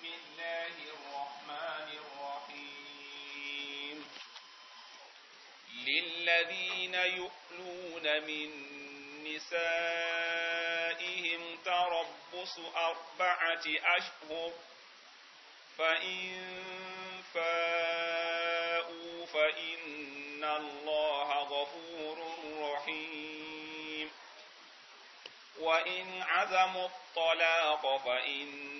بسم الله الرحمن الرحيم للذين يؤلون من نسائهم تربص أربعة أشهر فإن فاءوا فإن الله غفور رحيم وإن عزموا الطلاق فإن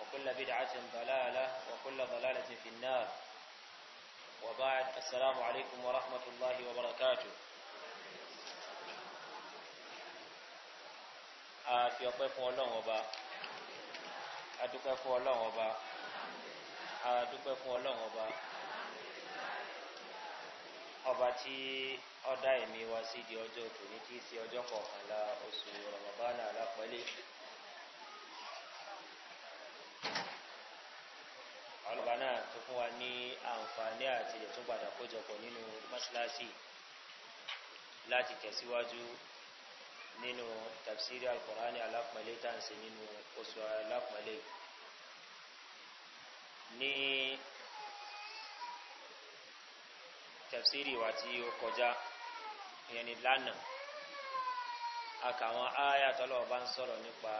وكل بدعة ضلالة وكل ضلالة في النار وبعد السلام عليكم ورحمة الله وبركاته àfi ọpẹ́ fún ọlọ́run ọba adúpẹ́ fún ọlọ́run ọba adúpẹ́ fún ọlọ́run ọba ọba tí ọdá ẹ̀mí wa sí di ọjọ́ tòní tí í ṣe ọjọ́ kọkànlá oṣù rọ̀mọ̀bánà alápọ̀lẹ́ fún wa ní àǹfààní àti ètò padà kójọpọ̀ nínú mọ́ṣáláṣí láti tẹ̀síwájú nínú tafsiri alkùnránì alápọ̀lẹ́ tá à ń se nínú oṣù alápọ̀lẹ́ ní tafsiri wa tí ó kọjá ìyẹn ni lánàá akàwọn ááyà tọ́lọ̀ bá ń sọ̀rọ̀ nípa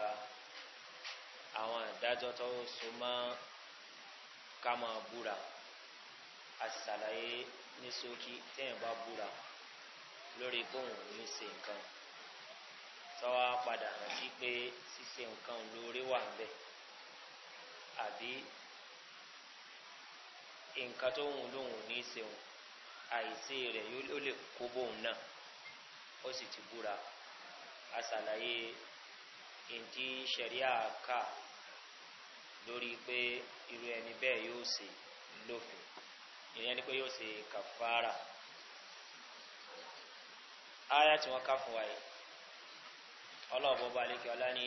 àwọn ìdájọ́ tó so mọ́ ká máa búra a sì ṣàlàyé ní sókí téèyàn bá búra lórí bóun ní ṣe nǹkan tọ́wọ́ padà rántí pé ṣíṣe nǹkan lórí wà ń bẹ̀ àbí nǹkan tó wù lóhùn ní ṣeun àìsí rẹ̀ ó lè kó bóun náà ó sì ti búra a ìdí sẹ̀ríà ká lórí pé irú ẹni bẹ́ẹ̀ yóò ṣe lófin ìyẹn ni pé yóò ṣe kàfàrà aya tí wọ́n ká fún wa yìí ọlọ́ọ̀bọ̀ bá lékè ọlá ní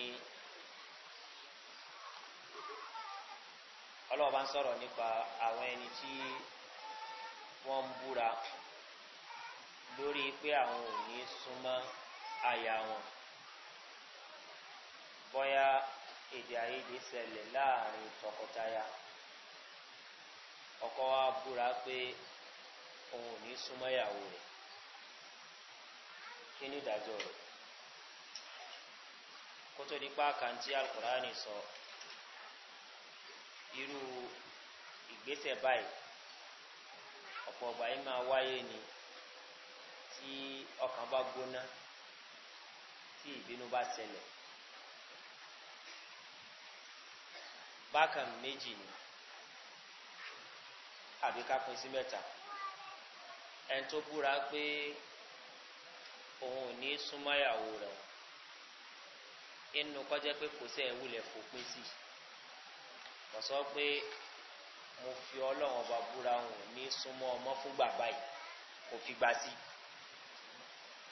ọlọ́ọ̀bá ń sọ̀rọ̀ nípa àwọn ẹni tí wọ́n ń búra lórí pé àwọn ò ní súnmọ́ èdè àìyedè ṣẹlẹ̀ láàrin tọkọtaya ọkọ wa búra pé òun ò ní súnmọ́ ìyàwó rẹ̀ kí ni ìdájọ́ rẹ̀ kó tó nípa kàǹtí alukurani sọ irú ìgbésẹ̀ báyìí ọ̀pọ̀ ọ̀gbà yìí máa wáyé ni tí ọkàn bá gbóná tí ìbínú bá ṣẹlẹ̀ bákan méjì ni àbí ká pin sí mẹ́ta ẹni tó búra pé òun ò ní súnmọ́yàwó rẹ̀ inú kọjá pé kò sẹ́ ẹ̀ wúlẹ̀ fòpin sí kò sọ pé mo fi ọlọ́run ọba búra òun ní súnmọ́ ọmọ fún bàbá yìí kò fi gbà sí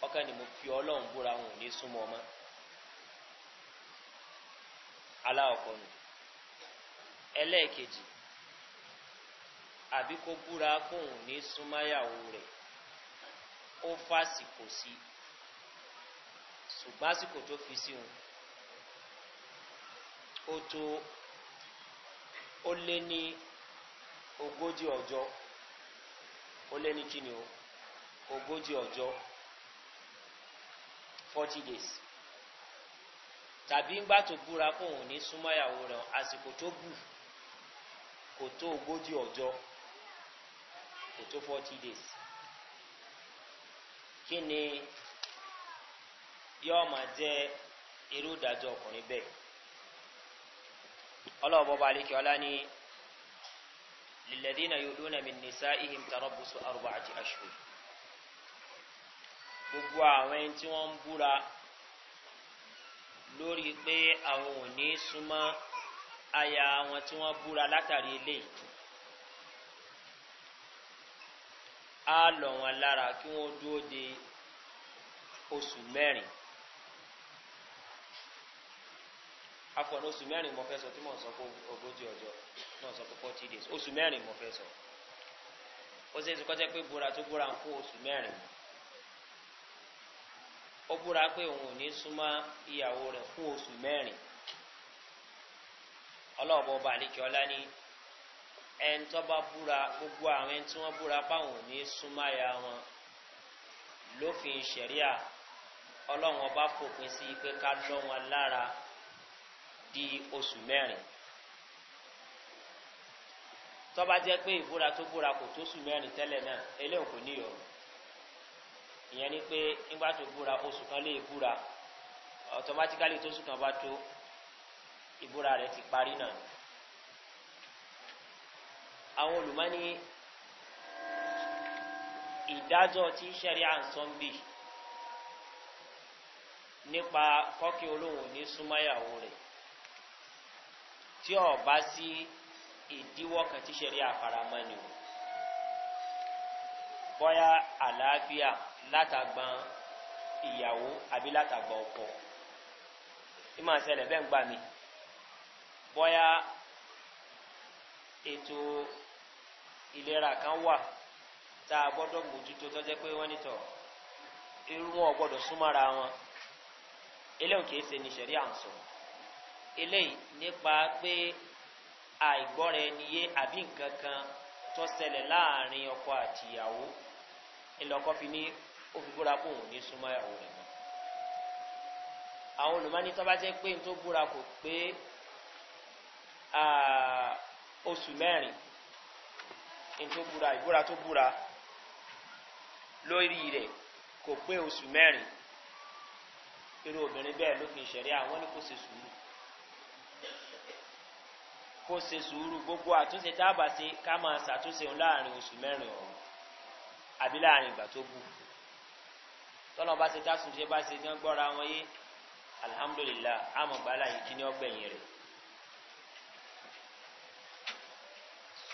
ọkàn ni mo fi ọlọ́run búra òun ní súnmọ́ ọmọ aláwọ̀ kan ẹlẹ́ẹ̀kejì àbí kó búra kóhùn ní súnmáyàwó rẹ̀ ó fásìkò sí ṣùgbọ́n àsìkò tó fi sí wọn ó tó ó lé ní ogójì ọjọ́ ó lé ní kíni o ogójì ọjọ́ forty days tàbí ńgbà tó búra kóhùn ní súnmáyàwó rẹ̀ àsìkò tó bù kò tó ogójì ọjọ́ kò tó forty days kí ni yóò máa jẹ́ irú ìdájọ́ ọkùnrin bẹ́ẹ̀ ọlọ́ọ̀bọ̀ bá lè kí ọlá ní lìlẹ́dínà yóò dúnà mí nìsá ihim tarọ́bùsù arúgbó àti aṣọ gbogbo àwọn ẹni tí wọ́n ń búra lórí pé àwọn ò ní súnmọ́ aya wọn tí wọ́n búra látàrí ilé á lọ̀ wọn lára kí wọ́n dúró de oṣù mẹ́rin afọ̀nà oṣù mẹ́rin mo fẹ́ sọ tí mò ń sọ pé ogójì ọjọ́ náà sọ pé forty days oṣù mẹ́rin mo fẹ́ sọ ó ṣe é ṣe kọ́jẹ́ pé búra tó búra ń fún oṣù mẹ́rin ó búra pé òun ò ní súnmọ́ ìyàwó rẹ̀ fún oṣù mẹ́rin ọlọ́ọ̀bọ̀ ọba àlekè ọlá ní ẹni tó bá búra gbogbo àwọn ẹni tí wọ́n búra báwọn ò ní súnmọ́ àyà wọn lófin ìṣẹ̀ríà ọlọ́run ọba fòpin sí pé ká lọ́ wọn lára di oṣù mẹ́rin tọ́ba jẹ́ pé ìbúra tó búra kò tó oṣù mẹ́rin tẹ́lẹ̀ náà eléyìí kò níyọ̀ ìyẹn ni pé nígbà tó búra oṣù kan lè búra automatically tó oṣù kan bá tó ìbúra rẹ̀ ti parí náà àwọn olùmọ́ni ìdájọ́ tí sẹ́rí à ń sọ ń bì nípa kọ́kí olóhùn ní súnmọ́yàwó rẹ̀ tí ọba sí ìdíwọ́ kan tí sẹ́rí àfaramọ́ ni o bọ́yá àlàáfíà látàgbọ́n ìyàwó àbí látàgbọ́n ọkọ̀ ìmọ̀ àṣẹlẹ̀ bẹ́ẹ̀ ń gbà mí bọ́yá ètò ìlera kan wà tá a gbọ́dọ̀ mójútó tó jẹ́ pé wọ́n ní tọ̀ irú wọn gbọ́dọ̀ súnmọ́ra wọn eléyìí kìí ṣe ní sẹ̀rí àǹsọ eléyìí nípa pé àìgbọ́ra ẹni yé àbí nǹkan kan tó ṣẹlẹ̀ láàrin ọkọ àti ìyàwó ìlọ́kọ́ fi ní ó búra kó òun ní súnmọ́ ìyàwó rẹ̀ mọ́ àwọn olùmọ́ni tó bá jẹ́ pé n tó búra kò pé oṣù mẹ́rin tó búra ìbúra tó búra lórí rẹ̀ kò pé oṣù mẹ́rin irú obìnrin bẹ́ẹ̀ ló fi ṣẹ̀rí àwọn ní kò ṣe sùúrù kò ṣe sùúrù gbogbo àtúnṣe tá a bá ṣe ká máa ṣàtúnṣe òun láàrin oṣù mẹ́rin ọ̀hún àbí láàrin ìgbà tó bù tọ́lọ́ bá ṣe dásùn ṣe bá ṣe tí wọ́n gbọ́ra wọn yé alihamudulilayi àmọ̀gbálá yìí kí ni ọgbẹ̀yìn rẹ̀.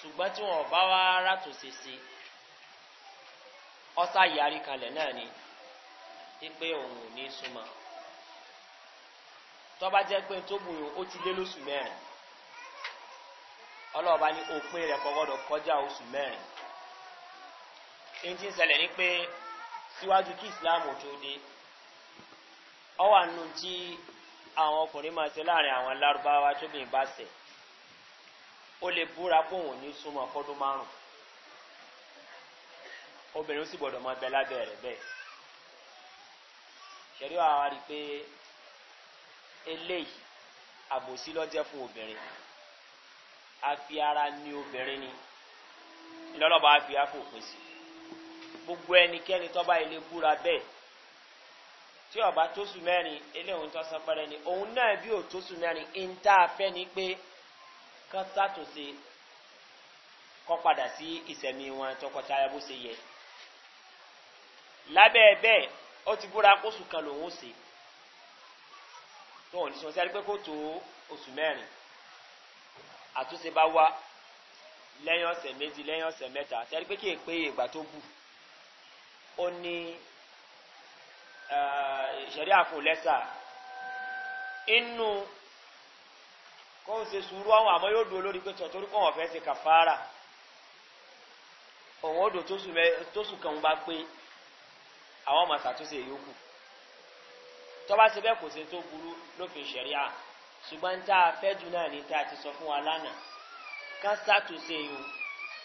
ṣùgbọ́n tí wọn bá wá rátò ṣèṣe ọ́sà yarí kalẹ̀ náà ni pípé òun ò ní súnmọ́ tọ́ba jẹ́ pé tó bù ó ti lé lóṣù mẹ́rin ọlọ́ọ̀bá ní òpin rẹ̀ kọ́ gbọ́dọ̀ kọjá oṣù mẹ́rin èyí tí ń ṣẹlẹ̀ ni pé síwájú kí ìsìláàmù tó dé ọ wà nù tí àwọn ọkùnrin máa ṣe láàrin àwọn lárúbáwá tóbi ìbáṣẹ̀ O lè búra pé òun ní súnmọ́ fọ́dún márùn obìnrin ó sì gbọ́dọ̀ mọ ẹbẹ lábẹ́ rẹ̀ bẹ́ẹ̀ ṣẹ̀rí wàá rí i pé eléyìí àbòsí lọ́jẹ́ fún obìnrin afi ara ní obìnrin ni ìlọ́lọ́ba afi afòpin sí gbogbo ẹnikẹ́ni tọ́ba ilé búra bẹ́ẹ̀ tí ọba tó sùn mẹ́rin eléyìí tó sọ pẹ́rẹ́ ni òun náà bí ò tó sùn mẹ́rin ń tá a fẹ́ ni pé kán sátúnṣe kọ́ padà sí ìsẹ̀mí wọn tọkọtaya bó ṣe yẹ lábẹ́ bẹ́ẹ̀ ó ti búra kóṣù kan lòun ó ṣe tóun ní sọ sẹ́ni pé kó tó oṣù mẹ́rin àtúnṣe bá wá lẹ́yìn ọ̀sẹ̀ méjì lẹ́yìn ọ̀sẹ̀ mẹ́ta sẹ́ni pé kí èpè ìgbà tó bù ó ní ìṣẹ̀rí àfọ̀lẹ́sà inú kó ń ṣe sùúrù àwọn àmọ́ yóò dúró lórí pé tọ̀tórí kọ́ wọn fẹ́ ṣe kàfàárà òun odò tó sùn kan bá pé àwọn ọmọ ṣàtúnṣe yòókù tọ́ba ṣe bẹ́ẹ̀ kò ṣe tó burú lófin ṣẹ̀ríà ṣùgbọ́n tá a fẹ́ jù náà ní tá a ti sọ fún wa lánàá ká ṣàtúnṣe yòó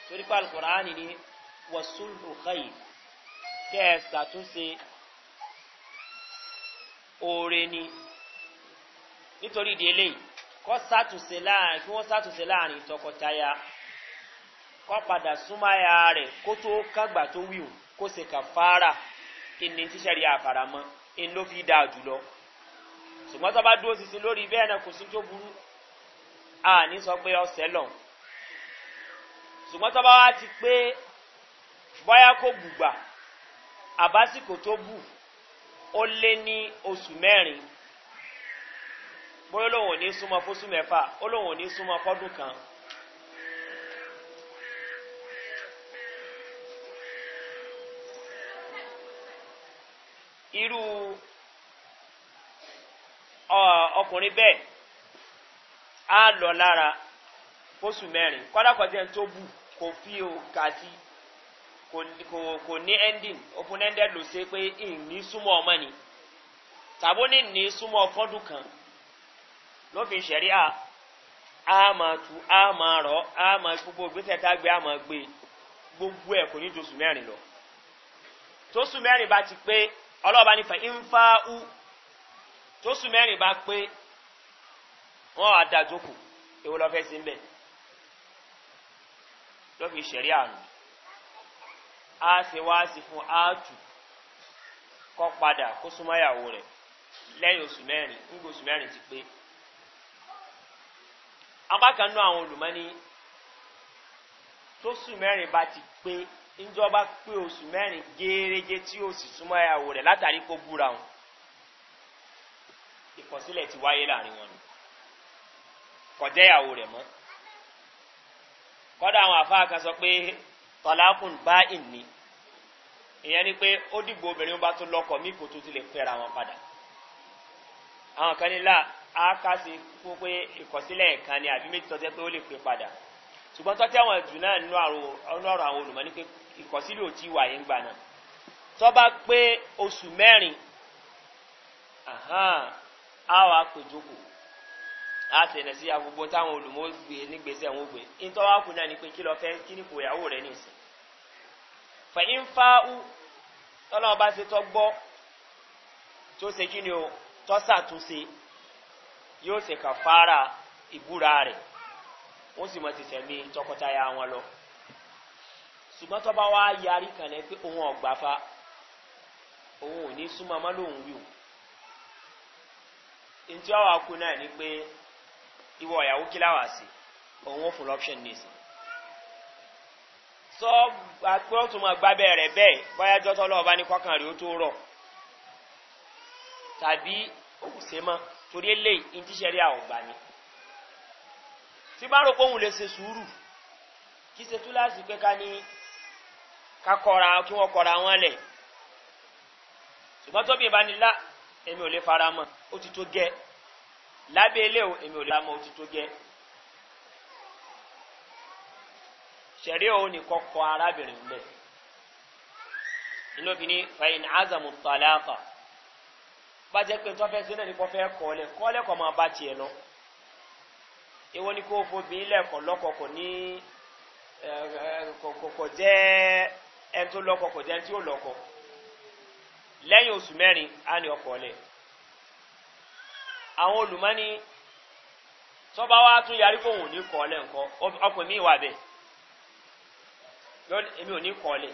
torí pé alukóraánì ni wàsúlù xeyì kẹ́ ẹ ṣàtúnṣe oore ni nítorí ìdí eléyìí kọ́ sátúnṣe láàrin kí wọ́n sátúnṣe láàrin tọkọtaya kọ́ padà súnmáya rẹ̀ kó tó kágbà tó wíwù kó se kà fara ìní tíṣẹ̀rí àfàràmọ́ ìn ló fi dáa jùlọ ṣùgbọ́n tó bá dúró sísun lórí bẹ́ẹ̀ náà kò sí tó burú àní sọ pé ọ̀sẹ̀ lọ ṣùgbọ́n tó bá wá ti pé bọ́yá kó bùgbà àbásìkò tó bù ó lé ní oṣù mẹ́rin bóyá olóhùn ní súnmọ́ fóṣù mẹ́fà olóhùn ní súnmọ́ fọ́dún kan. irú ọkùnrin bẹ́ẹ̀ á lọ lára fóṣù mẹ́rin kọ́dákọ́jẹ́ tó bù kò fi òkà sí kò ní ending open ended ló ṣe pé ìní súnmọ́ ọmọ ni tàbó ní ní súnmọ́ fọ́dún kan. lófin ṣẹ̀ríà a máa tu a máa a máa gbogbo gbèsè tá a gbé a máa gbé gbogbo ẹ̀ kò ní tóṣù mẹ́rin lọ tóṣù mẹ́rin bá ti pé ọlọ́ọ̀bá nífẹ̀ẹ́ ìfáàú tóṣù mẹ́rin bá pé wọ́n á da jókòó èwo lọ́fẹ́ sí ń bẹ̀ lófin ṣẹ̀ríà nù a ṣe wá sí fún aatu kọ́ padà kó súnmọ́ ìyàwó rẹ̀ lẹ́yìn oṣù mẹ́rin nígbà oṣù mẹ́rin ti pé apá kan nú àwọn olùmọ́ni tó sùn mẹ́rin bá ti pé ńjọba pé oṣù mẹ́rin géérégé tí ó sì súnmọ́ ìyàwó rẹ̀ látàrí kó búra wọn ìkọsílẹ̀ ti wáyé láàrin wọn kọjá ìyàwó rẹ̀ mọ́ kọ́dà àwọn àfáà kan sọ pé tọ́lákùn bá ìní ìyẹn ni pé ó dìgbò obìnrin bá tún lọ́kọ̀ mí kò tó ti fẹ́ra wọn padà àwọn kan nílá ákásí fún pé ìkọsílẹ̀ kan ni àbí méjì tọ́tẹ́ pé ó lè pè padà ṣùgbọ́n tọ́tẹ́ àwọn jù náà nínú ọ̀rọ̀ àwọn olùmọ̀ ní pé ìkọsílẹ̀ ò tí wà yẹn gbà náà tọ́ bá pé oṣù mẹ́rin á wà pèjókòó á tẹ̀lé sí agbogbo táwọn olùmọ̀ gbé nígbèsè wọn gbé nítorí wàá kú náà ni pé kí lọ fẹ́ kí ni kò yàwó rẹ̀ nìsín fẹ̀yìn fáwù tọ́lọ́wọ́ bá ṣe tọ́ gbọ́ tó ṣe kí ni o tọ́sàtúnṣe yóò ṣe kà fara ìbúra rẹ̀ wọ́n sì mọ̀ ti sẹ̀mí tọkọtaya wọn lọ ṣùgbọ́n tó bá wá yarí kalẹ̀ pé òun ọ̀gbáfa òun ò ní súnmọ́ ọmọ lòun wí o ntí wàá wá kú náà ni pé ìwọ ìyàwó kí láwàá sí òun ò fún lọ́pṣẹ̀ nìyí sọ àpérò tó máa gbábẹ́ rẹ̀ bẹ́ẹ̀ báyájọ́ tó lọ́ọ́ ní kọ́kàn tó rọ̀ tàbí òkùsẹ́ mọ́ torí eléyìí ní tíṣẹ́rí àwọ̀gbà ni tí bá rò kóhun lè ṣe sùúrù kí ṣe túláàsì pé ká ní ká kọra kí wọ́n kọra wọn lẹ̀ ṣùgbọ́n tóbi ìbánilá èmi ò lè fara mọ́ ó ti tó gẹ́ lábẹ́ ilé o èmi ò lè fara mọ́ ó ti tó gẹ́ ṣẹ̀rí òun nìkan kọ arábìnrin bẹ́ẹ̀ inú fi ní fain azamu talaqa bá jẹ́ pé tó fẹ́ sí náà ní kọ́ fẹ́ kọ́lẹ̀ kọ́lẹ̀ kọ́ máa bá tiẹ̀ lọ èwo ni kó fobìnrin lẹ́ẹ̀kọ́ lọ́kọ̀ kò ní kò jẹ́ ẹni tó lọ́kọ̀ kò jẹ́ ẹni tí ó lọ́kọ̀ lẹ́yìn oṣù mẹ́rin á ní ọkọ̀ ọ̀lẹ̀ àwọn olùmọ́ni tọ́ba wa tún yarí kó òun ò ní kọ́ ọ̀lẹ̀ nǹkan ọkùnrin mi wà bẹ́ẹ̀ èmi ò ní kọ́ ọ̀lẹ̀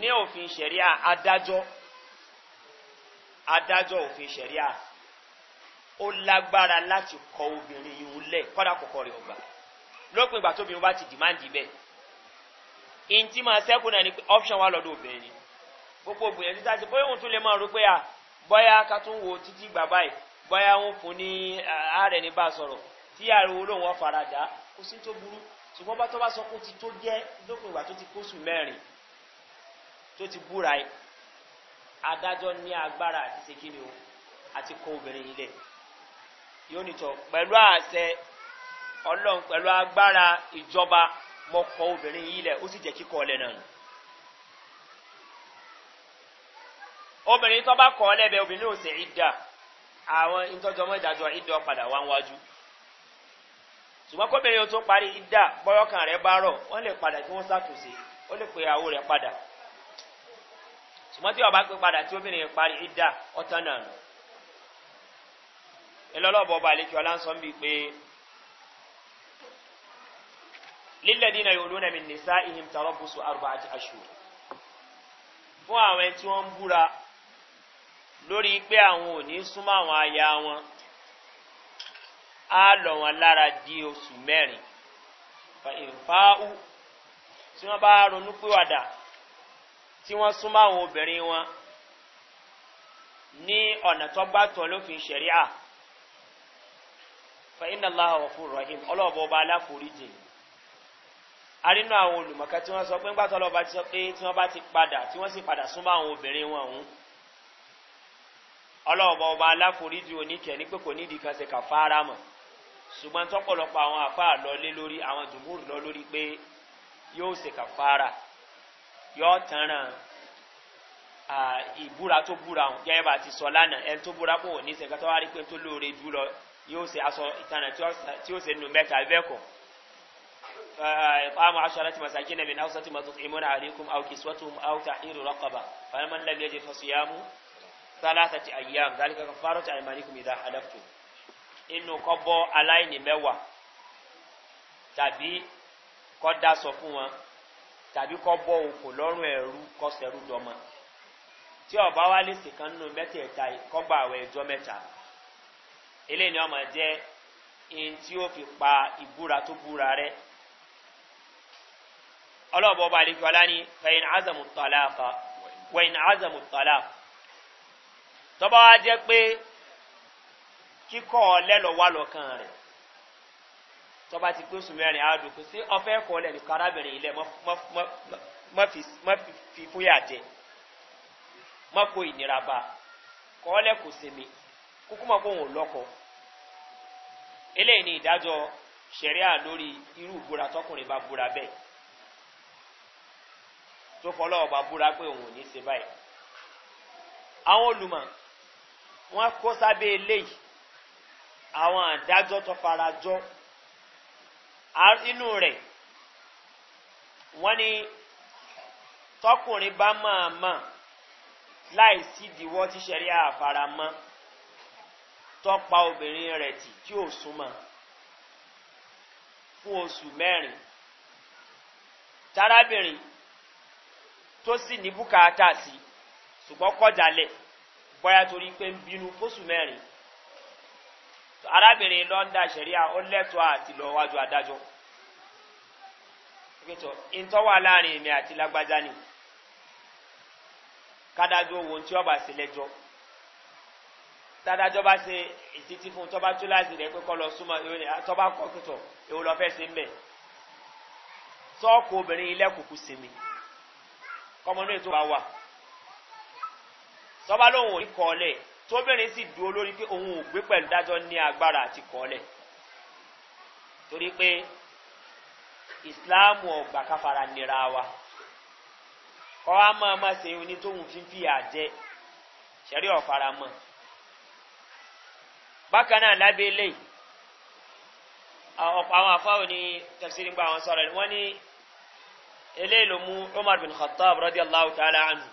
ní òfin ṣẹ̀rí adájọ́ adájọ́ òfin ṣẹ̀ríà ó lágbára láti kọ obìnrin yìí lẹ̀ kọ́dà kọ̀kọ́ rẹ̀ ọgbà lópin ìgbà tóbi wọn bá ti dìmáǹdì bẹ́ẹ̀ ìntì máa sẹ́kù náà ni pé option wà lọ́dọ̀ obìnrin gbogbo obìnrin títí àti bóyá òun tún lè máa rò pé à bóyá ká tún wo títí gbà báyìí bóyá òun fún ní ààrẹ ní bá a sọ̀rọ̀ tí ariwo lòun wọn dá kó sí tó burú ṣùgbọ́n bá tó bá sọ pé ó ti tó jẹ́ lópin ìgbà tó ti kóṣù mẹ́rin tó ti búra ẹ̀ adájọ́ ní agbára àti sekínì o àti kó obìnrin ilẹ̀ yóò nìtọ̀ pẹ̀lú àṣẹ ọlọ́run pẹ̀lú agbára ìjọba mọ́kọ obìnrin yìí lẹ̀ ó sì jẹ́ kíkọ́ ọlẹ̀ náà obìnrin tó bá kọ́ ọlẹ̀ bẹ obìnrin ò sì rí dà àwọn ìtọ́jọmọ́ ìdájọ́ ìdọ̀ padà wá wájú ṣùgbọ́n kóbìnrin tó parí ìdá bọ́yọ̀kan rẹ̀ bá rọ̀ wọ́n lè padà kí wọ́n sàtúnṣe ó lè pe àwo rẹ̀ padà ṣùgbọ́n tí ọba pé padà tí obìnrin parí ìdá ọ̀tán náà nù. ìlọ́lọ́bọ̀ ọba àlejò aláǹsọ̀ ń bi pé lílẹ̀ dínà yóò lónà mi nìsá ìhìn tààrọ̀ bùsùn àrùbá àti aṣù. fún àwọn tí wọ́n ń búra lórí pé àwọn ò ní súnmọ́ àwọn aya wọn á lọ wọn lára di oṣù mẹ́rin fa ìfáàú tí wọ́n bá ronú pé wàdà tí wọ́n súnmọ́ àwọn obìnrin wọn ní ọ̀nà tó bá tọ̀ lófin ṣẹ̀ríà fẹ́yìnà láhàwọ̀ fún rahim ọlọ́ọ̀bọ̀ ọba aláforíjì arínú àwọn olùmọ̀ká tí wọ́n sọ pé ń gbàtọ́ lọ́ba ti sọ pé tí wọ́n bá ti padà tí wọ́n sì padà súnmọ́ àwọn obìnrin wọn ọ̀hún ọlọ́ọ̀bọ̀ ọba aláforíjì oníkẹ́ ní pé kò nídìí kan ṣe kà fara mọ̀ ṣùgbọ́n tọ́pọ̀lọpọ̀ àwọn àfáà lọ lé lórí àwọn jùmúrù lọ lórí pé yóò ṣe kà fara yọ tanran ìbúra tó búra hàn gẹ́gẹ́ bá ti sọ lánàá ẹni tó búra kò ní sẹ́kẹ́ tó wá rí pé tó lóore jù lọ yóò ṣe aṣọ ìtanà tí ó ṣe nù mẹ́ta bẹ́ẹ̀kọ́ fáwọn aṣọ aláti masakí nàbí náà sọ́tì mọ́tò ìmúra àríkùn àwòkè sọ́tò àwòkè àìrò rọ́kọ̀bà fàámà lẹ́bí ẹ̀jẹ̀ fọ́sùyàmù sálásà ti àyíyàm zálíkà kan fáró ti àìmáníkùn ìdá àdáfò inú kọ́ bọ́ aláìní mẹ́wàá tàbí kọ́ dá sọ fún wọn tàbí kọ́ bọ́ òkò lọ́rùn ẹ̀rú kọ́sẹ̀rú dọ́mọ tí ọba wa lè sì kan nínú mẹ́tẹ̀ẹ̀ta kọ́gbà àwẹ̀ ẹjọ́ mẹ́ta eléyìí ọmọ jẹ́ ẹni tí ó fi pa tó búra rẹ ọlọ́ọ̀bọ ọba àlejò ni fẹ̀yìn azamu wẹ̀yìn azamu tọ́ba wa jẹ́ pé kíkọ́ tọba ti pín sùmẹ́rin àádùkú sí ọfẹ́ kọlẹ̀ nìkan arábìnrin ilẹ̀ mọ́ fi fúyà jẹ mọ́ kó ìnira bá kọ́lẹ̀ kò sinmi kúkú mọ́ kó òun lọ́kọ eléyìí ni ìdájọ́ sẹ̀ríà lórí irú ìbúra tọkùnrin bá búra bẹ́ẹ̀ tó fọlọ́ ọba búra pé òun ò ní ṣe báyìí àwọn olùmọ̀ wọn kó sábẹ́ eléyìí àwọn àdájọ́ tó farajọ́ inú rẹ̀ wọ́n ní tọkùnrin bá máa mọ̀ láì sí ìdíwọ́ tí sẹ́rí àfara mọ́ tọ́pa obìnrin rẹ̀ tì tí ò súnmọ́ fún oṣù mẹ́rin tarábìnrin tó sì ní bùkátà sí ṣùgbọ́n kọjálẹ̀ bọ́yá torí pé ń bínú fóṣù mẹ́rin arábìnrin lọ́ndà sẹ̀ríà ó lẹ́tọ̀ọ́ àti lọ wájú adájọ́ pẹ̀tọ̀ ìtọ́wà láàrin èmi àti lágbájá ni kádájọ́ wo tí ọba sí lẹ́jọ́ tádájọ́ bá ṣe ìtítí fún tọ́ba tó láti rẹ̀ pé kọ́ lọ súnmọ́ tọ́ba kọ́ pẹ̀tọ̀ èwo lọ sí ń bẹ̀ tọ́ọ̀kù obìnrin ilé kùkù sí mi kọ́mọnú ètò bá wà tọ́ba lóhùn ò lẹ́ẹ̀ tóbìnrin sì dúró lórí pé òun ò gbé pẹ̀lú dájọ́ ní agbára àti kọ́lẹ̀ torí pé ìsìláàmù ọgbà káfara nira wa kọ́ wa máa máa ṣe oní tóun fi ń fi àjẹ ṣẹ̀rí ọ̀fara mọ́ bákan náà lábẹ́ ọ̀pọ̀ àwọn afáwò ní tẹ̀sírí gba àwọn sọ̀rọ̀ wọ́n ní eléyìí mú umar bin khattab rọ́dí ta'ala anhu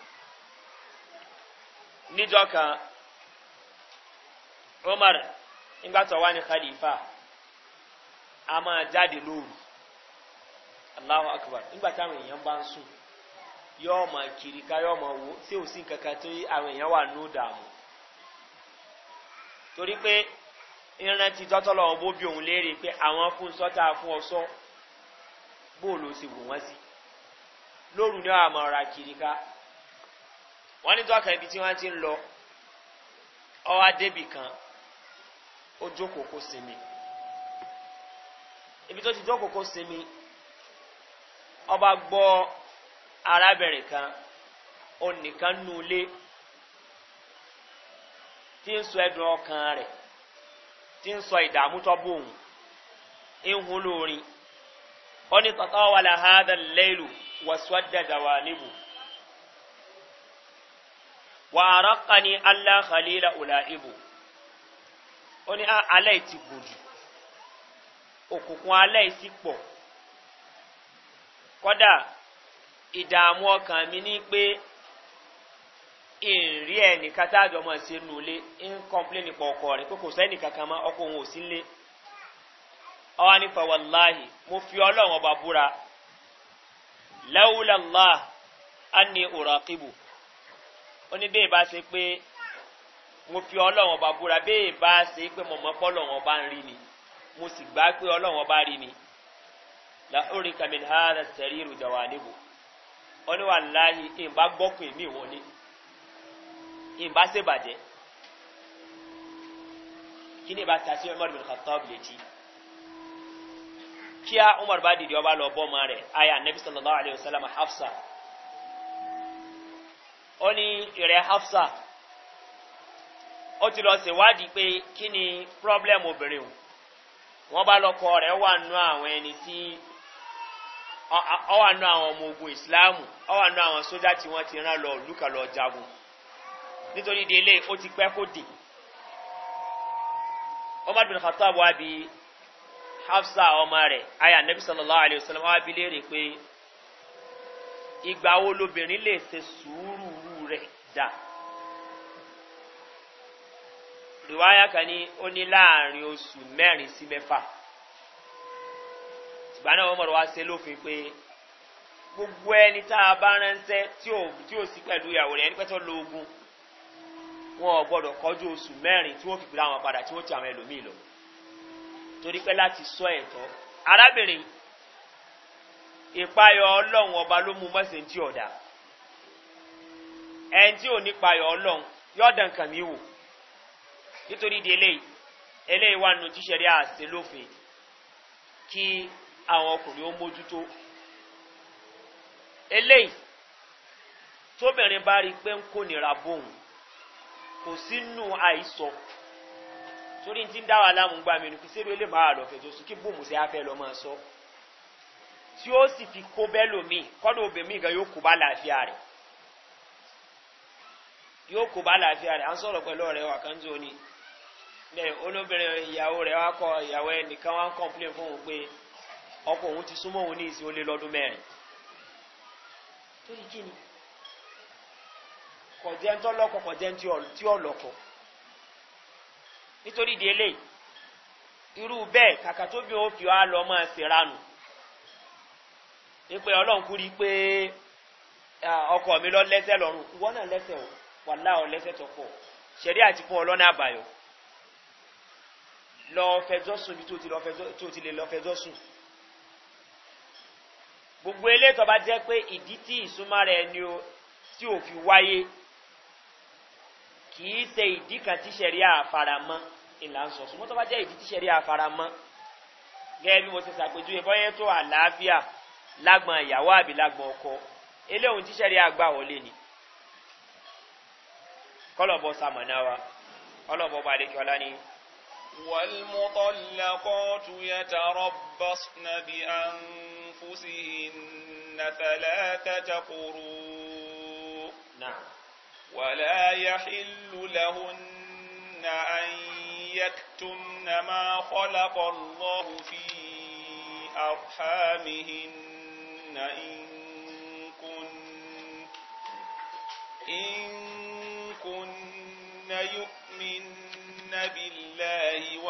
níjọ́ kan umar nígbà ọwa ní khalifa a máa jáde lóru aláwọ akbar nígbà táwọn èèyàn nso ń sùn yóò máa kiri ká yóò máa wò tí ò sí nǹkan kan tó àwọn èèyàn wà ní òdààmú torí pé ìrántí tọ́tọ́lọ́ ọ̀bọ bí òun léèrè pé àwọn fún sọ́tà fún ọsọ bóòlù sì wò wọ́n sí lóru ibi ti lọ debi kan ó jókòó kó sinmi ibi tó ti jókòó kó sinmi ọba gbọ́ arábìnrin kan onìkan nù ilé tí ń sọ ẹdùn ọkàn rẹ̀ tí ń sọ ìdààmú tó bóun ń hun lórin ó ní tọ́tọ́ wà láhádà lẹ́lù wàsúwádàdà wà níbù wàá rákà ní aláhàlélà ọ̀là ìbò. ó ní ah, alẹ́ ti gbòdì òkùnkùn alẹ́ ti pọ̀ kọ́dà ìdààmú ọkàn mi ní pé ìrìn ẹnìkan tá àjọmọ̀ ṣe nù lé ń kọ́ńpléènì pọ̀ ọkọ rẹ̀ pé kò sẹ́ni kankan mọ́ òun ò sí lé ọwọ́ nípa wàláhì mo fi ọlọ́run ọba búra á ní ó mo fi ọlọ́wọ́n ọba búra bẹ́ẹ̀ bá ṣe pé mo mọ̀ pọ́ lọ́wọ́n ọba ń rí ni mo sì gbá pé ọlọ́wọ́n ọba rí ni lórí kàmínhàdà sẹ̀rí ìrùjọ̀wà níbo wọ́n ní wà láàyè ìbá gbọ́kùn èmi wọn ni ìbá ṣèbàjẹ́ kí ni ìbá tàṣí ọmọdé mi kàtọ́ létí kí á umar bá dìde ọba lọ bọ́ọ̀mọ rẹ̀ aya nabi sallallahu alayhi wa sallam hafsa ó ní ìrẹ́ hafsa ó ti lọ ṣèwádìí pé kí ni problem obìnrin o wọ́n bá lọ́kọ rẹ̀ wà nù àwọn ẹni tí ọ wà nù àwọn ọmọ ogun ìsìláàmù ọ wà nù àwọn sójà tí wọ́n ti rán lọ lùkà lọ jagun nítorí délé ó ti pẹ́ kó dé omar bin khattab wa bi hafsa ọmọ rẹ aya nabi sallallahu alayhi wa sallam wa bi léèrè pé ìgbà wo lobìnrin lè ṣe sùúrù rẹ dáa rìwáyà kan ní ó ní láàrin oṣù mẹ́rin sí mẹ́fà ìgbà náà wọ́n mọ̀rọ̀ wá ṣe lófin pé gbogbo ẹni tá a bá ránṣẹ́ tí ò sí pẹ̀lú ìyàwó rẹ̀ ẹni pẹ́tọ́ lo ogun wọn ò gbọ́dọ̀ kọjú oṣù mẹ́rin tí wọ́n fi pè láwọn padà tí wọ́n ti àwọn ẹlòmíì lọ torí pé láti sọ ẹ̀tọ́ arábìnrin ìpayọ̀ ọlọ́run ọba ló mú mọ́sẹ̀ tí ọ̀dà ẹni tí ò ní payọ̀ ọlọ́run yọ̀ọ̀dàn kàn mí wò nítorí di eléyìí eléyìí wà nù tíṣẹ̀rí àṣẹ lófin kí àwọn ọkùnrin ó mójútó eléyìí tóbìnrin bá rí i pé ń kó nira bóun kò sínú àìsọ torí ti ń dá wa láàmú gbà mí nìkú sẹ́rù eléyìí máa lọ fẹ̀tọ̀ sí kí bóun ṣe á fẹ́ lọ máa sọ tí ó sì fi kó bẹ́ẹ̀ lómi kọ́dọ̀ obìnrin gan yóò kó bá làáfíà rẹ̀ yóò kó bá làáfíà rẹ̀ à ń sọ̀rọ̀ pẹ̀lú ọ̀rẹ́ wa kan tó ní then olóbìnrin ìyàwó rẹ wá kọ ìyàwó ẹ̀ nìkan wá ń fún òun pé ọkọ̀ òun ti súnmọ́ òun ní ìsìn olè lọ́dún mẹ́rin torí ni kọ̀jẹ́ ń tọ́lọ́kọ̀ kọ̀jẹ́ tí ọlọ́kọ̀ nítorí ìdí eléyìí irú bẹ́ẹ̀ kàkà fi wá lọ máa ṣèrànù wípé ọlọ́run kú rí pé ọkọ mi lọ lẹ́sẹ̀ lọ́rùn ìwọ náà lẹ́sẹ̀ wà lẹ́sẹ̀ fún ọlọ́nà lọ fẹjọ́ sùn bí tó ti lè lọ fẹjọ́ sùn gbogbo elétọ́ bá jẹ́ pé ìdí tí ìsúnmọ́ rẹ̀ ni o tí ò fi wáyé kìí ṣe ìdí kan tí sẹ̀rí àfaramọ́ ìlànà ṣùgbọ́n tó bá jẹ́ ìdí tí sẹ̀rí àfaramọ́ gẹ́gẹ́ bí mo ṣe ṣàpèjúwe bọ́yẹ́ tó àlàáfíà lágbọn ìyàwó àbí lágbọn ọkọ eléhùn tí sẹ̀rí àgbà wọlé ni kọlọ̀bọ sàmọ̀nà wa ọlọ́bọ̀ balẹ̀ kí ọlá ni. والمطلقات يتربصن بأنفسهن ثلاثة قروء نعم ولا يحل لهن أن يكتمن ما خلق الله في أرحامهن إن كن إن كن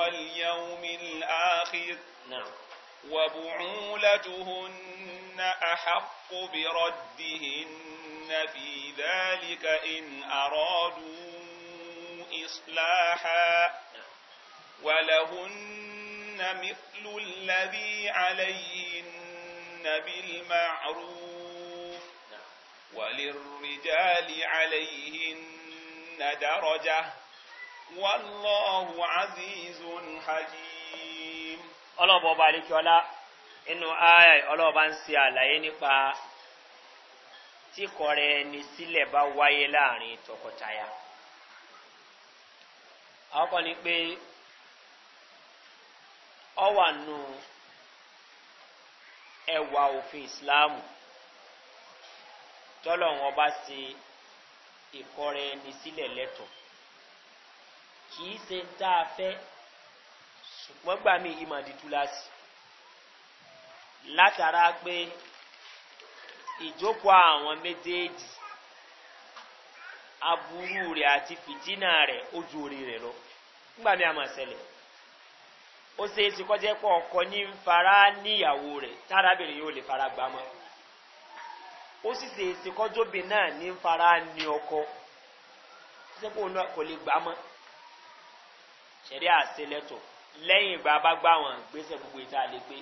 واليوم الآخر نعم وبعولتهن أحق بردهن في ذلك إن أرادوا إصلاحا ولهن مثل الذي عليهن بالمعروف نعم. وللرجال عليهن درجة wàlláhu azizun hakim. ọlọ́ọ̀bọ̀ ọba àdékíọ́lá nínú ayé ọlọ́ọ̀bá ń ṣe àlàyé nípa tíkọrẹ ẹni sílẹ̀ bá wáyé láàrin tọkọtaya. àwọn kan pé ọ wà nù ẹwà òfin ìsìláàmù tọ́lọ̀ wọn bá ṣe ìkọrẹ ẹni sílẹ̀ lẹ́tọ̀ọ́. kìí í ń tá a fẹ́ ṣùgbọ́n gbà mí ìmọ̀ látara pé ìjókòó àwọn méjèèjì aburú rẹ̀ àti fìtínà rẹ̀ ó ju orí rẹ̀ lọ nígbà mí àmọ̀ ṣẹlẹ̀ ó ṣe é ọkọ ní ń fara níyàwó rẹ̀ tárábìnrin yóò lè fara ó sì ṣe é kọjá obìnrin náà ṣẹ̀rí àṣelẹ́tọ̀ lẹ́yìn ìgbà bá gbà wọ́n gbèsè gbogbo ìta lè gbé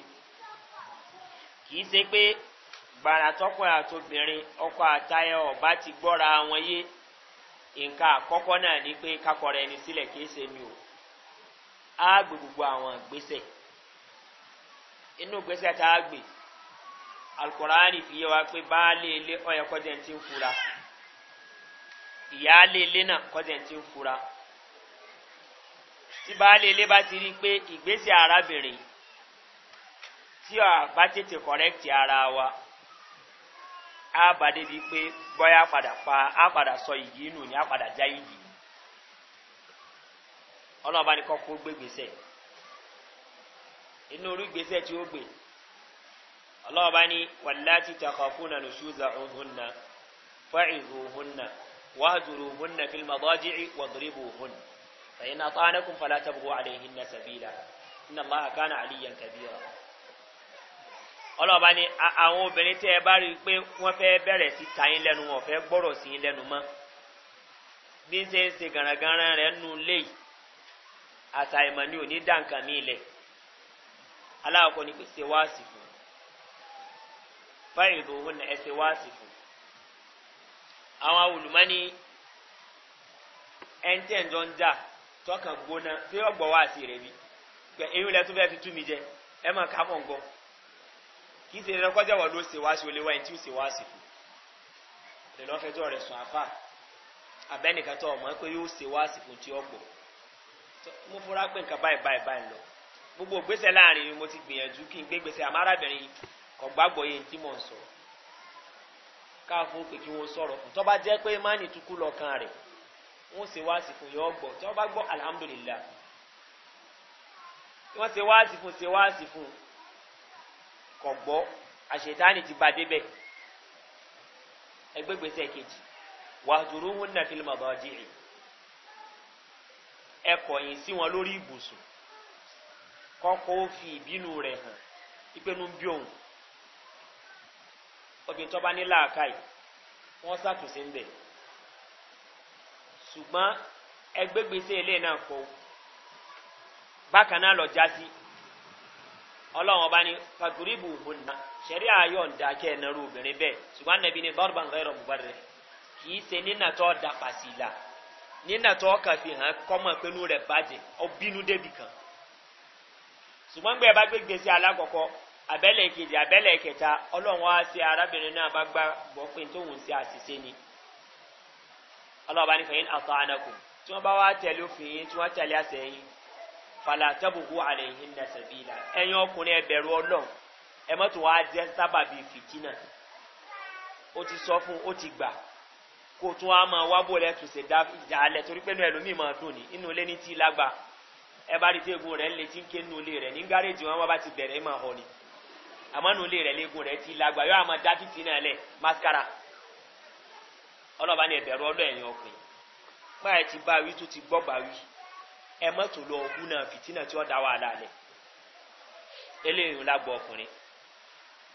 kì í ṣe pé gbàrà tọkùnrin àtobìnrin ọkọ àtayọ ọba ti gbọ́ra wọn yé nǹkan àkọ́kọ́ náà ni pé kakọrọ ẹni sílẹ̀ kì í ṣe mi o á gbé gbogbo àwọn ìgbésẹ̀ inú ìgbésẹ̀ tá a gbé alukọ̀ránì fi yé wa pé baálé ilé ọ̀yẹ́ kọ́jẹ́ ti ń fura ìyáálé ilé náà kọ́jẹ́ ti ń fura tí baálé ilé bá ti rí i pé ìgbésẹ̀ arábìnrin tí a bá tètè kọ̀rẹ́kì ara wa á bà débi pé bọ́yá padà pa á padà sọ ìdí nù ní á padà já ìdí ọlọ́run bá ní kọ́ kó gbégbèsè inú orí gbèsè tí ó gbè ọlọ́run bá ní ti takọ̀ fún nànú ṣúzà òhun náà fẹ́ ìhòhun náà wàá dùrù òhun náà fílmà bọ́jì wàdúrébù òhun náà. فإن أطعنكم فلا تبغوا عليهن سبيلا إن الله كان عليا كبيرا ọlọ́ọ̀bá ni àwọn obìnrin tẹ́ ẹ bá rí i pé wọ́n fẹ́ bẹ̀rẹ̀ sí tayín lẹ́nu wọn fẹ́ gbọ́rọ̀ sí i lẹ́nu mọ́ bí ń ṣe ń ṣe gànràngànrà rẹ̀ nù léyìí àtàìmọ̀ ni ò ní dá nǹkan mí lẹ̀ aláwọ̀kọ́ ni pé ṣe wáàsì fún fáìlì òun ẹ̀ ṣe wáàsì fún àwọn olùmọ́ni ẹ̀ńtẹ̀ńjọ́ ń jà tọkàn gbóná tí yóò gbọ́ wá sí rẹ̀ bí pé eyín lẹ tó fẹ́ fi tú mi jẹ ẹ máa ká mọ̀ nǹkan kì í ṣe ẹ̀rọ kọjá wọ̀ ló ṣe wá sí olè wáyé tí ó ṣe wá sí kù lè lọ́ fẹjọ́ rẹ̀ sùn àfà àbẹ́nìkan tó ọmọ pé yóò ṣe wá sí kù tí ó gbọ́ mo fura pé nǹkan báyìí báyìí báyìí lọ gbogbo gbèsè láàrin mi mo ti gbìyànjú kí n gbé gbèsè àmọ́ kò gbàgbọ́ yẹn tí mò ń sọ káà fún pé kí wọ́n sọ̀rọ̀ fún tọ́ bá jẹ́ pé mánì tukú lọ́kàn rẹ̀ wọ́n ṣe wá sí fún yọ gbọ́ tí wọ́n bá gbọ́ alhamdulillah wọ́n ṣe wá sí fún ṣe wá sí fún kọ̀ gbọ́ àṣetáni ti ba débẹ̀ ẹgbẹ́gbẹ́sẹ̀ kejì wàdúró wọn náà fi lè mọ̀ rìn ẹ kọ̀yìn sí wọn lórí ibùsùn kọ́kọ́ ó fi ìbínú rẹ̀ hàn ìpinnu bí òun obìnrin tó bá ní làákàyè wọ́n ṣàtúnṣe ń bẹ̀rẹ̀. ṣùgbọ́n ẹgbẹ́gbèsè ilé náà kó bákan náà lọ jásí ọlọ́wọ́n bá ni faguribu hunna ṣẹ̀rí ayọ̀ ń da kẹ́ ẹ̀ nàrú obìnrin bẹ́ẹ̀ ṣùgbọ́n nàbí ni bọ́ọ̀rù rẹ̀ da kpasi la nínà tó kà fi hàn kọ́mọ̀ pẹ́nu rẹ̀ bàjẹ́ ọbínú débì kan ṣùgbọ́n gbé bá ọlọ́ọ̀bá ní fẹ̀yìn àtàánàkù tí wọ́n bá wá tẹ̀lé òfin yín tí wọ́n tẹ̀lé àṣẹ yín fàlà tẹ́bùkú àlẹ́ yín ní sẹ̀bílà ẹ̀yin ọkùnrin ẹ̀bẹ̀rù ọlọ́run ẹ mọ́tò wá jẹ́ sábàbí fìtínà ó ti sọ fún ó ti gbà kó tún wá máa wá bò lẹ́tù ṣe dá ìjà alẹ́ torí pé inú ẹlòmíì máa dùn ní inú ilé ní tí lágbà ẹ bá rí tí rẹ̀ ń le ń ké nínú ilé rẹ̀ ní gáréèjì wọn bá ti bẹ̀rẹ̀ máa họ ni àmọ́ inú ilé rẹ̀ léegun rẹ̀ ti lágbà yóò àmọ́ dá fìtínà lẹ̀ máscara ọlọ́ba ní ẹ̀bẹ̀rù ọlọ́ ẹ̀yìn ọkùnrin báyìí ti bá wí tó ti gbọ́ bá wí ẹ mọ́tò lọ ọ̀gbun náà fìtínà tí ó dá wàhálà lẹ̀ eléyìí la gbọ́ ọkùnrin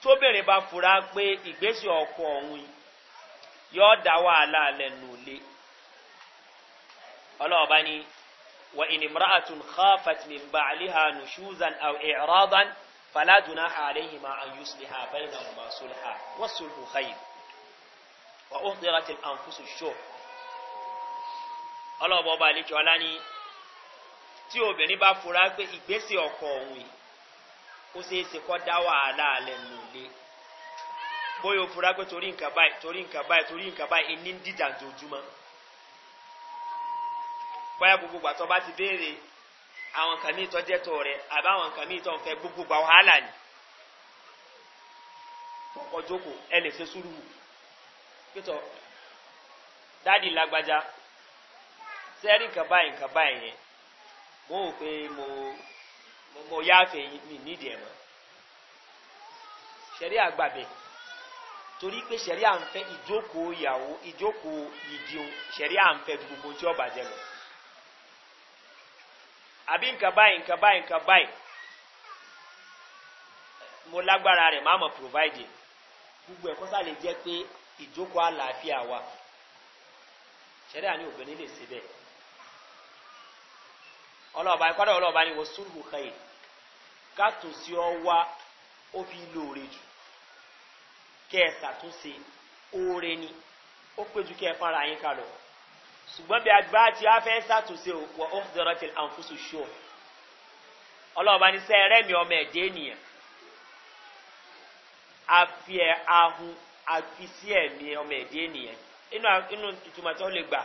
tóbìnrin bá fura pé ìgbésẹ̀ ọkọ ọ̀hún yóò dá wàhálà lẹ̀ nù lé ọlọ́ọ̀bá ní wa inimra'atun khafat min ba'liha nushuzan aw i'radan fala dunaha alayhima an yusliha bainahuma sulha wa sulhu khayr wa uhdirat al-anfus ash-shuh ọlọ́ọ̀bọ̀ ọba àlejò ọlá ni tí obìnrin bá fura pé ìgbésẹ̀ ọkọ̀ òun ó ṣeé ṣe kọ́ dá wàhálà lẹ́nu ilé bóyá o fura pé torí nǹkan báyìí torí nǹkan báyìí torí nǹkan báyìí ní dídà dojúmọ́ bóyá gbogbo gbàtọ́ bá ti béèrè àwọn nǹkan míì tó jẹ́tọ̀ rẹ̀ àbá àwọn nǹkan míì tó ń fẹ́ gbogbo gbà wàhálà ni ọkọ̀ jókòó ẹ lè ṣe sùúrù pẹ́tọ̀ dáàdì lágbájá sẹ́rí nǹkan báyìí nǹkan báyìí yẹn mo rò pé mo mo yáàfẹ́ mi nídìí ẹ̀ mọ́ sẹ́rí àgbàbẹ̀ torí pé sẹ́rí à ń fẹ́ ìjókòó ìyàwó ìjókòó ìdíhun sẹ́rí à ń fẹ́ gbogbo tí ọba jẹ lọ àbí nǹkan báyìí nǹkan báyìí nǹkan báyìí mo lágbára rẹ̀ máa mọ̀ provide gbogbo ẹ̀kọ́ sá lè jẹ́ pé ìjókòó àlàáfíà wa ṣẹ̀dá ni obìnrin lè ṣe bẹ́ẹ̀ ọlọ́ọ̀bá ìpàdé ọlọ́ọ̀bá ni wọ́n sùúrù kẹyìn kátó sí ọ wá ó fi lóore jù kẹ ẹ ṣàtúnṣe oore ni ó pé ju kẹ ẹ fara yín kalọ̀ ṣùgbọ́n bí agbá tí a fẹ́ ṣàtúnṣe òkú ọ̀fẹ́dọ̀rọ̀ tí a ń fún ṣoṣo ọlọ́ọ̀bá ni sẹ́ẹ̀rẹ́ mi ọmọ ẹ̀dẹ́ ènìyàn àfi ẹ̀ ahun àfi sí ẹ̀mí ọmọ ẹ̀dẹ́ ènìyàn inú ìtumọ̀ tí wọ́n lè gbà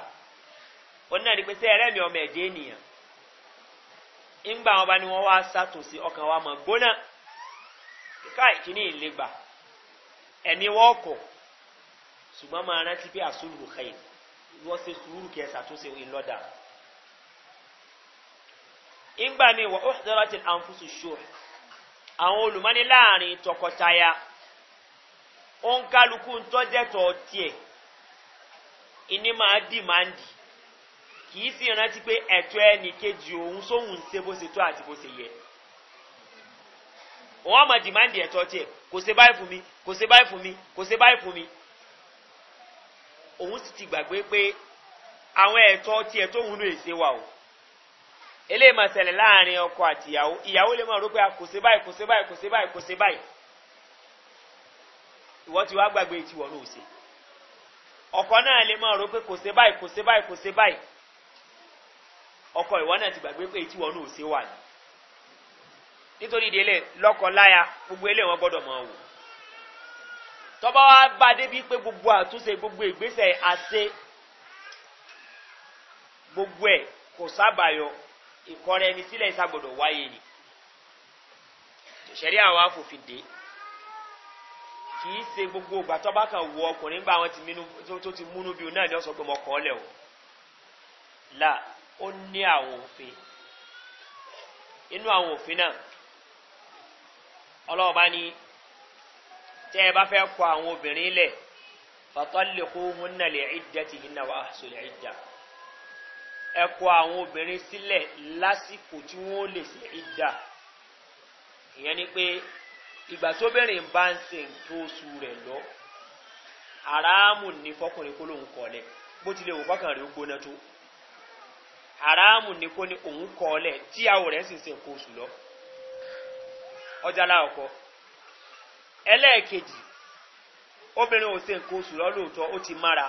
wọ́n náà ní pé sẹ́ ẹ̀rẹ́ mi ọmọ ẹ̀dẹ́ ènìyàn ńgbà wọn bá ní wọ́n wá sàtòsí ọkàn wa mọ̀ gbóná kíkà ìkíní ìlé gbà ẹ̀mí wọ́n kọ̀ ṣùgbọ́n máa rántí pé àsùnwò kẹ́yìn wọ́n ṣe sùúrù kí ẹ ṣàtúnṣe ìlọ́dà ńgbà mi wọ́n ó ṣe dọ́rọ́tì àǹfùsù ṣùọ́ àwọn olùmọ́ni láàrin tọkọtaya òǹkálukú ń tọ́jẹ́tọ̀ tiẹ̀ ìní máa dì máa ń dì kì í sì rántí pé ẹ̀tọ́ ẹnì kejì òun sóhun ṣe bó ṣe tó àti bó ṣe yẹ òun àmọ̀ dì máa ń dì ẹ̀tọ́ tiẹ̀ kò ṣe báyìí fún mi kò ṣe báyìí fún mi kò ṣe báyìí fún mi òun sì ti gbàgbé pé àwọn ẹ̀tọ́ tiẹ̀ tóhun ló ṣe wà o eléyìí máa ṣẹlẹ̀ láàrin ọkọ àtìyàwó ìyàwó lè máa rò pé kò ṣe báyìí kò ṣe báyìí kò ṣe báyìí kò ṣe báyìí ìwọ́n ti wá gbàgbé tí wọ́n náà ṣe ọkọ̀ náà lè máa rò pé kò ṣe báyìí kò ṣe báyìí kò ṣe báyìí ọkọ̀ ìwọ́n náà ti gbàgbé pé tí wọ́n náà ṣe wà ní nítorí ìdílé lọ́kọ̀ láya gbogbo ilé wọn gbọ́dọ̀ máa wò tọ́ba wa bá débi pé gbogbo àtúnṣe gbogbo ìgbésẹ̀ àṣe gbogbo ẹ̀ kò sábàyọ ìkọrẹ ẹni sílẹ̀ ìsàgbọ̀dọ̀ wáyé ni ìṣẹ̀rí àwa fòfin dé kì í ṣe gbogbo ìgbà tó bá kàn wọ ọkùnrin gbà wọn tó ti múnú bí náà ni ó sọ pé mo kọ́ lẹ̀ o là ó ní àwọn òfin inú àwọn òfin náà ọlọ́ọ̀bá ni tẹ́ ẹ bá fẹ́ kọ àwọn obìnrin lẹ̀ fàtọ́lẹ̀ kó hun náà lè ìdá ti yìí náà wà sọ lè ẹ kọ àwọn obìnrin sílẹ̀ lásìkò tí wọ́n lè sí ìdá ìyẹn ni pé ìgbà tóbìnrin bá ń se nǹkan oṣù rẹ̀ lọ haramu ni fọkùnrin kó lóun kọ́lẹ̀ bó tilẹ̀ wò fọkàn rẹ̀ ó gbóná tó haramu ni kó ní òun kọ́lẹ̀ tíyàwó rẹ̀ sì ń se nǹkan oṣù lọ ọjà láàkọ́ ẹlẹ́ẹ̀kejì obìnrin ò se nǹkan oṣù lọ lóòótọ́ ó ti mára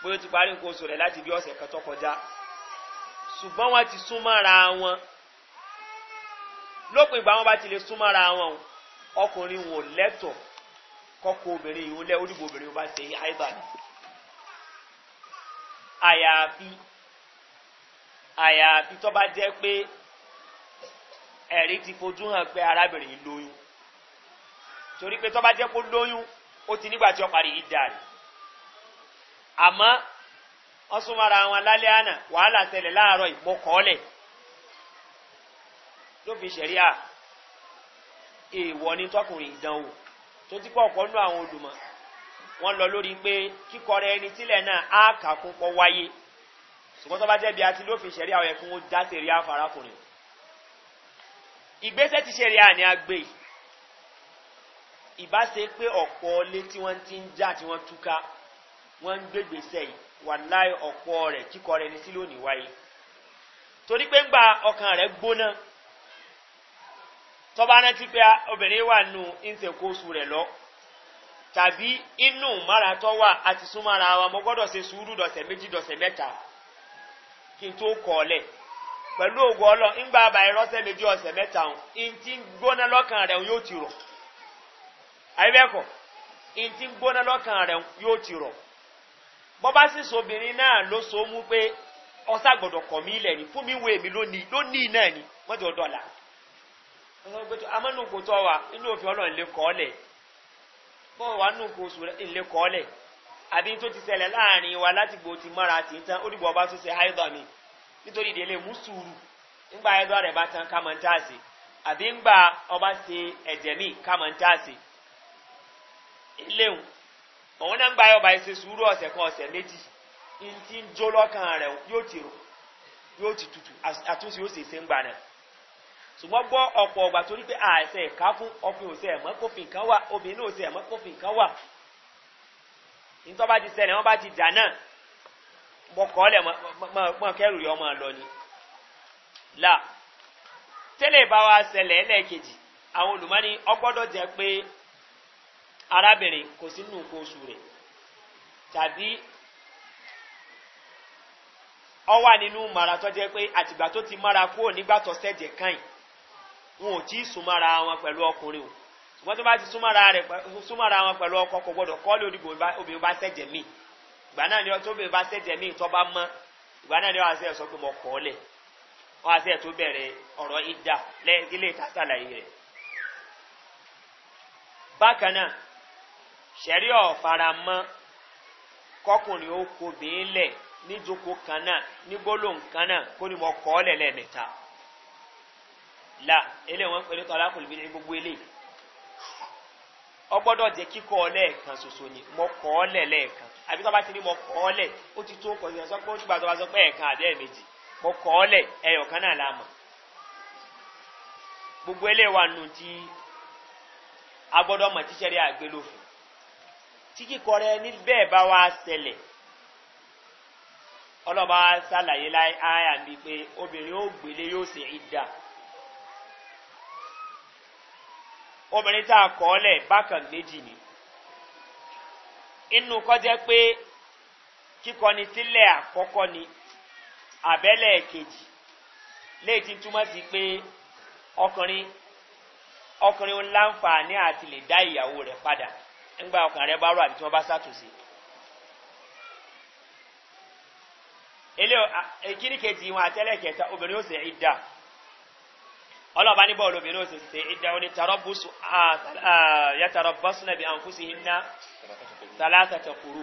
bóyá ó ti parí nǹkan oṣù rẹ̀ láti bí ọ̀sẹ̀ kan tó ṣùgbọ́n wọ́n ti súnmọ́ra wọn lópin ìgbà wọn bá ti lè súnmọ́ra wọn o ọkùnrin wò lẹ́tọ̀ kọ́kọ́ obìnrin yìí ó lẹ́ orígbò obìnrin bá ṣe àìbà àyàfi àyàfi tó bá jẹ́ pé ẹ̀rí ti fojú hàn pé arábìnrin yìí lóyún torí pé tó bá jẹ́ ti nígbà tí ó parí ìdá rẹ̀ àmọ́ wọ́n sún mọ́ra wọn lálẹ́ àná wàhálà ṣẹlẹ̀ láàárọ̀ ìmọ̀kọ́lẹ̀ èèwọ̀ ni tọkùnrin ìdánwò tó ti pọ̀ ọ̀kọ́ nú àwọn olùmọ̀ wọ́n lọ lórí pé kíkọ rẹ ẹni sílẹ̀ náà á kà kún pọ̀ wáyé ṣùgbọ́n tó bá jẹ́ bí a ti lófin ṣẹ̀rí àwọn ẹ̀kún ó dá sẹ̀rí àfarakùnrin ìgbésẹ̀ ti ṣẹ̀rí àní agbè ìbáṣe pé ọ̀pọ̀ ilé tí wọ́n ti ń já tí wọ́n túká wọ́n ń gbégbèsẹ̀ yìí wà láì ọ̀pọ̀ rẹ̀ kíkọ rẹ̀ ní sí lónìí wáyé torí pé ń gba ọkàn rẹ̀ gbóná tọ́ba rántí pé obìnrin wà nù ìǹtẹ̀kóṣù rẹ̀ lọ tàbí inú mara tó wà àti súnmọ́ra wa mo gbọ́dọ̀ ṣe sùúrù dọ̀sẹ̀ méjì dọ̀sẹ̀ mẹ́ta kí n tó pẹ̀lú ògùn ọlọ́ ńgbà méjì ọ̀sẹ̀ mẹ́ta in ti ń gbóná lọ́kàn rẹ̀ yóò ti rọ̀ in ti gbóná lọ́kàn rẹ̀ bọ́bá sì náà ló so mú pé kọ̀ mí wọ́n gbé tó wa tó wà inú òfin ọlọ́run lè kọ́ lẹ̀ wa oṣù lè àbí tó ti sẹlẹ̀ láàrin wa láti gbò ti mọ́ra ti tán ó ọba tó ṣe àìdọ̀ mi nítorí ìdílé mú ńgbà àìdọ̀ rẹ̀ bá tán ká mọ̀ ọba ṣe ẹ̀jẹ̀ mi ká mọ̀ ọba ẹsẹ sùúrù ọ̀sẹ̀ kan ọ̀sẹ̀ méjì ní ti ń jó lọ́kàn rẹ̀ yóò ti ṣùgbọ́n gbọ́ ọ̀pọ̀ ọ̀gbà torí pé àṣẹ ẹ̀ka fún ọkùnrin òṣè ẹ̀mọ́ kófin kan wà obìnrin òṣè ẹ̀mọ́ kófin kan wà nítorí wọ́n bá ti sẹ́lẹ̀ wọ́n bá ti dà náà bọ́kọ́ lẹ̀ mọ́ kẹ́rù yọ ọmọ lọ ni. là tẹ́lẹ̀ bá wa sẹlẹ̀ ẹlẹ́ẹ̀kejì àwọn olùmọ́ni ọgbọ́dọ̀ jẹ́ pé arábìnrin kò sí nínú nǹkan oṣù rẹ̀ tàbí ọ wà nínú mara tó jẹ́ pé àtìgbà tó ti mara kúrò nígbà tó sẹ́jẹ̀ káyìn wọn ò tí ì súnmọ́ra wọn pẹ̀lú ọkùnrin o ṣùgbọ́n tó bá ti súnmọ́ra wọn pẹ̀lú ọkọ kò gbọ́dọ̀ kọ́lé onígbò obìnrin bá sẹ̀jẹ̀ mí ìgbà náà ni tó obìnrin bá sẹ̀jẹ̀ mí tó bá mọ́ ìgbà náà ni wọ́n á sọ pé mo kọ́ ọ́ lẹ̀ wọ́n á sẹ́ tó bẹ̀rẹ̀ ọ̀rọ̀ ìdá lẹ́yìn ilé ìtàsàlàyé rẹ̀. bákan náà ṣẹ̀rí ọ̀fara mọ́ kọkùnrin ó kó bèélẹ̀ níjókòó mo kọ́ ọ́ lẹ̀ lẹ́ẹ̀mẹ́ta. la ele wọn pẹ̀lú tọ́lákùn bí i gbogbo ilé ọgbọ́dọ̀ jẹ́ kíkọ́ ọlẹ́ẹ̀kan ṣoṣo ni mọ́ kọ́ ọlẹ̀ lẹ́ẹ̀kan àbí tọ́ bá ti rí mọ́ kọ́ ọlẹ̀ ó ti tó kọ̀ọ̀yàn sọ pé ó dùgbà tó bá sọ pé kan gbogbo wa obìnrin tá a kọ́ lẹ̀ bákan méjì ni inú kọjá pé kíkọni sílẹ̀ àkọ́kọ́ ni àbẹ́lẹ̀ kejì léè ti túmọ̀ sí pé ọkùnrin ọkùnrin ń láǹfààní àti lè dá ìyàwó rẹ padà ńgbà ọkàn rẹ bá rọ àbí tí wọ́n bá ṣàtúnṣe. eléyìí kíníkejì wọn àtẹ́lẹ̀ obìnrin ó sì rí dáa. ọlọ́ọ̀bá ní bọ́ọ̀lù obìnrin òsì ṣe ìdá oní yàtàrọ̀bọ́sùnà bí àǹfùsì iná tàlátàtà kúrú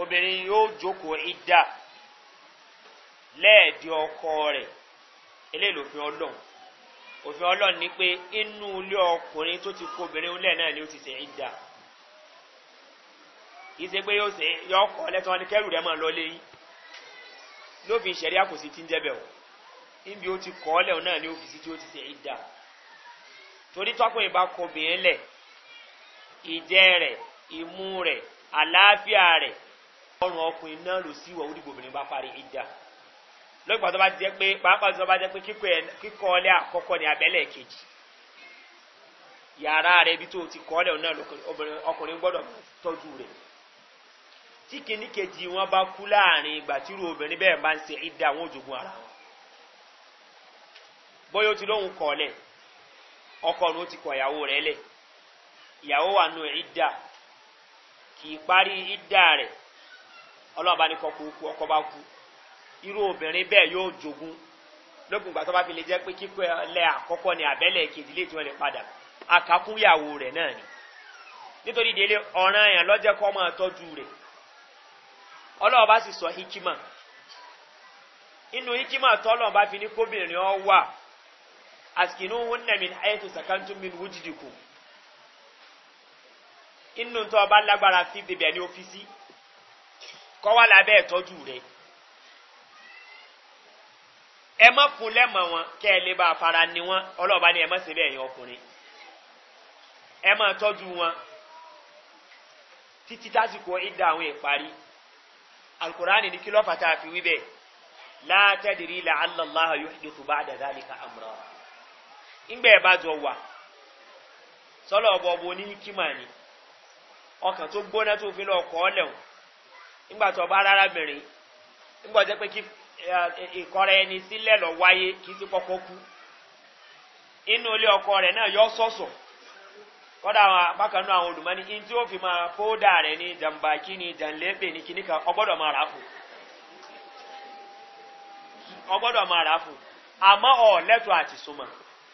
obìnrin yóò jókòó ìdá lẹ́ẹ̀dí ọkọ rẹ̀ eléyìí lòfin ọlọ́run òfin ọlọ́run ni pé inú ilé ọkùnrin tó ti kó obìnrin lẹ́ẹ̀ náà ni ó ti ṣe ìdá ìṣe pé yóò ṣe yọ ọkọ lẹ́tọ́ ní kẹ́rù rẹ̀ máa lọ léyìn lófin ìṣẹ̀rí àkòsí ti ń jẹ́ bẹ̀rù níbi ó ti kọ́ lẹ̀ náà ní òfìsí tí ó ti ṣe ìdá torí tọ́kùnrin bá kọ obìnrin lẹ̀ ìjẹ́ rẹ̀ ìmú rẹ̀ àlàáfíà rẹ̀ ọrùn ọkùnrin náà ló sí ìwọ̀ òdìbò obìnrin bá parí ìdá lọ́gbà tó bá jẹ́ pé pàápàá tó bá jẹ́ pé kíkọ́ ọlẹ́ àkọ́kọ́ ní abẹ́lẹ̀ kejì yàrá rẹ̀ ibi tó ti kọ́ ọlẹ́ náà ọkùnrin gbọ́dọ̀ tọ́jú rẹ̀ tí kìíní wọn bá kú láàrin ìgbà tí irú obìnrin bẹ́ẹ̀ bá ń se ìdá àwọn òjògùn ara wọn bọ́yọ́ ti lóhun kọ̀ọ̀lẹ̀ ọkọ̀ ló ti kọ̀ ìyàwó rẹ̀ lẹ̀ ìyàwó wà nù ìdá kì í parí rẹ̀ ọlọ́ọ̀bá ní kọ́kọ́ kú bá kú irú obìnrin bẹ́ẹ̀ yóò jogún lókun ìgbà bá fi lè jẹ́ pé kíkọ́ ẹlẹ́ àkọ́kọ́ ni àbẹ́lẹ̀ kejì tí wọ́n lè padà rẹ̀ náà ni nítorí délé ọ̀ràn èèyàn kọ́ askinuhunna min haythu sakantum min wujdikum inú tó bá lágbára fi bẹ̀bẹ̀ ní ọ́fíìsì kọ́ wà lábẹ́ ìtọ́jú rẹ̀ ẹ má fún lẹ́mọ̀ wọn kẹ́ ẹ lè bá fara ni wọn ọlọ́ọ̀bá ni ẹ má ṣe bẹ́ẹ̀ yẹn ọkùnrin ẹ má tọ́jú wọn títí tásìkò ìdá àwọn ìparí alukur'ani ni kí lọ́fà tá fi wí bẹ́ẹ̀ látẹ́dìrí làálàláhà yóò dìtú bá dàdálì ká àmúra. ńgbẹ́ ẹ̀ bá jọ wà sọ́lọ̀ ọ̀bọ̀ ọ̀bọ̀ ní kíma ni ọkàn tó fi lọ ọkọ̀ ọ̀lẹ̀hùn nígbà tó bá rárá bìnrin nígbà tó pé kí ìkọrẹ ẹni sílẹ̀ lọ wáyé kì ọkọ rẹ na yọọ sọsọ kọ́dà àwọn apákanú àwọn olùmọ́ni in tí ó fi máa fóódà rẹ̀ ní ni jàǹlẹ́bẹ̀ ọgbọ́dọ̀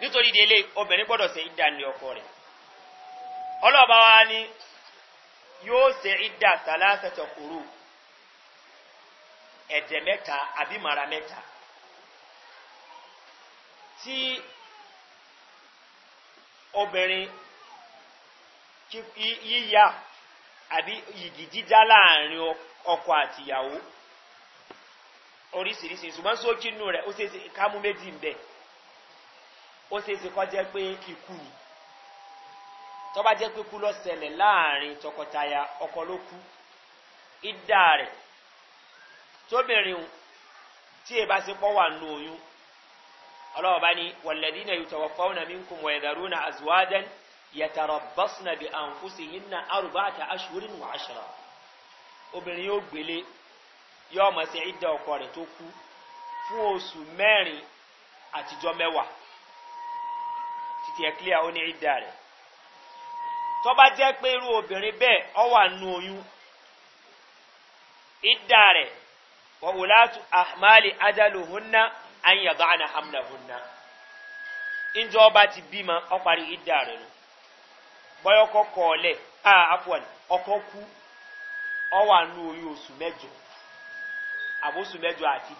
nítorí délé obìnrin gbọ́dọ̀ ṣe ìdá ní ọkọ rẹ̀ ọlọ́ọ̀bá wa ni yóò ṣe ìdá sàlásẹ̀tọ̀ kúrú ẹ̀jẹ̀ mẹ́ta àbí mara mẹ́ta tí obìnrin yíya àbí yìgì jíjá láàrin ọkọ àtìyàwó oríṣiríṣi ṣùgbọ́n sókínú rẹ̀ ó ṣe é ká mú méjì ń bẹ́ẹ̀ ó ṣe é ṣe kọ́ jẹ́ pé ikú ni tọ́ba jẹ́ pé kú lọ sẹlẹ̀ láàrin tọkọtaya ọkọ ló kú ìdá rẹ̀ tóbìnrin tí e bá ṣe pọ́ wà nù oyún ọlọ́wọ́ bá ní wàlẹ́dí náà yóò tọwọ́ fáwọn àmì nkùn wọ̀ ẹ̀dàrú na azuwaden yàtàrọ̀ bọ́sùnà bí àǹfùsì yìí na àrùbá àti aṣùwìrì wà aṣọra obìnrin yóò gbélé yóò mọ̀ sí ìdá ọkọ rẹ̀ tó kú fún oṣù mẹ́rin àtijọ́ mẹ́wàá. tiẹ̀ clear ó ní ìdá rẹ̀ tó bá jẹ́ pé irú obìnrin bẹ́ẹ̀ ọ wà nù oyún rẹ̀ wọ́n wò látú hamna ìjọ ọba ti bímọ ọ parí ìdá rẹ̀ nù bọ́yọ́kọ́ kọ̀ ọ̀lẹ̀ àfọ̀n ọkọ̀ kú ọ wà nù oyún oṣù mẹ́jọ àbóṣù mẹ́jọ àti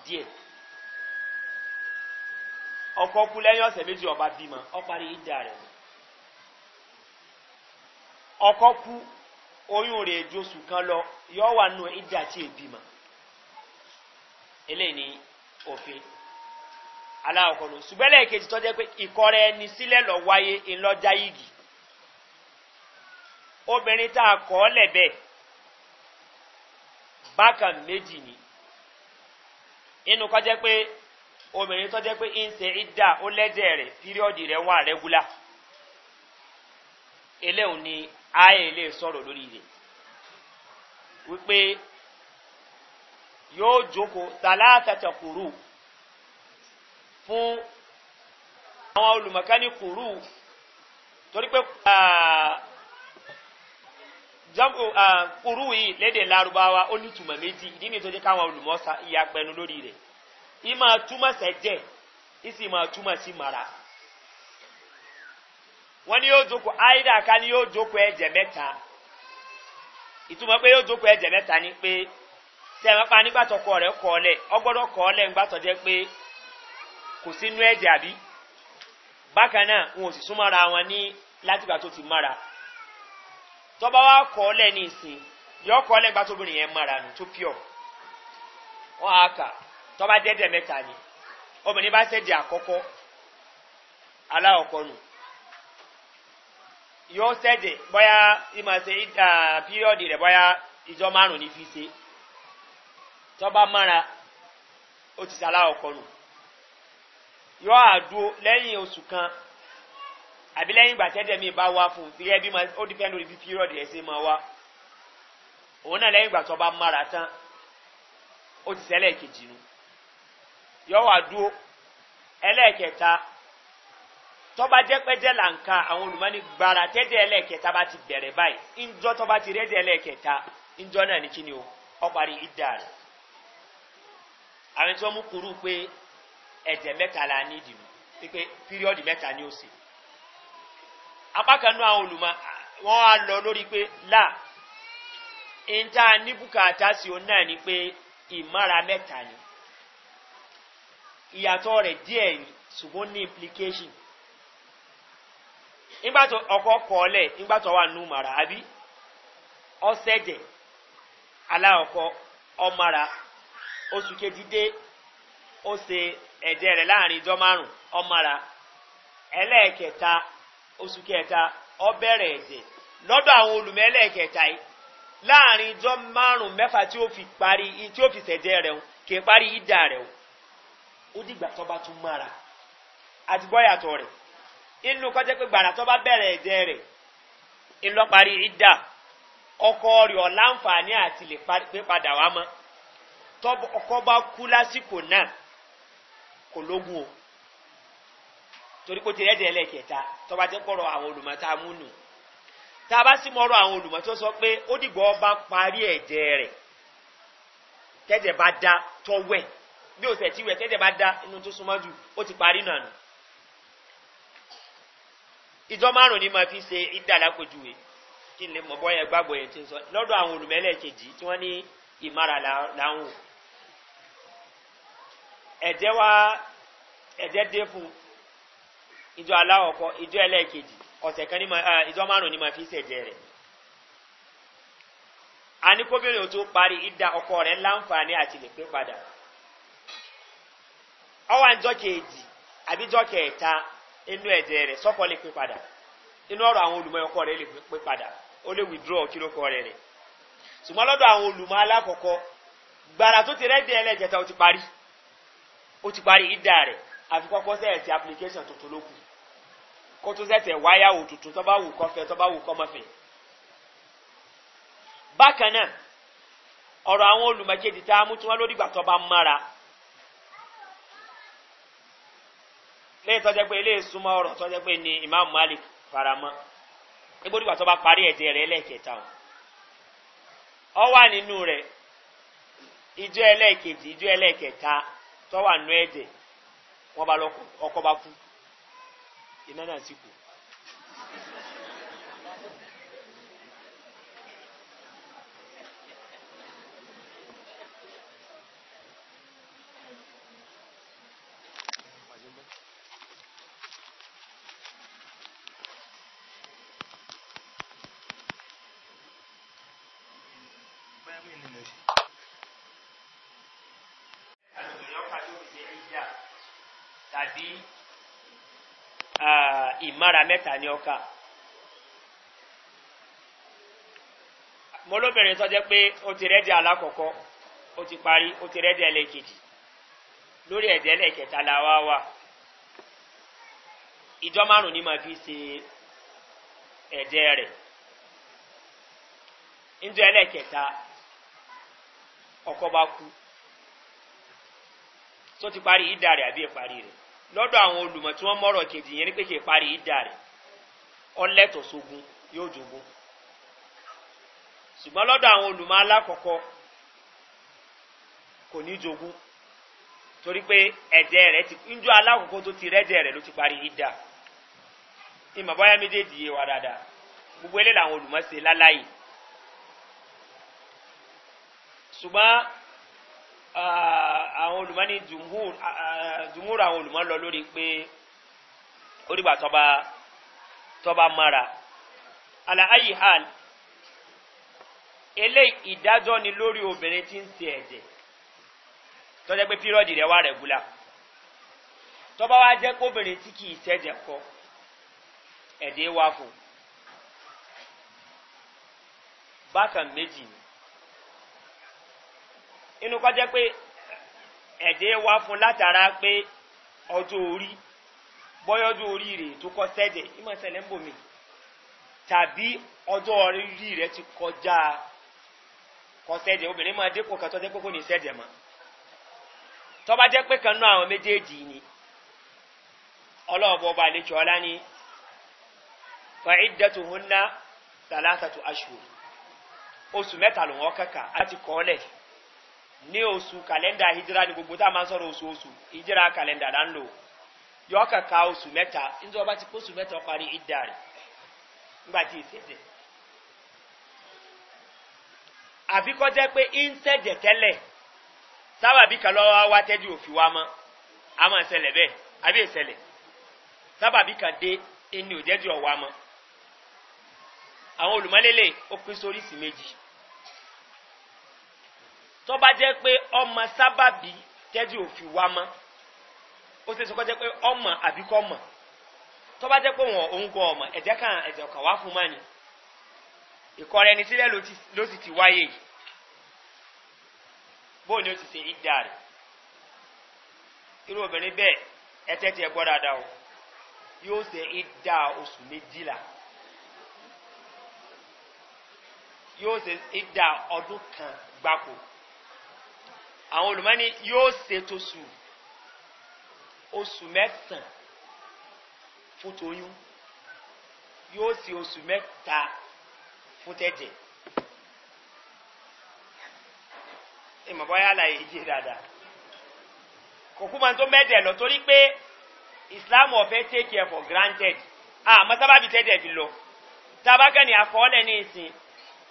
ọkọ kú lẹ́yìn ọ̀sẹ̀ méjì ọba bímọ ọparí ìdá rẹ ọkọ kú oyún rẹ̀ jósù kan lọ yọ wà nù ìdá tí è bímọ eléyìí ni òfin aláwọ̀kọ̀lù ṣùgbẹ́lẹ̀ kejì tọ́jẹ́ pé ìkọrẹ ẹni sílẹ̀ lọ wáyé ńlọ́jà yìgì obìnrin tó jẹ́ pé ń ṣe ìdá ó lẹ́jẹ̀ rẹ̀ píríọ̀dì rẹ̀ wà rẹ́gúlà eléhùn ni ayé lè sọ̀rọ̀ lórí rẹ̀ wípé yóò jókòó tàlátàtà kùrù fún àwọn olùmọ̀kání kùrù torí pé kùrù yìí lédè larubawa ó nítumọ̀ méjì ìdí ni tó jẹ́ káwọn olùmọ̀ ìyàpẹnu lórí rẹ̀ ma ịma atụma seje isi ma atụma si mara wani ojoko aida aka ni ojoko eje meta ituma pe ojoko eje meta ni pe te ma pa nigba to ko re ko le ogboro ko le ngba to pe ko si nu eje abi baka na won si sumara won ni lati to ti mara to ba wa ko le ni isin yo ko le gba to mara nu to pure aka tọ́ba dẹ́dẹ̀ mẹ́ta ni obìnrin bá sẹ́dẹ̀ àkọ́kọ́ aláwọ̀kọ́ nù yóò sẹ́dẹ̀ bọ́yá ìmọ̀ ṣe píríọ̀dì rẹ̀ bọ́yá ìjọ márùn-ún ní fi ṣe tọ́ba mára ó ti sàlá ọkọ̀ nù yóò àdó lẹ́yìn oṣù kan àbí lẹ́yìn ìgbà tẹ́tẹ̀ mi bá wá fún un gẹ́gẹ́ bí ó dìpẹ́ lórí bí píríọ̀dì rẹ̀ ṣe máa wá òun náà lẹ́yìn ìgbà tọ́ba mára tán ó ti sẹ́lẹ̀ kejì nù yọ wà dúó ẹlẹ́ẹ̀kẹta tọ́ba jẹ́ pẹ́jẹ́ là ń ka àwọn olùmọ́ni gbára tẹ́jẹ́ ẹlẹ́ẹ̀kẹta bá ti bẹ̀rẹ̀ báyìí ńjọ́ tọ́ba ti rẹ́jẹ́ ẹlẹ́ẹ̀kẹta ńjọ́ náà ní kíni o ọ parí ìdá rẹ̀ àwọn tí wọ́n mú kúrú pé ẹ̀jẹ̀ mẹ́ta la ní ìdìbò pípé píríọ̀dì mẹ́ta ni ó sì apá àwọn olùmọ́ wọ́n á lọ lórí pé là ń tá a ní bùkátà sí òun náà ni pé ìmọ̀ra mẹ́ta ni ìyàtọ̀ rẹ̀ díẹ̀ ni ṣùgbọ́n ní implication nígbàtọ̀ ọkọ̀ kọ̀ọ̀lẹ̀ nígbàtọ̀ wà nù màrà àbí ọ̀sẹ̀dẹ̀ aláọ̀kọ̀ ọmọra oṣù kejì dé ó ṣe ẹ̀jẹ̀ rẹ̀ láàrin ìjọ márùn ọmọra ẹlẹ́ẹ̀kẹta oṣù kẹta ọbẹ̀rẹ̀ ẹ̀jẹ̀ lọ́dọ̀ àwọn olùmọ̀ ẹlẹ́ẹ̀kẹta yìí láàrin ìjọ márùn mẹ́fà tí ó fi parí tí ó fi rẹ̀ kì í parí ìdá o ó dìgbà tó bá tún mára àti rẹ̀ inú kọjẹ́ pé gbàrà tó bẹ̀rẹ̀ ẹ̀jẹ̀ rẹ̀ ìlọparí ìdá ọkọ rẹ̀ ọ̀láǹfààní àti lè pé padà wá mọ́ ọkọ bá kú lásìkò náà kò lógun o torí ti àwọn tá a bá sì àwọn olùmọ̀ tó sọ pé ó dìgbà ọba parí ẹ̀jẹ̀ rẹ̀ tẹ́jẹ̀ bá da bí òsè tí wẹ̀ tẹ́tẹ̀ bá dá inú tó súnmọ́ jù ó ti parí nànú. ìjọ márùn-ún ni màá fi ṣe ìdàlápẹ̀jùwe kí n lè mọ̀ bọ́ yẹn gbàgbọ́ yẹn ti ń sọ lọ́dọ̀ àwọn olùmẹ́lẹ̀ kejì tí wọ́n ní ìmára làwọn. ẹ̀jẹ̀ wá ẹ̀jẹ̀ dé fún ìjọ aláwọ̀kọ ìjọ ẹlẹ́ẹ̀kejì ọ̀sẹ̀ kan ní eh, ìjọ márùn-ún ni màá fi ṣẹ̀jẹ̀ rẹ̀ àníkóbìnrin ò tó parí ìdá ọkọ rẹ̀ láǹfààní àti lè pé padà ọwa ń jọ́kẹ̀ èjì àbí jọ́kẹ̀ ẹ̀ta e inú ẹ̀jẹ̀ rẹ̀ sọ́kọ́ lè pín padà inú ọ̀rọ̀ àwọn ọkọ rẹ̀ lè pín padà ó lè withdraw kí ló kọ rẹ̀ rẹ̀ ṣùgbọ́n lọ́dọ̀ àwọn olùmọ̀ alákọ̀ọ́kọ́ gbàrà tó ti rẹ́dẹ̀ ẹlẹ́jẹta ó ti parí ó ti parí application tuntun ló kù kó tó tuntun tó bá wù tó bá eléyìí tọ́jẹ́ pé eléyìí súnmọ́ ọ̀rọ̀ pé ni imam malik faramọ́ níbo nígbà tó bá parí ẹ̀jẹ̀ rẹ̀ ẹlẹ́ẹ̀kẹta o ọ wà nínú rẹ̀ ijó ẹlẹ́ẹ̀kejì ijó ẹlẹ́ẹ̀kẹta tọ́wà nú ẹ̀jẹ̀ wọ́n bá ọkọ̀ bá kú Mara mẹ́ta ní ọkà mo lóbìnrin sọ jẹ́ pé ó ti rẹ́dí alákọ̀ọ́kọ́ ó ti parí ó ti rẹ́dí ẹlẹ́kejì lórí ẹ̀dẹ́ ẹlẹ́kẹta la wá wà ìjọ márùn ní màá fi ṣe ẹ̀dẹ́ rẹ̀ níjọ ẹlẹ́kẹta ọkọ̀ bá kú tó ti parí ìdá rẹ̀ àbí ìparí rẹ̀. lọ́dọ̀ àwọn olùmọ̀ tí wọ́n mọ̀rọ̀ kejì yẹn ni pé kìí parí ìdá rẹ̀ ọlẹ́tọ̀ sógun yóò jogun ṣùgbọ́n lọ́dọ̀ àwọn olùmọ̀ alákọ̀ọ́kọ́ kò ní jogun torí pé ẹ̀jẹ̀ rẹ̀ ti ńjọ́ alákọ̀ọ́kọ́ ti rẹ́jẹ̀ rẹ̀ ló ti parí ìdá ìmọ̀ bọ́yá méjèèjì yé wa dáadáa gbogbo eléyìí làwọn olùmọ̀ ṣe láláyè ṣùgbọ́n Ah, àwọn olùmọ́ ní zùmúrù ah, àwọn olùmọ́ lọ lórí pé ó dìgbà tọba tọba mara aláàyè hàn eléyìí ìdájọ́ ni lórí obìnrin tí ń se ẹ̀jẹ̀ tọ́jẹ́ pé pírọ́dì rẹ̀ wà rẹ̀gúlà tọ́ba wá jẹ́ kóbìnrin tí kìí sẹ́jẹ̀ kọ ẹ̀dẹ́ wá fún bákan méjì ni inú kọjá pé ẹ̀dẹ́ wá fún látara pé ọjọ́ orí bọ́yọ́jọ́ orí rẹ̀ tó kọ́ sẹ́dẹ̀ ìmọ̀ ìṣẹ̀lẹ̀ ń bò tàbí ọjọ́ orí rẹ̀ ti kọjá kọ́ sẹ́dẹ̀ obìnrin máa dínkù kan tó jẹ́ pé ní sẹ́dẹ̀ mọ́ tọ́ba jẹ́ pé kan náà àwọn méjèèjì ni ọlọ́ọ̀bọ̀ ọba àlejò ọlá ní fàídẹ́tù húnná tàlátàtù aṣù oṣù mẹ́ta lòun ọkàkà ni osu kalenda hijira ni gbogbo tá ma n osu osu hijira kalenda là ń yọ kàkà osu mẹ́ta nítorí ọba ti kó oṣù mẹ́ta idari ìdá ti nígbà àfi kọ́ jẹ́ pé ìṣẹ̀jẹ̀ tẹ́lẹ̀ sábàbí kan lọ́wọ́ wá wa a ma ṣẹlẹ̀ bẹ́ẹ̀ àbí ìṣẹ̀lẹ̀ sábàbí kan dé ẹni òjẹ́jú ọ̀wá mọ́ àwọn olùmọ́lélẹ̀ ó pín tó bá jẹ́ pé ọmọ sábàbí tẹ́jú òfin wa mọ́ ó ṣe é sọ kọ́ jẹ́ pé ọmọ àbíkọ́ mọ̀ tó bá jẹ́ pé wọn òun kọ ọmọ ẹ̀jẹ̀ kan ẹ̀jẹ̀ kan wá fún mọ́ni ìkọrẹ ẹni sílẹ̀ ló sì ti wáyé yìí bóun ni ó ti ṣe ìdá rẹ̀ irú obìnrin bẹ́ẹ̀ ẹ̀tẹ́ tiẹ̀ gbọ́ dáadáa o yóò ṣe ìdá oṣù méjìlá yóò ṣe ìdá ọdún kan gbáko àwọn olùmọ́ni yóò ṣètò sù oṣù mẹ́sàn fún tóyún yóò sì oṣù mẹ́ta fún tẹ́jẹ̀ ìmọ̀bọ́yá àlàyé yé dáadáa kò kú ma tó mẹ́jẹ̀ lọ torí pé islam ọ̀fẹ́ take care for granted àmọ́ sábàbí tẹ́jẹ̀ fi lọ tábàkẹ́ ni àkọọ́lẹ̀ ní ìsìn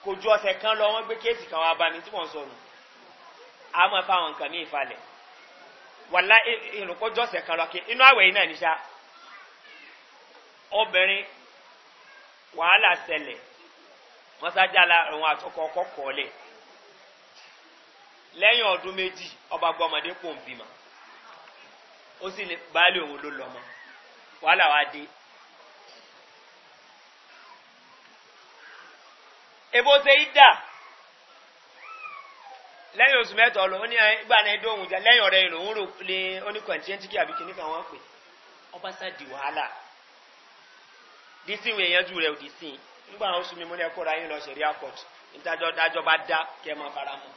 kò ju ọ̀sẹ̀ kan lọ wọ́n gbé kéèsì kan wá bá mi tí wọ́n sọnù a máa fa àwọn nǹkan míì falẹ̀ wàlá ìrùkọ́ jọ́sẹ̀ kan lọ́kẹ́ inú àwẹ̀ iná náà obìnrin wàhálà sẹlẹ̀ wọ́n sájàlá òun àtọkọ ọkọ kọ́ọ̀lẹ̀ lẹ́yìn ọdún méjì ọba gbọmọdé kò ń bímọ ó sì òun ló wàhálà wa lẹ́yìn oṣù mẹ́tọ̀ ọ̀lọ́ ó ní ìgbà náà ẹdó òun jà lẹ́yìn ọ̀rẹ́ ìlò òun rò lé oníkọ̀ǹtíẹ́ntìkì àbí kìíní wọn pè ọba sá di wàhálà dísìn ìwé ìyanjú rẹ̀ ò dísìn nígbà àwọn oṣù mi mú ní ẹkọ́ ra yín lọ ṣẹ̀rí akọ̀t ìdájọ́ dájọ́ bá dá kẹ́ ẹ máa fara mọ́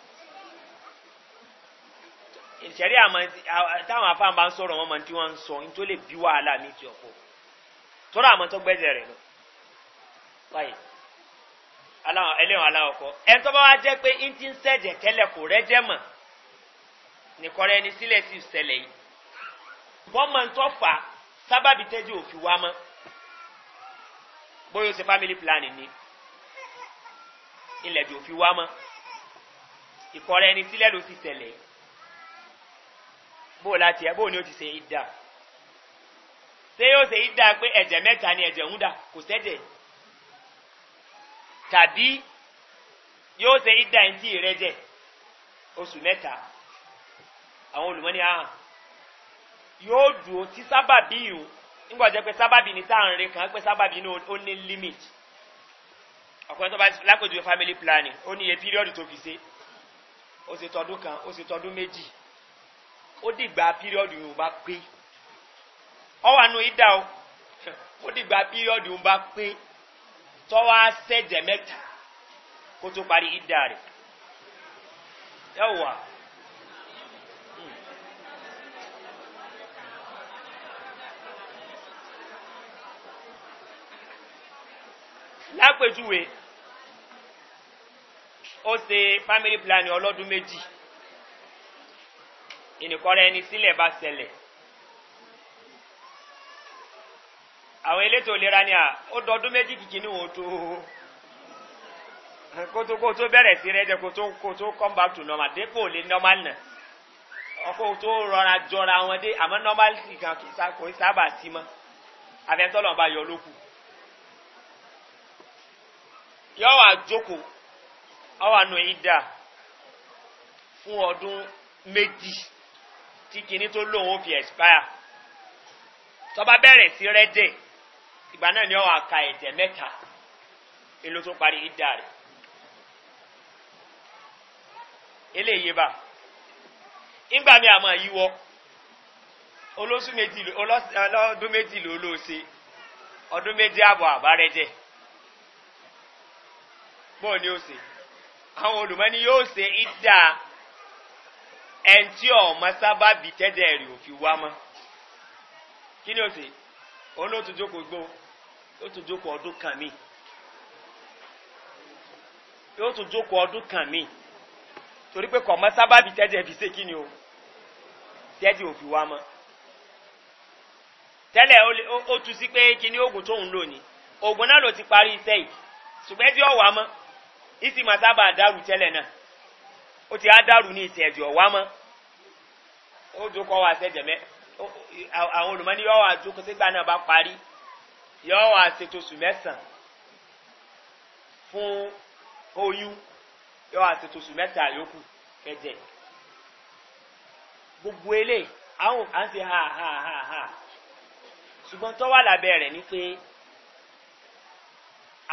ìṣẹ̀rí àmọ́ táwọn afáàn wọ́n ń sọ lè bí wàhálà ní ti ọ̀pọ̀ tọ́lá ẹlẹ́wọ̀n aláwọ̀kọ́ ẹni tó bá wá jẹ́ pé ń ti ń sẹ̀jẹ̀ tẹ́lẹ̀ kò rẹ́jẹ̀ mọ̀ nìkọ́rẹ́ ẹni sílẹ̀ sì sẹlẹ̀ yìí bọ́mọ̀ ń tọ́fà sábàbí tẹ́jú òfin wa mọ́ bóyá o ṣe family planning ni ilẹ̀ ju òfin wa mọ́ ìkọ́rẹ́ ẹni sílẹ̀ ló sì sẹlẹ̀ yìí bó láti ẹ bó ni ó ti ṣe ìdá ṣé yóò ṣe ìdá pé ẹ̀jẹ̀ mẹ́ta ni ẹ̀jẹ̀ ń dà kò sẹ́jẹ̀ yìí tàbí yóò ṣe ìdá ẹni tí rẹ jẹ oṣù mẹ́ta àwọn olùmọ́ni ahàn yóò dùn tí sábàbí yìí nígbà jẹ́ pé sábàbí ní táà ń pé sábàbí ní ó ní limit ọkùnrin tó bá lápèjúwe family planning ó ní iye píríọ̀dù tó fi ṣe ó ṣe tọdún kan ó ṣe tọdún méjì ó dìgbà píríọ̀dù yìí ó bá pé ọ wà nù ìdá o ó dìgbà píríọ̀dù yìí ó bá pé tọ́wọ́ sẹ́jẹ̀ mẹ́ta kó tó parí ìdá rẹ̀ yọ̀wà. lápèjúwe ó ṣe family planning ọlọ́dún méjì ìnìkọ́ra ẹni sílẹ̀ bá ṣẹlẹ̀ àwọn elétò ìlera ni à ó dọdún méjì kìkì ní òótó kótó kótó bẹ̀rẹ̀ sí rẹ̀ jẹ́ kótó kótó come back to normal dépò lé normal nà ọkọ̀ tó rọra jọra wọn dé àmọ́ normal sì kan kò sábà sí mọ́ abẹ́ntọ́lọ́ bá yọ lókù yọ wà jókòó ọwà nù ìdá fún ọdún méjì tí kìíní tó lóun ó fi expire tọba bẹ̀rẹ̀ sí rẹ́dẹ̀ẹ́ ìgbà náà ni ọ wà ka ẹ̀jẹ̀ mẹ́ta èlò tó parí ìdá rẹ̀ eléyìí bá ìgbà mi àmọ́ yíwọ́ olóṣù méjì ọlọ́dún méjì ló ló ṣe ọdún méjì àbọ̀ àbárẹ́jẹ́ bọ́ọ̀ ni ó ṣe àwọn olùmọ́ni yóò ṣe ìdá ẹ̀ntí ọ̀mọ́ sábàbí tẹ́jẹ̀ rẹ̀ òfin wá mọ́ kí ni ó ṣe. onu otu joko jókòó otu joko tún kami ọdún kan mi yóò tún torí pé kọ̀mọ́ sábàbí tẹ́jẹ̀ fi ṣe kí ni o tẹ́jẹ̀ ò fi ni oògùn tóun lò ní oògùn náà ló ti parí iṣẹ́ yìí ṣùgbọ́n ẹjọ́ ma mọ́ ìsì máa sábà dàrú tẹ́lẹ̀ náà ó ti á dàrú ní ìsẹ̀jọ̀ wá mọ́ ó jókòó wá sẹ́jẹ̀ mẹ́ta. àwọn olùmọ́ni yọ́ wà jókòó sígbà náà bá parí yọ́ wà ṣètò oṣù mẹ́sàn-án fún oyún yọ́ wà ṣètò oṣù mẹ́ta yòókù kẹjẹ gbogbo ele àwọn à ń ṣe ha ha ha ha ṣùgbọ́n tó wà lábẹ́ rẹ̀ ni pé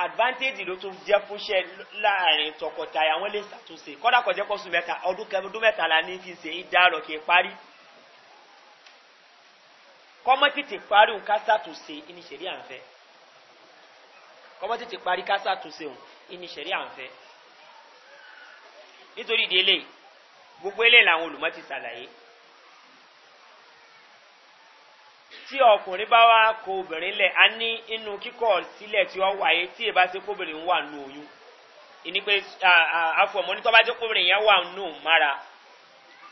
advantage ló tún jẹ́ fúnṣẹ́ láàrin tọkọtaya wọ́n lè ṣàtúnṣe kọ́dà kọjá kọ́sùn mẹ́ta ọdún mẹ́ta la ní kí n ṣe é dárọ̀ kí n parí kọ́mọ́tìtì parí òun ká sàtúnṣe ìní ṣẹ̀rí à ń fẹ́ kọ́mọ́tìtì parí ká sàtúnṣe òun ìní ṣẹ̀rí à ń fẹ́ nítorí ìdí eléyìí gbogbo eléyìí làwọn olùmọ́ ti ṣàlàyé tí ọkùnrin bá wá kó obìnrin lẹ̀ a ní inú kíkọ́ sílẹ̀ tí ó wáyé tí èbá ṣe kóbìnrin wà nù oyún ìní pé àfọ̀mọ́ ní tó bá jẹ́ kóbìnrin yẹn wà nù mára.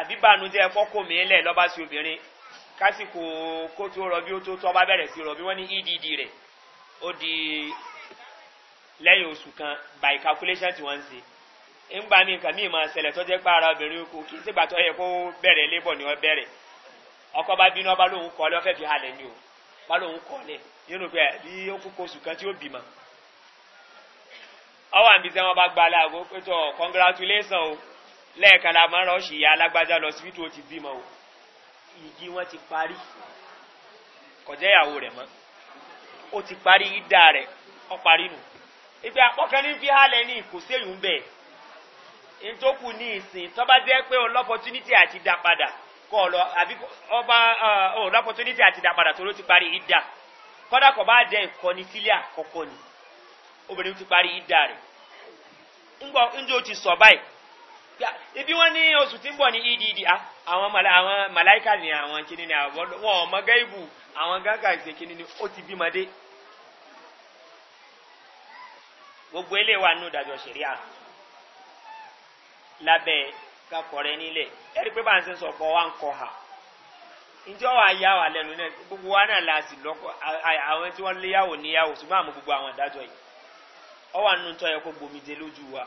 àbíbànújẹ́ pọ́kò mílẹ̀ lọ́ba sí obìnrin kásìkò kó rọbí ó tó tọ́ sí rọbí ní edd rẹ ó di lẹyìn oṣù by calculation tí wọ́n ń se ńgbà mí nǹkan mí máa ṣẹlẹ̀ tó pé ara obìnrin kò kí sígbà tó yẹ kó ni wọ́n bẹ̀rẹ̀ ọkọ bá bínú ọba lóun fi ni o bá lóun kọ́ lẹ̀ nínú pé bí ó kú kan tí ó lẹ́ẹ̀kan la máa ń rọ́ọ̀ṣì ìyá alágbájá lọ sí tó ti o ti parí kọjá rẹ̀ mọ́ ó ti parí ìdá rẹ̀ ọ parí nù ibi àpọ́kẹ́ ní fi hálẹ̀ ní kò séyùn bẹ́ẹ̀ ní tó kù ní ìsìn tó bá jẹ́ pé àti dá padà kọ́ ọba àti dá padà tó ló ti parí ìdá kọ́dà kọ́ bá jẹ́ ìkọ́ni sílé àkọ́kọ́ ni obìnrin ti parí ìdá rẹ̀ ti sọ báyìí ibi wọn ní oṣù tí ń bọ̀ ní edd ah, àwọn màláìka ni àwọn kíni ni àwọn ọmọ gẹ́ìbù àwọn gángà ìṣe kíni ni ó ti bímọ dé gbogbo ilé wa nù dájọ́ sẹ̀ríà lábẹ́ kakọ̀rẹ́ nílẹ̀ ẹ̀rí pé bá ń sẹ́ sọ̀kọ̀ wa ń kọ̀ ha njẹ́ wàá yá wa lẹ́nu náà gbogbo wa náà la sì lọ́kọ̀ àwọn tí wọ́n léyàwó níyàwó ṣùgbọ́n àmọ́ gbogbo àwọn ìdájọ́ yìí ọ wà nù tọ́ yẹ kó gbomi dé lójú wa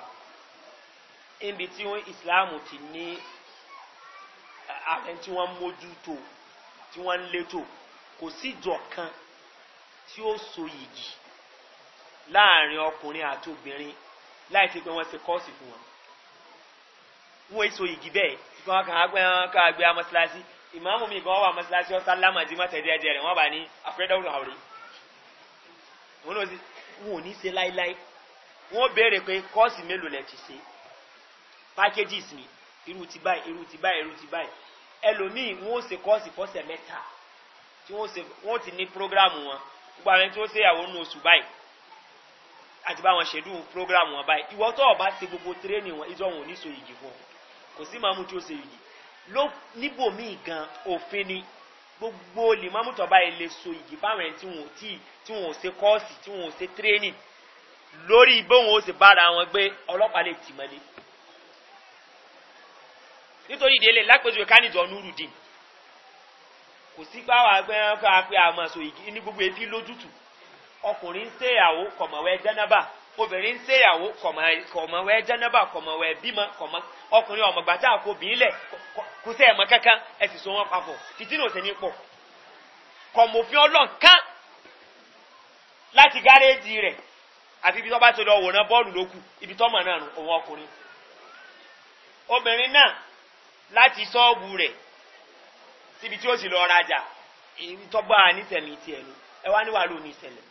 níbi eh, tí wọ́n ìsìláàmù ti ní àwọn tí wọ́n mójútó tí wọ́n ń létò kò sí ìjọ kan tí ó so yìgì láàrin ọkùnrin àti obìnrin láì ti pé wọ́n ṣe kọ́ọ̀sì fún wọn. wọ́n èso yìgì bẹ́ẹ̀ tí wọ́n kàn á gbé wọn ká gbé amọ́síláṣí ìmáàmù mi gan wà amọ́síláṣí ọ̀sá lámàdí mọ́tẹ̀ẹ́dẹ́ẹ́dẹ́ rẹ̀ wọ́n bá ní àfẹ́dọ́rùn àwòrán. wọn ò ní ṣe láéláé wọ́n béèrè pé kọ́ọ̀sì mélòó lẹ ti ṣe packages ni irú ti báyìí irú ti báyìí irú ti báyìí ẹlòmíì wọn ò ṣe kọ́ọ̀sì fọ́sẹ̀ mẹ́ta tí wọn ò ṣe wọn ti ní programu wọn gbogbo àwọn tí wọn ṣe ìyàwó nù oṣù báyìí àti báwọn ṣẹdú programu wọn báyìí ìwọ tó ọba ṣe gbogbo tírénì wọn ìjọ wọn ò ní so yìgì fún ọ kò sí màmú tí ó ṣe yìgì ló níbò míì gan òfin ni gbogbo lèmọ́mù tó báyìí lè so yìgì fáwọn ẹni tí wọn ò tí tí wọn ò ṣe kọ́ọ̀sì tí wọn ò ṣe tírénì lórí bóun ó ṣe bára wọn gbé ọlọ́pàá lè tì mọ́lé nítorí ìdílé lápèjúwe kánìtì ọ̀nùrùdín kò sí báwa gbẹ́rán fún apẹ́ àmọ́sọ ní gbogbo efi lójútù ọkùnrin ń ṣèyàwó kọ̀mọ̀wẹ́ jẹ́nẹ́bà obìnrin ń ṣèyàwó kọ̀mọ̀wẹ́ jẹ́nẹ́bà kọ̀mọ̀wẹ́ bímọ ọkùnrin ọ̀mọ̀gbàtà kò bí ilẹ̀ kò sí ẹ̀mọ́ kankan ẹ sì so wọn papọ̀ títí náà sẹ́ni pọ̀ kọ̀mọ̀fin ọlọ́n kán láti rẹ̀ ibi ibi tó mọ̀ náà òun ọkùnrin láti sọ́ọ̀bù rẹ̀ síbi tí ó sì lọ rajà ìtọ́gbà nísẹ̀mí ti ẹ̀nu ẹ wá níwà ló ní ìṣẹ̀lẹ̀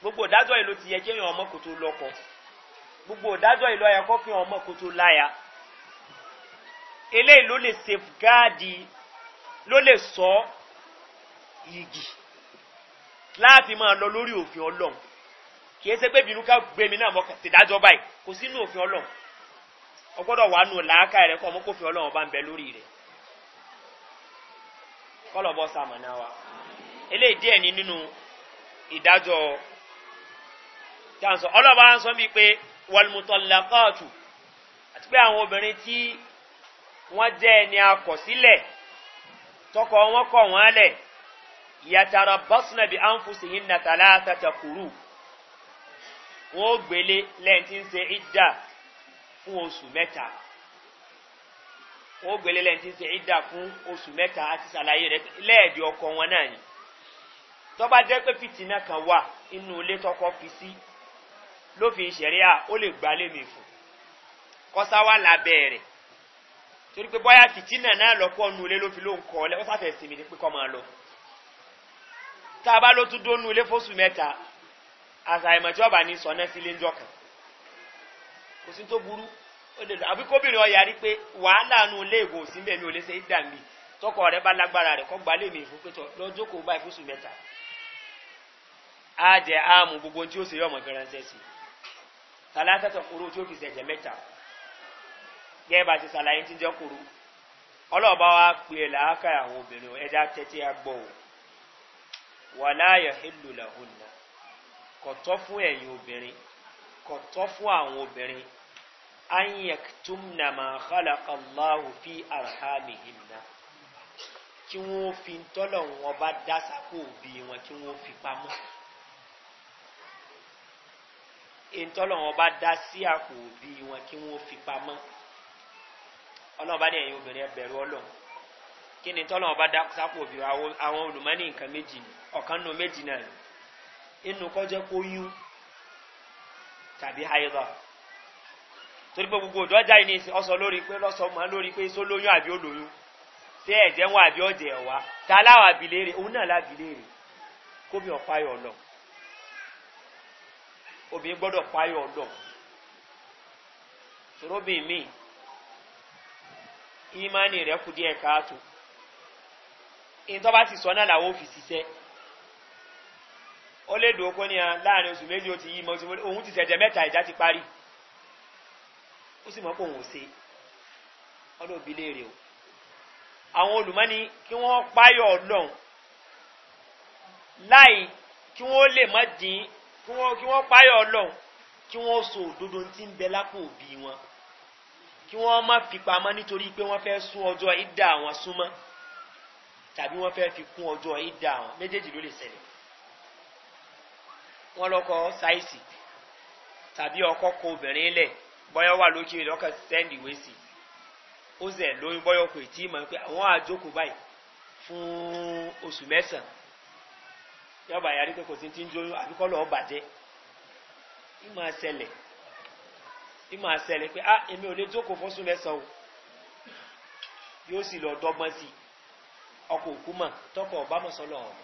gbogbo ìdájọ́ ìlú ti yẹ kí èèyàn ọmọ kò tó lọ́kọ gbogbo ìdájọ́ ìlú ayẹ kọ́ kí èèyàn ọmọ kò tó láya eléyìí ló lè safeguardi ló lè sọ igi láàfin máa lọ lórí òfin ọlọ́run kì í ṣe pé bínú ká gbẹmí náà mọ́ kàtẹ́dájọ́ báyìí kò sínú òfin ọlọ́run ọgbọ́dọ̀ wà nù làákà rẹ̀ kọ́ ọmọkòfin ọlọ́run bá ń bẹ lórí rẹ̀ kọ́lọ̀bọ́ sàmọ̀nà wa eléyìí díẹ̀ ní nínú ìdájọ́ táǹsọ̀ ọlọ́ba ń sọ bíi pé wàlmùtọ̀lákọ́ọ̀tù àti pé àwọn obìnrin tí wọ́n jẹ́ ẹni akọ̀sílẹ̀ tọkọ wọn kọ̀ wọ́n lẹ̀ yàtàrà bọ́sùnà bíi àǹfùsì nàtàlá àtàtàkùrù wọn ó gbélé lẹ́yìn tí ń ṣe ìdá fún oṣù mẹ́ta wọ́n gbélé lẹ́yìn tí ń ṣe ìdá fún oṣù mẹ́ta àti ṣàlàyé rẹ̀ lẹ́ẹ̀dì ọkọ̀ wọn náà ni tọ́ba jẹ́ pé fìtínà kan wà inú ilé tọkọ fi sí lófin ìṣẹ̀ríà ó lè gbá lémi fún kọ́sá wà lábẹ́ rẹ̀ torí pé bọ́yá fìtínà náà lọ́pọ̀ nu ilé ló fi ló ń kọ́ ọ lẹ́wọ́n sáfẹ́ sinmi ní pípọ́ máa lọ tá a bá ló tún dónú ilé fóṣù mẹ́ta àṣà ìmọ̀tí ọ̀bà ní sọ náà sílé ńjọ́ kan kò sí tó burú àbí kóbìnrin ọ yarí pé wàhálà nu ilé ìwò síbẹ̀ mi ò lè ṣe ìdà mi tọkọ rẹ bá lágbára rẹ kọ́ gbalẹ̀ mi fún pétọ lọ́jọ́ kò báyìí fúnṣù mẹ́ta á jẹ áàmù gbogbo tí ó ṣe yọmọ gẹrẹnsẹ sí tàlátàtà kúrò tí ó fi ṣẹ̀jẹ̀ mẹ́ta gẹ́gẹ́ bá ti ṣàlàyé ti jẹ́ kúrò ọlọ́ọ̀bá wa pè é làákà àwọn obìnrin ẹja tẹ́tí agbọ̀ wàláyà ìlú làhùnà kọ̀tọ́ fún ẹ̀yìn obìnrin kò tọ́ fún àwọn obìnrin anyaktum na ma khalaqallahu fi arhamihim na kí wọ́n fi tọ́lọ̀ wọn bá dásà kó bí wọn kí wọ́n fi pamọ́ ìtọ́lọ̀ wọn bá dá sí àpò òbí wọn kí wọ́n fi pamọ́ ọlọ́run bá ní ẹ̀yin obìnrin ẹbẹ̀rù ọlọ́run kí ni tọ́lọ̀ wọn bá dá sápò òbí wọn àwọn olùmọ́ni nǹkan méjì ọ̀kan nù méjì náà inú kọjá kó yún tàbí haidọ̀ torí gbogbo òjò ọjà ìní ọsọ lórí pé lọ́sọ mọ́ lórí pé só lóyún àbí ó lóyún tí ẹ̀jẹ̀ wọn àbí ọ̀jẹ̀ ẹ̀wà ta láwà àbílẹ̀ rẹ̀ òun náà lábílẹ̀ rẹ̀ kó mi obìnrin gbọ́dọ̀ páyọ̀ lọ sòróbìn mi ìmánì rẹ̀ kú díẹ̀ káàtó ìtọ́ bá sì sọ náà làwọn ò fi ṣiṣẹ́. ó lè dùn okó ní a láàrin oṣù méjì ó ti yí mọ́ òun ti tẹ̀jẹ̀ mẹ́ta ìjà ti parí ó sì mọ́ pé òun ò se ọlọ́bí léèrè o àwọn olùmọ́ni kí wọ́n páyọ̀ ọlọ́run láì kí wọ́n lè má dín kí wọ́n páyọ̀ ọlọ́run kí wọ́n so òdodo tí ń bẹ lápò òbí wọn kí wọ́n má fi pamọ́ nítorí pé wọ́n fẹ́ sún ọjọ́ ìdá àwọn súnmọ́ tàbí wọ́n fẹ́ fi kún ọjọ́ ìdá àwọn méjèèjì ló lè ṣẹlẹ̀ wọn lọkọ ṣáìsì tàbí ọkọ kọ obìnrin lẹ bọyọ wà lókè lọkọ sẹńdì wé sí ó zẹ lóyún bọyọ kò tí ì mọ pé àwọn àjókòó báyìí fún oṣù mẹsàn yọba yàrá pé kò sí ti ń jóyún àbíkọ́ lọ́ọ́ bàjẹ́ ìmọ̀ àṣẹlẹ̀ ìmọ̀ àṣẹlẹ̀ pé ah èmi ò lè jókòó fún oṣù mẹsàn o yóò sì lọ dọ́gbọ́n sí ọkọ̀ òkú mọ̀ tọkọ̀ ọ̀bámọ̀sọ́lọ̀ ọ̀hún.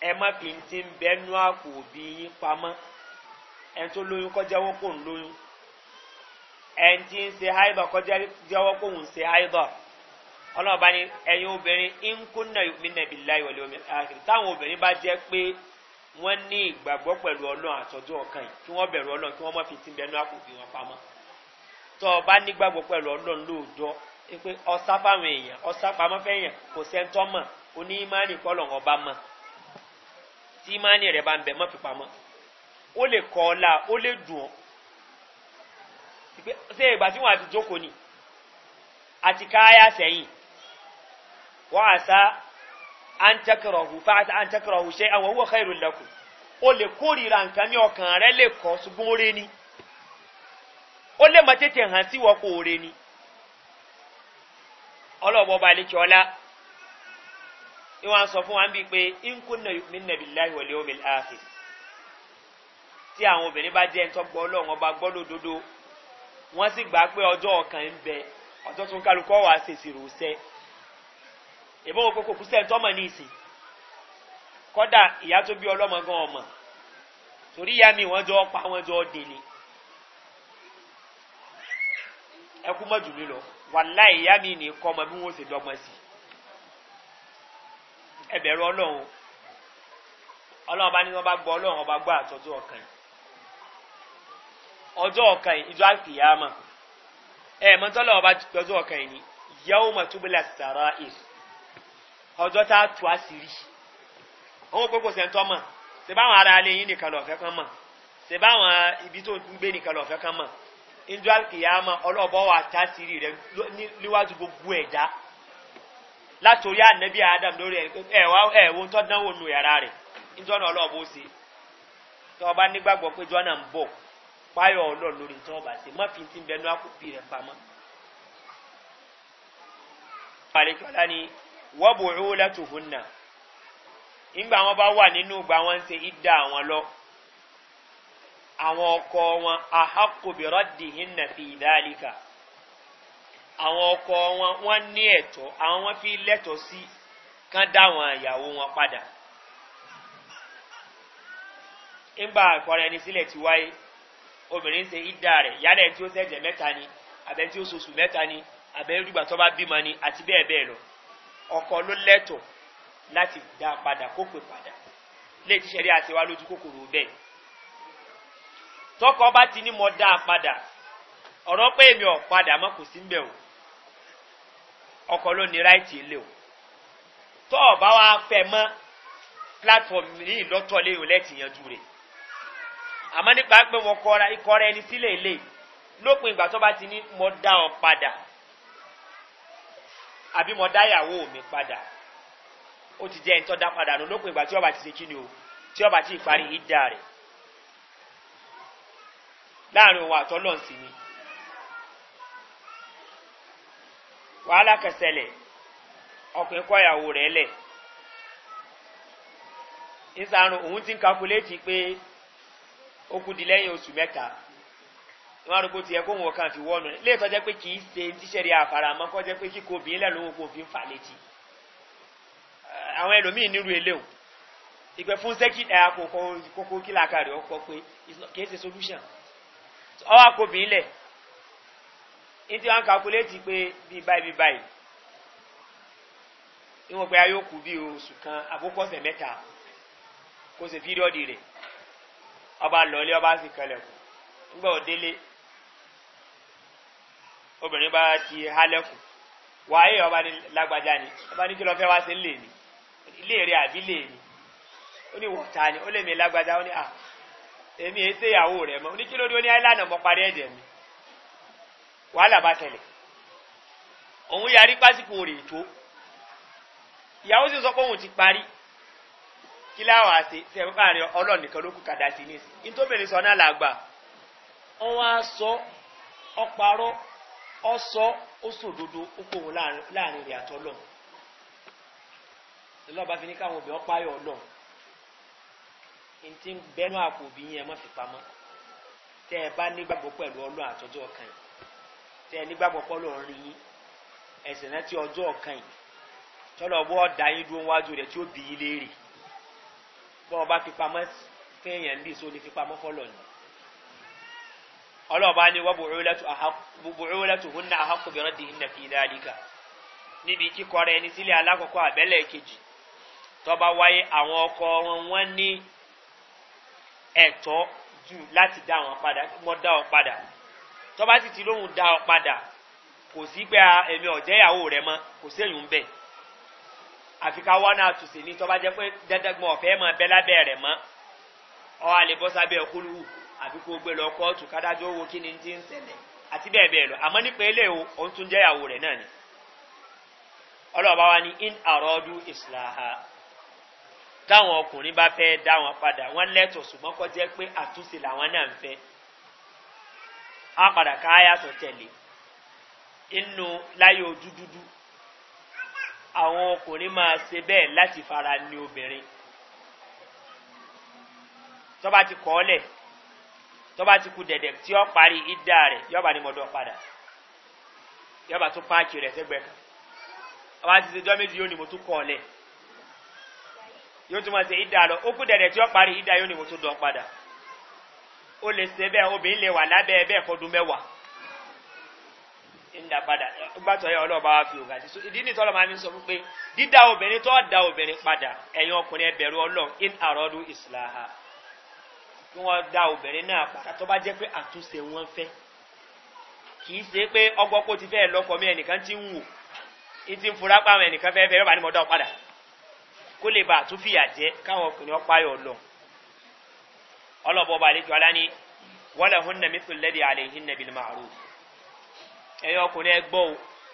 E má fi ti ń bẹnu àpò òbí yín pamọ́ ẹni tó lóyún kọ́ jẹ́wọ́ kò ń lóyún ẹni tí ń ṣe haibọ̀ kọ́ jẹ́wọ́ kò ń ṣe haibọ̀ ọlọ́ọ̀bá ni ẹ̀yin obìnrin ìnkúnnà mi nàbí láì wọlé omi àkìrì táwọn obìnrin bá jẹ́ pé wọ́n ní ìgbàgbọ́ pẹ̀lú ọlọ́run àtọ́jú ọ̀kan yìí kí wọ́n bẹ̀rù ọlọ́run kí wọ́n fi ti òbí wọn pamọ́ bá tí ìmánì rẹ̀ bá ń bẹ̀ mọ́ fipamọ́ ó lè kọ́ ọ la ó lè dùn ọ́ ṣé ìgbà tí wọ́n àti jókòó ni àti káyà sẹ́yìn wọ́n àṣà àǹtẹ́kọ̀rọ̀hù fáta àǹtẹ́kọ̀rọ̀hù ṣe àwọn owó kẹ́rù lẹ́kùn ó lè kórìíra nǹkan ní ọkàn rẹ lè kọ́ ṣùgbọ́n ó ni ó lè mọ tètè hàn sí wọ́n kó o rẹ ni ọlọ́ọ̀bọ̀ balẹ̀ kí ọlá ìwọ̀n sọ fún wa ń bí pé ìnkúnnà mínàbí láì wọlé omi láàfì tí àwọn obìnrin bá jẹ́ ẹ̀ńtọ́ gbọ́ ọlọ́run ọba gbọ́ lódodo wọ́n sì gbà pé ọjọ́ ọ̀kan ń bẹ ọjọ́ tó ń kálukọ́ wà á ṣèṣì rùsẹ́ ìbọn òkú kò kú sẹ́ńtọ́ mọ̀ ní ìsìn kọ́dà ìyá tó bí ọlọ́mọ gan ọmọ torí ìyá mi wọ́n jọ pa wọ́n jọ dè ní ẹkú mọ́jú mi lọ wàláì ìyá mi ní kọ́ ọmọ bí wọ́n ṣe dọ́gbọ́n sí i. ẹ̀bẹ̀rù ọlọ́run ọlọ́run bá ní wọ́n bá gbọ́ ọlọ́run ọba gbọ́ ọ̀kan yìí ọjọ́ ọ̀kan yìí ìjọ ẹ̀ mọ́tọ́lọ́ ọba ọjọ́ ọ̀kan yìí ni yẹ́wò sàrà ìr ọjọ́ tá a tù á sì rí òun pé kò sẹ́ńtọ́ mọ̀ ṣe báwọn ará alẹ́ yín nìkan kan mọ̀ ṣe báwọn ibi tó ń gbé a látòrí ànábì adam lórí ẹ̀wà ẹ̀wò tó dánwò nù yàrá rẹ̀ nítorí ọlọ́ọ̀bù sí tó ọba nígbàgbọ́ pé jọ́nà ń bọ̀ páyọ̀ ọlọ́ọ̀ lórí tó ọba sí má fi ti bẹnu àkùpì rẹ̀ pamọ́. àlekọ́lá ni wọ́n bò ó lẹ́tùhún náà nígbà wọn bá wà nínú ìgbà wọn ń ṣe ìdá àwọn lọ àwọn ọkọ wọn àhàkùbìrọ̀dìhìn nà fi àwọn ọkọ wọn wọn ní ẹ̀tọ́ àwọn wọn fi lẹ́tọ̀ sí kán dá àwọn ìyàwó wọn padà ńgbà àkọrẹ ẹni sílẹ̀ ti wáyé obìnrin ṣe ìdá rẹ̀ yálẹ̀ tí ó sẹ̀jẹ̀ mẹ́ta ni àbẹ̀ tí ó sosù mẹ́ta ni àbẹ̀ ìdúgbà tó bá bímọ ni àti bẹ́ẹ̀ bẹ́ẹ̀ lọ ọkọ ló lẹ́tọ̀ láti dá padà kó pè padà léyìí tí sẹ́rí àti wá lójú kòkòrò bẹ́ẹ̀ tọkọ bá ti ní mọ dá padà ọ̀rọ̀ pé èmi ọ̀ padà mọ́ kò sí ń bẹ̀ o ọkọ̀ ló ní ráìtì ilé o tọ́ ọ bá wa fẹ́ mọ́ platform yìí lọ́tọ̀ lé o lẹ́tì yanjú rẹ̀ àmọ́ nípa pé wọ́n kọ́ra ikọ́ rẹ ní sílẹ̀ ilé lópin ìgbà tó bá ti ní mo dá ọ padà àbí mo dá ìyàwó mi padà ó ti jẹ́ ìtọ́ dá padà nù lópin ìgbà tí ọba ti ṣe kí ni o tí ọba ti parí ìdá rẹ̀ láàrin òun àtọ́lọ́ọ̀sì ni. wàhálà kẹsẹ̀lẹ̀ ọkùnrin kọ́ ìyàwó rẹ̀ lẹ̀ ìsàrùn òun ti ń kakuléètì pé ó kú di lẹ́yìn oṣù mẹ́ta wọn arúgbó tiẹ̀ kó wọn kàn fi wọ́nu lè tọ́jẹ́ pé kì í ṣe tíṣẹ̀rí àfàràmọ́ kọ́jẹ́ pé kíkó obìnrin fi ń fà létí àwọn ẹlòmíín eléwò fún sẹ́kì kí pé kì í ṣe solution ọwọ́ lẹ̀ ní tí wọ́n kàkúlétì pé bíi báyìí bi báyìí níwọ̀n bi ayókù bíi oṣù kan àkókò ọ̀sẹ̀ mẹ́ta kó ṣe ọba lọ́ọ́lé ọba sì obìnrin bá ti ọba ní lágbájá ni ọba ní kí lọ fẹ́ wá sí ilé ni ilé rẹ̀ àbí ilé ni ó ní ni ó lè mi lágbájá ó ní à èmi èsè ìyàwó rẹ̀ mọ́ ó ó wàhálà bá tẹ̀lẹ̀ òun yarí pásìkò rẹ̀ tó ìyàwó sì sọ pé òun ti parí kí láwọn àṣe tẹ fáàrin ọlọ́run nìkan ló kù kàdá sí nísì nítòmìnir sọ náà làgbà wọn wá sọ ọparọ ọsọ ọsọdodo okòwò láàrin rẹ àtọlọ lọba fi ní káwọn obìnrin páyọ ọlọrun ntí bẹnu àpò òbí yẹn mọ fipamọ tẹ ẹ bá nígbàgbọ pẹlú ọlọrun àtọjọ kan yìí tẹ nígbàgbọ́ pọ́lọ́ ń rí yín ẹ̀sìn náà ti ọjọ́ ọ̀kan yìí tọ́lọ̀ bọ́ ọ̀dà yín dúró wájú rẹ̀ tí ó bì í léèrè bọ́ ọba fipamọ́ kéèyàn ń bì só ní fipamọ́ fọ́lọ̀ ni ọlọ́ọ̀bá ni wọ́n bùrú lẹ́tù hún náà àhákùbẹ̀rẹ̀ dì hínà fi dáadíkà níbi kíkọ́ rẹ̀ ní sílẹ̀ alákọ̀ọ́kọ́ àbẹ́lẹ̀ kejì tọ́ba wáyé àwọn ọkọ̀ wọn ní ẹ̀tọ́ jù láti dá wọn padà mọ́ dá wọn padà tọ́ba sì ti lóhùn dá ọ padà kò sí pé ẹ̀mí ah, ọ̀jẹ́ ìyàwó rẹ̀ mọ́ kò séyùn bẹ́ẹ̀ àfi ká wọ́n náà tùsí ní tọ́ba jẹ́ pé dandagbọ̀n ọ̀fẹ́ mọ́ bẹ́ lábẹ́ rẹ̀ mọ́ ọ àlebọ́sábẹ́ ọkùnrin àfi kó gbé lọ kóòtù kádájọ́ owó kí ni ti ń sẹ̀lẹ̀ àti bẹ́ẹ̀ bẹ́ẹ̀ lọ àmọ́ nípa ilé o òun tún jẹ́ ìyàwó rẹ̀ náà ni ọlọ́ọ̀bá wa ni in àrọ́dú ìsìláha táwọn ọkùnrin bá fẹ́ dá wọn padà wọ́n lẹ́tọ̀ ṣùgbọ́n kọ́ jẹ́ pé àtúnṣe làwọn náà ń fẹ́ á padà ká yàtọ̀ tẹ̀lé inú láyé ojú dúdú àwọn ọkùnrin máa ṣe bẹ́ẹ̀ láti fara ní obìnrin tọ́ba ti kọ́ ọ́lẹ̀ tọ́ba ti ku dẹ̀dẹ̀ tí ó parí ìdá rẹ̀ yọba ni mọ̀dọ́ padà yọba tún páàkì rẹ̀ sẹ́gbẹ̀ẹ́ kan ọba ti ṣe jọ́ méjì yóò ní mo tún kọ́ yóò tún máa ṣe ìdá lọ ó kú dẹ̀dẹ̀ tí ó parí ìdá yóò ní mo tún dọ́ padà. o le se bẹ́ẹ̀ obìnrin le wa lábẹ́ ẹ bẹ́ẹ̀ fọdún wa. ń padà gbàtọ̀ yẹ wa fi ògà so ìdí nìtọ́ lọ́mọ mi sọ fún pé dídá obìnrin tó da obìnrin padà ẹ̀yin ọkùnrin ẹbẹ̀rù ọlọ́run in àròdù ìsìláha kí wọ́n da obìnrin náà padà tó bá jẹ́ pé àtúnṣe wọn fẹ́ kì í ṣe pé ọgbọ́n ti fẹ́ lọ́kọ mi ti ń wò ń fura pàmò ẹnìkan fẹ́ fẹ́ yọba ni mo dá ọ padà kó lè àtúnfìyà jẹ káwọn ọkùnrin ọlọ́bọ̀ bá lè kí ọlá ní wọ́lẹ̀ hún na mithul lẹ́dí àlèyìn na bil ma'aru ẹ̀yọ ọkùnrin ẹgbọ́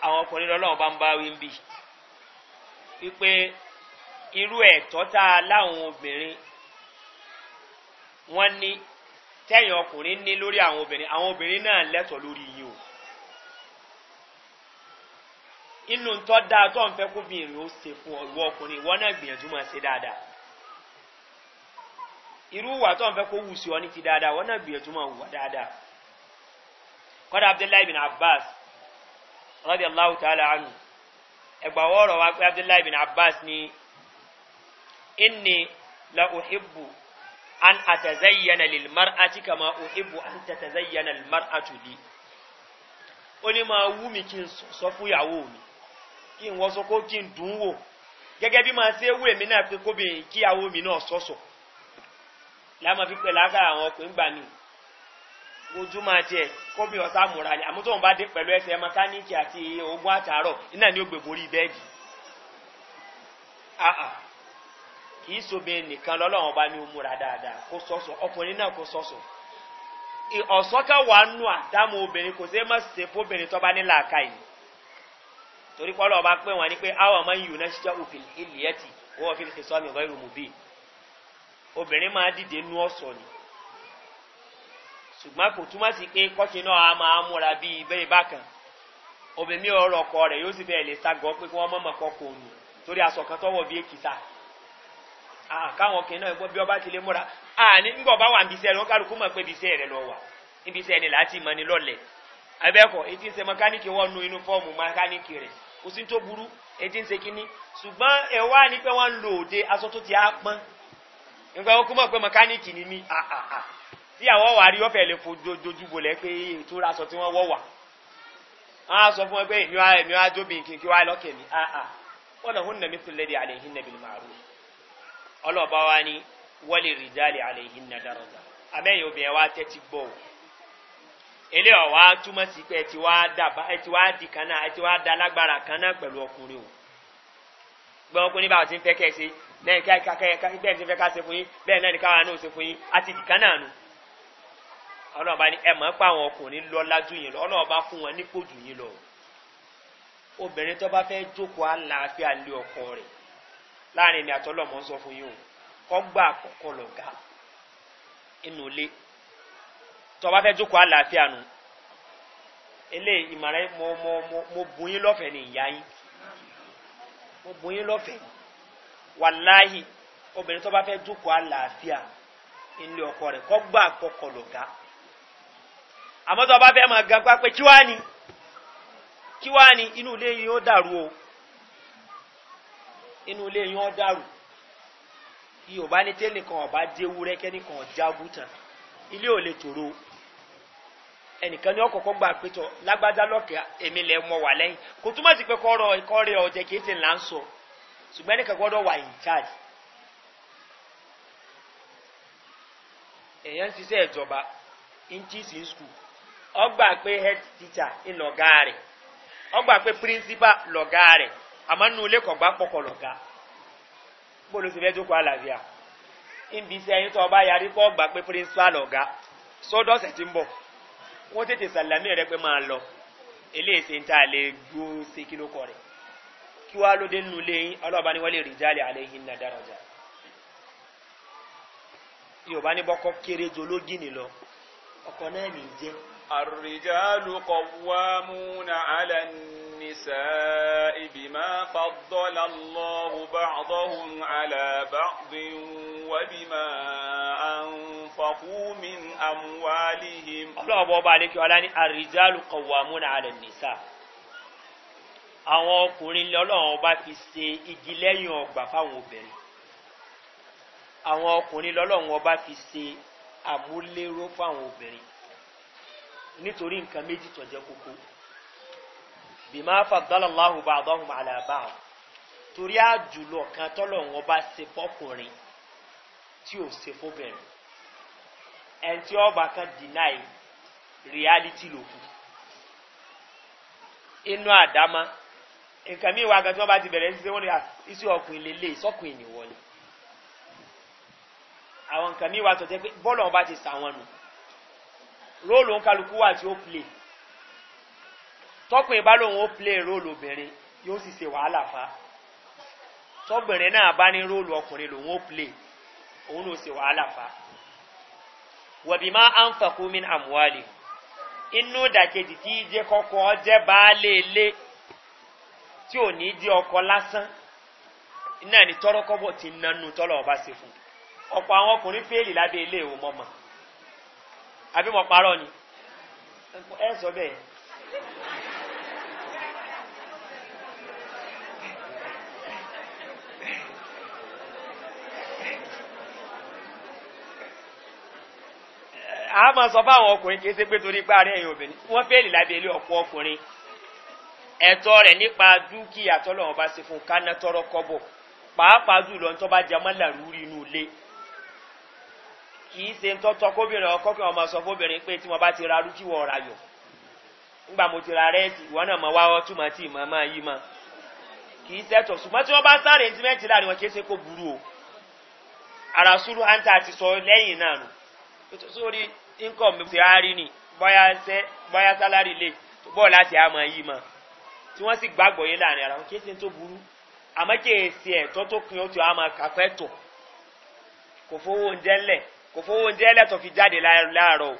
àwọn ọkùnrin lọ́lọ́wọ́ bá ń bá wí ń bì wípé irú ẹ̀tọ́ tá a láwọn obìnrin wọ́n ní tẹ́yìn ọkùnrin ní lórí àwọn obìnrin àwọn obìnrin náà lẹ́tọ̀ lórí yìí o inú ń tọ́ dáa tó ń fẹ́ kó bìnrin ó se fún ọ̀rọ̀ ọkùnrin ìwọ náà gbìyànjú máa se dáadáa irú wà tó ń fẹ́ kó wù sí ọ ní ti dáadáa wọn náà gbìyànjú máa wù dáadáa kọ́dà abdullahi bin abbas rọ́dí aláwọ̀ tààlà ánù ẹgbàwọ́ ọ̀rọ̀ wa pé abdullahi bin abbas ni inni la uhibbu an atazayyana lil mar'ati kama uhibbu an tatazayyana lil mar'atu li ó ní máa wú mi kí n sọ fún ìyàwó mi kí n wọ́n sọ kó kí n dùn wò gẹ́gẹ́ bí máa ṣe wú èmi náà pé kóbìnrin kíyàwó mi náà sọ́sọ̀ láàmú fi pẹ̀ lágàrà àwọn ọkùnrin gbà mí ojú máa jẹ kóbi ọ̀sá múra ni àmọ́ tóun bá dé pẹ̀lú ẹsẹ̀ mẹkáníìkì àti ogun àtàárọ̀ iná ni ó gbé borí bẹ́ẹ̀dì kì í sobìnrin nìkan lọ́lọ́run ọba ni ó múra dáadáa kó sọ́sọ̀ ọkùnrin náà kó sọ́sọ̀ ọ̀sọ́kà wà nù àdámọ̀ obìnrin kò sí má ṣe fóbìnrin tó bá ní làákà yìí torí pọ́lọ́ ọba pé wọ́n ní pé àwọn ọmọ yìí ò náà ṣiṣẹ́ òfin ìlìyẹ́tì wọ́n fi ṣe sọ́mi ọ̀gá ìrùmùbí obìnrin máa dìde nú ọ̀sọ̀ ni ṣùgbọ́n kò túmọ̀ sí pé kọ́tí náà a máa múra bíi bẹ́ẹ̀ bákan obìnrin ọ̀rọ̀ ọkọ rẹ̀ yóò sì bẹ́ẹ̀ lè sagọ́ pé kí wọ́n mọ̀ mọ̀kọ́ kò nù torí aṣọ bíi èkìtà káwọn náà gbọ́ bí ọba ti lè múra wà níbi iṣẹ́ rẹ̀ wọ́n kálukú mọ̀ pé iṣẹ́ rẹ̀ lọ wà níbi ni láti mọ̀ ní lọ́lẹ̀ abẹ́kọ̀ etí ń ṣe nu inú fọ́ọ̀mù rẹ̀ kò sí tó burú etí ń ṣe kínní nígbà wọn kó mọ̀ pé mẹkáníìkì ni mí ah, ah, ah. tí àwọn wà rí ọ̀fẹ́ lè fojojú bolẹ̀ pé ètò aṣọ tí wọ́n wọ̀ wà wọ́n á sọ fún wọn pé èmi wá èmi wá jóbi nǹkan kí wá lọ́kẹ̀ mi wọ́n lọ́hún nàmi fúnlẹ́dẹ̀ àlẹ́hìn nàbí màrú ọlọ́ọ̀bá wa ni wọ́n lè rí jáde àlẹ́hìn nà dárọ̀dà obìnrin wa tẹ́tí gbọ́ o ilé ọ̀wá túmọ̀ sí pé ẹ ti wá dàbá ẹ ti wá di kan náà ẹ ti wá da lágbára kan náà pẹ̀lú ọkùnrin o gbọ́n ọkùnrin bá ti ń fẹ́ kẹ́ ṣe náà kí akẹ́kẹ́ bẹ́ẹ̀ ti fẹ́ ká ṣe fún yín bẹ́ẹ̀ náà ni káwa náà ṣe fún yín àti ìdìkan náà nù. ọlọ́run bá ní ẹ mọ̀ pa àwọn ọkùnrin lọ lájú yín lọ ọlọ́run bá fún wọn nípò jù yín lọ. obìnrin tó bá fẹ́ jókòó àlàáfíà lé ọkọ rẹ̀ láàrin ìmì àtọ́lọ́mọ sọ fún yín o kọ́ gbà àkọ́kọ́ lọ̀gá inú ilé tó bá fẹ́ jókòó àlàáfíà nù eléyìí ìmọ̀ràn mo mo mo mo bu yín lọ́fẹ̀ẹ́ ní ìyá yín mo bu yín lọ́fẹ̀ẹ́ wàláhì obìnrin tó bá fẹ́ jókòó àlàáfíà ilé ọkọ rẹ̀ kọ́ gbà kọkọ ga àmọ́ tó bá fẹ́ máa gan pa pé kí wá ni kí wá ni inú ilé yìí ó dàrú o inú ilé yìí ó dàrú yorùbá ní tẹ́lẹ̀ kan ọ̀bá déwúrẹ́ kẹ́nìkan tán ilé ò lè tòrò ẹnìkan ní ṣùgbọ́n ẹnìkan gbọ́dọ̀ wà in charge èèyàn ti sẹ́ ìjọba si in school ọgbà pe head teacher in rẹ̀ ọgbà principal lọ̀gá rẹ̀ àmọ́ nínú ilé kọ̀gbá pọ̀kọ̀ lọ̀gá bó ló ti fẹ́ jókòó àlàáfíà ọba principal ọga sódọ́sẹ̀ ti kí wá ló dé nínú ilé yín ọlọ́ọ̀bá ni wọ́n lè rí jáde àléhìn náà dáradà yorùbá ní bọ́kọ́ kéré jológì nìlọ ọkọ̀ náà nìí jẹ́ الرجال قوامون على النساء بما فضل الله بعضهم على بعض وبما أنفقوا من أموالهم الله أبو عليك وعلاني الرجال قوامون على النساء àwọn ọkùnrin lọ́lọ́run ọba fi ṣe igi lẹ́yìn ọgbà fáwọn obìnrin àwọn ọkùnrin lọ́lọ́run ọba fi ṣe àmúléró fáwọn obìnrin nítorí nǹkan méjì tó jẹ́ kókó bìmá fàgbọ́lọ́láhùn bá àdọ́hùn àlàbà torí àjùlọ kan tọ́lọ́run ọba ṣe fọkùnrin tí ò ṣe fóbìnrin ẹni tí ọba kan deny reality lòkù inú àdámá nǹkan mi wà gan tí wọ́n bá ti bẹ̀rẹ̀ ṣiṣẹ́ wọ́n ní iṣẹ́ ọkùnrin lélẹ̀ sọ́kùnrin ni wọ́n ni àwọn nǹkan mi wà tó jẹ́ pé bọ́ọ̀lù wọn bá ti sà wọn nù róòlù kálukú wà tí ó plé tọkùnrin bá lòun ó plé róòlù obìnrin yóò sì ṣe wàhálà fa tọbìnrin náà bá ní róòlù ọkùnrin lòun ó plé òun ò ṣe wàhálà fa wọ̀bí máa ń fàkómi àmúwálì inú ìdàkejì tí jẹ́ jẹ́ baálé ilé. tí ò ní dí ọkọ lásán náà ni tọ́rọ́kọ́bọ̀ ti nanú ọba ṣe fún ọpọ àwọn ọkùnrin fèèlì lábẹ́ ilé ìwò mọ́mọ́ àbí mo ni ẹ sọ a ma sọ awọn ọkùnrin kì í ṣe pé torí pé àárẹ̀ obìnrin ẹ̀tọ́ nípa dúkìá tọ́lọ́wọ́n bá se fún kánà tọrọ pàápàá jùlọ ń tọ́ba jẹ́ inú ilé kìí se ń tọ́tọ́ kí sọ fóbìnrin pé tí wọ́n bá ti ra rúkì wọ́n ra yọ̀ mo ti ra rẹ́ẹ̀tì ìwọ náà mọ tí ìmọ̀ máa yí kì í ṣùgbọ́n wọ́n bá sáré láàrin wọn ṣe kó burú o ara hanta tí wọ́n sì gbàgbọ́ yé láàrin ara wọn kí ẹsẹ̀ tó burú àmọ́ kí èsì ẹ̀tọ́ tó pin ó ti wá máa kàpẹ́ tọ̀ kò fowó oúnjẹ ńlẹ̀ kò fowó oúnjẹ ńlẹ̀ tó fi jáde láàárọ̀ o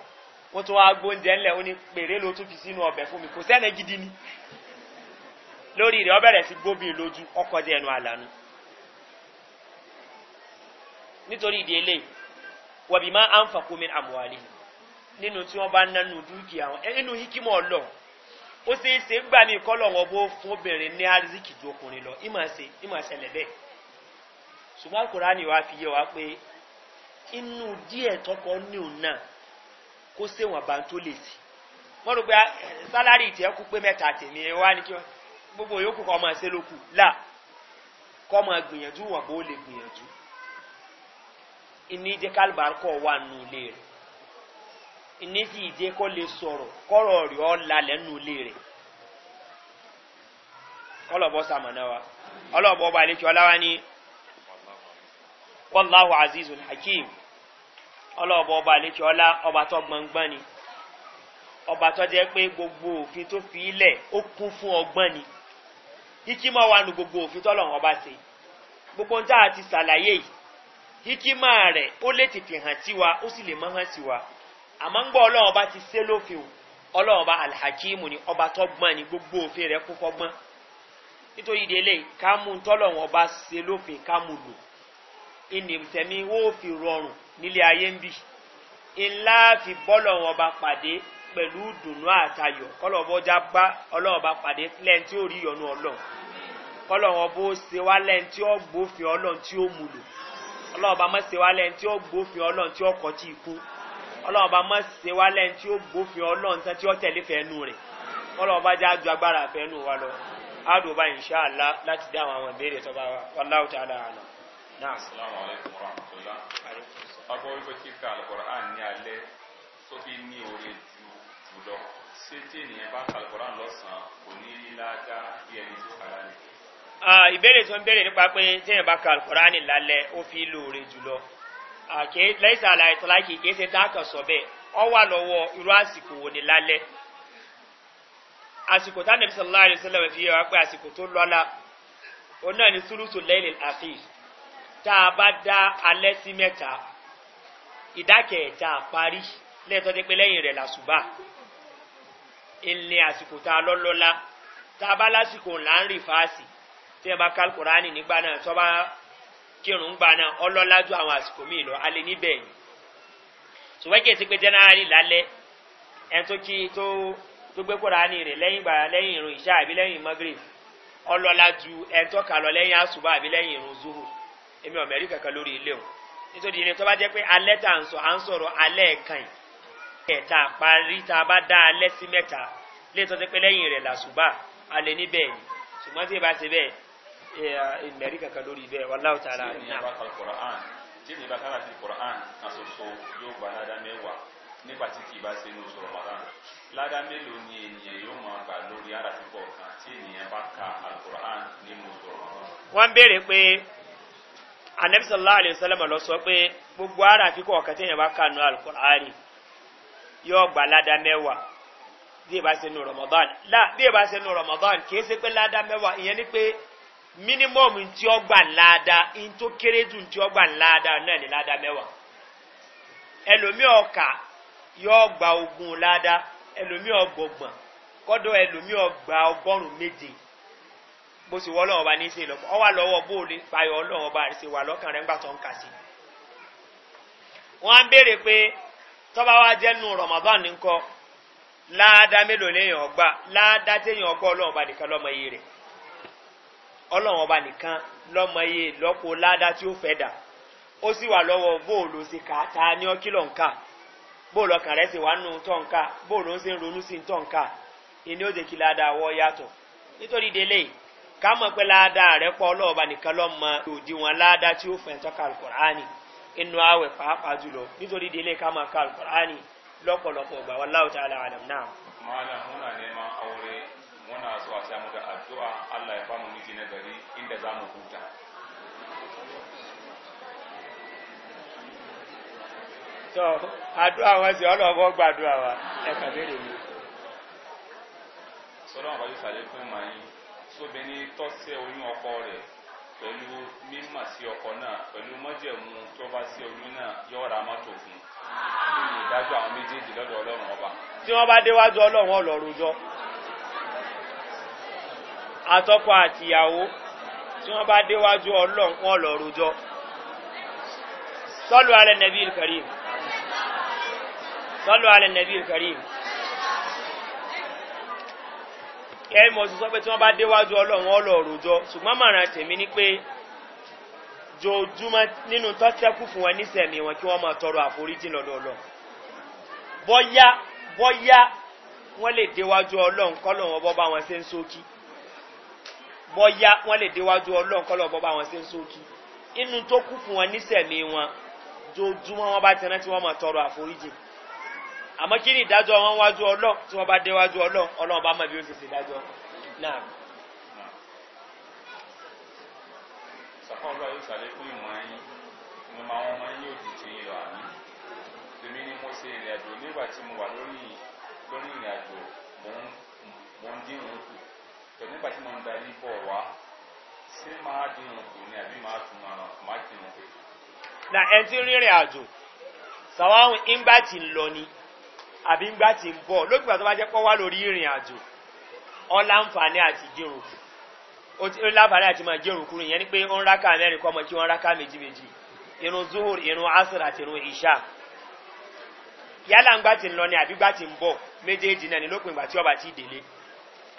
wọ́n tún wá gbó oúnjẹ ńlẹ̀ ó ní pèrè ló tún fi sínú ọbẹ̀ fún mi kò sẹ́ni gidi ni lórí rẹ̀ ọ bẹ̀rẹ̀ sí gbóbi lójú ọkọ̀ jẹ́ ẹnu àlànà nítorí ìdí eléyìí wọ̀bí máa ń fàkómi àmúwálé nínú tí wọ́n bá ń nánú dúkìá wọn nínú ó ṣe é ṣe ń gbà mí kọ́lọ̀ bó fún obìnrin ní arzikì ju ọkùnrin lọ ìmọ̀ ṣe ìmọ̀ ṣẹlẹ̀ bẹ́ẹ̀ ṣùgbọ́n kùránì wa fi yé wa pé inú díẹ̀ tọkọ ní òun náà kó ṣèwọ̀n bá ń tó lè sí wọ́n rò pé eh, sálárì ìtẹ́ kú pé mẹ́ta tèmi ẹ wá ní kí wọ́n gbogbo yòókù kọ́ máa ṣe lókù là kọ́ gbìyànjú bó lè gbìyànjú ìní jẹ́ ìnísì ìdí kó lè sọ̀rọ̀ kọ́rọ̀ rí ọ́ lálẹ́ nù lé rẹ̀ kọ́lọ̀bọ́ sàmọ̀nà wa ọlọ́bọ̀ ọba àlekí ọláwá ní wọ́láhù azizun hakim ọlọ́bọ̀ ọba àlekí ọlá ọba tó gbọ̀ngbọ̀n ni ọba tó jẹ́ pé gbogbo òfin tó fi ilẹ̀ ó kún fún ọgbọ́n ni hikima wa nu gbogbo òfin tọ́lọ̀wọ́n ọba ṣe gbogbo ń tá a ti ṣàlàyé yìí hikima rẹ̀ ó lè tètè hàn sí wa ó sì lè mọ́ hàn sí wa. àmọ́ ń gbọ́ ọlọ́run ọba ti sé lófin o ọlọ́run ọba alhakimu ni ọba tọ́gbọ́n ni gbogbo òfin rẹ̀ kó fọ́gbọ́n nítorí ìdílé kámú tọ́lọ́run ọba sé lófin kámú lò ìnìtẹ̀mí wó fi rọrùn nílé ayé ń bì ńlá fi bọ́lọ́run ọba pàdé pẹ̀lú dùnú àtayọ̀ kọ́lọ́bọ́já bá ọlọ́run ọba pàdé lẹ́yìn tí ó rí ìyọnu ọlọ́run kọ́lọ́run ọba ó ṣe wá lẹ́yìn tí ó gbófin ọlọ́run tí ó mú lò ọlọ́run ọba mọ́ ṣe wá lẹ́yìn tí ó gbófin ọlọ́run tí ó kọ́ tí ikú ọlọ́run ọba má ṣe wá lẹ́yìn tí ó gbófin ọlọ́run tán tí ó tẹ̀lé fẹ́nu rẹ̀ ọlọ́run ọba já ju agbára fẹ́nu wa lọ àdùn bá ìṣá àlá láti dá àwọn ìbéèrè tó bá wa wàláwù tá a dára nà. náà sàlámù alaykum wa rahmatulah. ọgbọ́n wípé kíkà alukoran ní alẹ́ tó fi ní oore ju jù ṣé tí ènìyàn bá kà alukoran lọ́sàn-án kò ní rí láàdá bí ẹni tó kà lálẹ́. ìbéèrè tó ń béèrè nípa pé téèyàn bá kà alukoran lálẹ́ ó fi lóore jù lọ lẹ́yìn àlà ìtọ́láìkì kìí ṣe dákà sọ bẹ́ẹ̀ ọ wà lọ́wọ́ irú àsìkò wò ní lálẹ́ àsìkò tánà bí sọlá àdìsí lọ́wọ́ fi yẹwà pé àsìkò tó lọ́la òun náà ni súrùtù lẹ́yìn àfi tá a bá dá alẹ́ sí mẹ́ta ìdákẹ̀ẹ́ta parí lẹ́tọ́ dé pé lẹ́yìn rẹ̀ làṣùbà ìlẹ̀ àsìkò tá a lọ́lọ́la tá a bá lásìkò là ń rìn fáàsì tí ẹ bá kálkùránì nígbà náà tọ́ bá kírun ń gba náà àwọn àsìkò míì lọ alẹ́ níbẹ̀ ni ṣùgbọ́n kì í pé jẹ́nẹ́rálì lálẹ́ ẹni tó kí tó gbé kóra ní rẹ̀ lẹ́yìn lẹ́yìn irun ìṣá àbí lẹ́yìn magreth ọlọ́lá ẹni tó kà lọ lẹ́yìn àṣùbọ̀ àbí lẹ́yìn irun zuhu èmi kankan lórí ilé nítorí ìrìn tó bá jẹ́ pé alẹ́ tà ń sọ à ń sọ̀rọ̀ alẹ́ ẹ̀ta parí bá dá alẹ́ sí ìmẹ̀rí kankan lórí bẹ́ẹ̀ wà láwùjọ ara rẹ̀ náà. tí èmi bá kára sí koran asoso yóò gba ládá mẹ́wàá nígbà tí kì í bá ṣe ní oṣù rọ̀mọ́dá ládá mélòó ni ènìyàn yóò máa gbà lórí ara tí kọ̀ọ̀kan tí ènìyàn bá ka alukoran nínú oṣù rọ̀mọ́dá. wọ́n béèrè pé anabi sallallahu alayhi wa sallam lọ sọ pé gbogbo ara àfi kọ̀ọ̀kan tí ènìyàn bá ka nu alukoran yóò gba ládá mẹ́wàá bí ìbá ṣe nu rọ̀mọ́dá bí ìbá ṣe nu rọ̀mọ́dá kì í ṣe pé ládá mẹ́wàá ìyẹn ni pé minimum ntí ọgbà ńláda ntó kéré jù ntí ọgbà ńláda náà ní laada mẹ́wàá ẹlòmíì ọkà yóò gba ogun láda ẹlòmíì ọgbọgbọn kọdọ ẹlòmíì ọgbà ọgọrùn méje bó sì wọ ọlọrun ọba ní í o wa ọwà lọwọ bóòlù fàyọ ọlọrun ọba àti ṣèwà lọkàn rẹ ńgbà tó ń kà sí. wọn á béèrè pé tọ́ba wa jẹ́ nu ramadan ní kọ́ láàdá mélòó léèyàn ọgbà láàdá téèyàn ọgbà ọlọ́run ọba nìkan lọ́mọ iye rẹ̀ ọlọ́run ọba nìkan lọ́mọye lọ́pọ̀ ládá tí ó fẹ́ dà ó sì wà lọ́wọ́ bóòlù sí ká ta ní ọkìlọ̀ nǹka bóòlù ọkàn rẹ̀ sì wà nù tọ̀nka bóòlù ń sì ń ronú sí tọ̀nka ìní ó jẹ́ kí ládá wọ́ yàtọ̀ nítorí délé ká mọ̀ pé ládá rẹ̀ pọ̀ ọlọ́run ọba nìkan lọ́mọ òdiwọ̀n ládá tí ó fẹ́ tọ́ka alukur'ani inú àwẹ̀ pàápàá jùlọ nítorí délé ká mọ̀ ká alukur'ani lọ́pọ̀lọpọ̀ gbà wọ́n láwùjọ alẹ́ àdàm náà. mọ́ muna so a samu da addu'a Allah ya famu miji na gari inda za mu huta so àdúrà wọn sí ọlọ́gbọ́ gbàdúrà wa ẹ̀kà bèèrè mi sọ́lọ́wọ́n bá yóò sàlẹ̀ fún ma yín sóbìnrin tọ́sẹ̀ oyún ọkọ rẹ̀ pẹ̀lú mímọ̀ sí ọkọ náà pẹ̀lú mọ́jẹ̀mú tó bá sí oyún náà yóò ra mọ́tò fún ìdájọ́ àwọn méjèèjì lọ́dọ̀ ọlọ́run ọba tí wọ́n bá déwájú ọlọ́run ọlọ́run jọ àtọ́kọ àtìyàwó tí wọ́n bá déwájú ọlọ́nkún ọlọ́rọ̀jọ́ sọ́lù alẹ́ nàbí ìkàríyìn sọ́lù alẹ́ nàbí ìkàríyìn ẹ̀mí ọ̀sùn sọ pé tí wọ́n bá déwájú ọlọ́run ọlọ́rọ̀jọ́ ṣùgbọ́n màrán tèmi ni pé jòjúmọ́ nínú tọ́tẹ́kù fún wọn nísẹ̀mí wọn kí wọ́n máa tọrọ àforíjì lọ́dọ̀ ọlọ́run bọ́yá bọ́yá wọ́n lè déwájú ọlọ́run kọ́lọ̀ wọn bọ́ bá wọn ṣe ń sókí bọ́yá wọ́n lè déwájú ọlọ́run kọ́lọ́ bọ́ bá wọn ṣe ń sóòtú inú tó kú fún wọn nísẹ̀mí wọn dojúmọ́ wọn bá ti rántí wọn mọ̀ tọrọ àforíjì àmọ́ kí ni ìdájọ́ wọn wájú ọlọ́run tí wọ́n bá déwájú ọlọ́run ọlọ́run bá mọ̀ bí ó ti ṣe ìdájọ́ náà. sọ́kàn yóò ṣàlékún ìmọ̀ ẹyin mo máa wọn máa ń ní òjijì ìrọ̀ àná èmi ni mo ṣe ìrìn nígbà tí mo wà lórí ìrìn àjò ń dín òun kù sọ nígbà tí mo ń da ẹni fọ wá ṣé máa dìrùn kù ni àbí máa tún máa ràn máa dìrùn pé. na ẹ ti rìnrìn àjò sàwọn ìgbà tí ń lọ ni àbí ìgbà tí ń bọ̀ lókùnbà tó bá jẹ́ pọ́ wá lórí ìrìn àjò ọ̀làǹfààní àti dìrùn kù ó lábàárẹ̀ àti máa jẹ́rùn kúrò ìyẹn ni pé ó ń ráká mẹ́rin kọ́ mọ̀ kí wọ́n ráká méjì méjì irun zuhur irun asir àti irun isha yálà ń gbá ti ń lọ ni àbí gbá ti ń bọ̀ méjèèjì náà ni lópin ìgbà tí ọba ti délé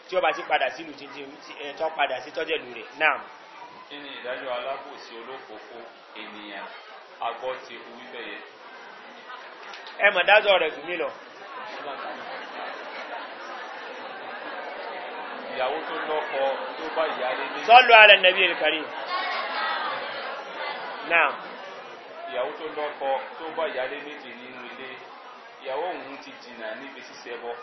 tí ó bá ti padà sí ìlú títí eh, tó padà sí tọ́jẹ̀lú rẹ̀ náà. kí ni ìdájọ́ alábòsí olófòfò ènìyàn agbọ́ ti ewu wíbẹ̀ yẹn. ẹ mọ̀ dájọ́ rẹ̀ jù mí lọ. ìyàwó tó lọ́kọ tó bá ìyáálé ní. sọ́lù alẹ́ nàbí ẹ̀rìkàrí. náà. ìyàwó tó lọ́kọ tó bá ìyáálé méje nínú ilé ìyàwó òun ti jìnnà níbi ṣíṣẹ́ bọ́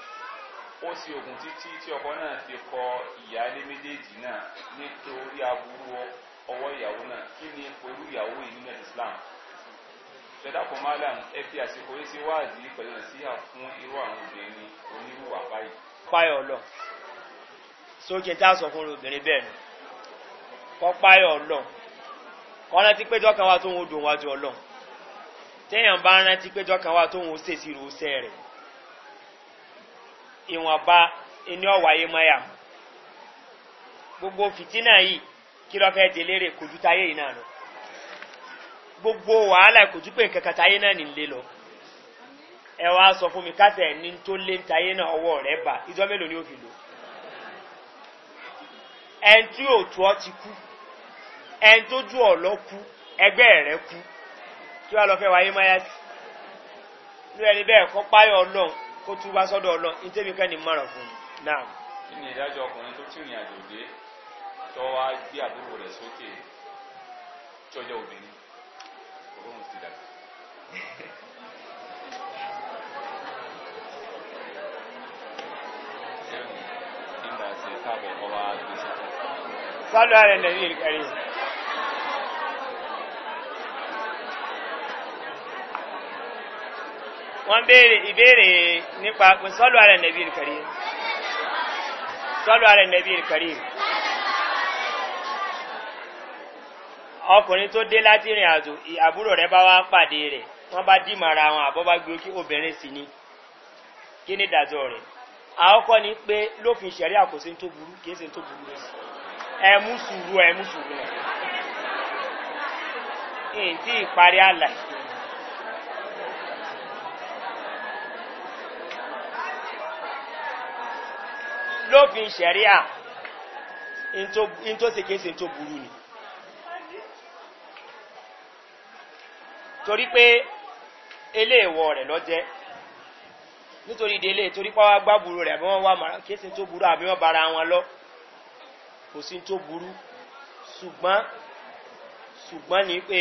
ó sì ogun títí tí ọkọ náà fi kọ ìyáálé méjèèjì náà nítorí aburú ọwọ́ ìyàwó náà kí ni orú ìyàwó yìí nínú islam ṣẹdáàpọ̀ malam ẹ fi àsìkò yìí sí wáàdì pẹ̀lú sí àfún irú àwọn obìnrin onírúwà báyìí. páyọ̀ lọ sókè tá a sọ fún obìnrin bẹ́ẹ̀ ni kọ́ páyọ̀ lọ kọ́ rántí péjọ́ kan wà tó ń wo dòun wájú ọlọ́run téèyàn bá rántí péjọ́ kan wà tó ń wo ṣèṣirò iṣẹ́ rẹ̀ ìwọ̀nba iní ọ̀wáyé mọ́yà gbogbo fìtínà yìí kí lọ́ fẹ́ delérè kojú táyé yìí náà lọ gbogbo wàhálà kojú pé nkankan táyé náà ní lé lọ ẹ wá sọ fún mi kásẹ̀ ní tó lé táyé náà ọwọ́ rẹ̀ bà ìjọ mélòó ni ó fi lò ẹn tí òtú ọ ti kú ẹn tó ju ọ lọ kú ẹgbẹ́ rẹ kú kí wàá lọ fẹ́ wáyé mọ́yà sí lóyún ẹni bẹ́ẹ̀ kọ́ páyọ̀ ọlọ́run kó túbá sọ́dọ̀ ọlọ́ ìtẹ́mi ká ní márùn fún náà. kí ni ìdájọ́ ọkùnrin tó tìrìn àjò dé tó wá gbé àbúrò rẹ̀ sókè tọ́jọ́ obìnrin òun ti dàgbà. Sálọ̀ àrẹ̀ lẹ́yìn ìrìkàrí. wọ́n béèrè ìbéèrè nípa sọ́lù ààrẹ nàbí ìkàrí ọkùnrin tó dé láti rìn àjò àbúrò rẹ bá wá rẹ wọn bá dì mara wọn àbọ́ bá obìnrin sí ni kí ní ìdájọ́ rẹ̀ ni pé lófin ìṣẹ̀rí tó burú kìí ṣe tó burú sùúrù lófin ṣẹ̀ríà in tó se kéèsì tó burú ni torí pé eléèwọ̀ rẹ̀ lọ́jẹ́ nítorí délé torí pàwọ́ agbábúrú rẹ̀ bí wọ́n wà mara kéèsì tó burú àbí wọ́n bara wọn lọ kò sí tó burú ṣùgbọ́n ṣùgbọ́n ni pé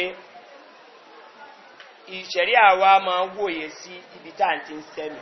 ìṣẹ̀rí àwa máa wòye sí ibi tá à ń ti ń sẹ́mi.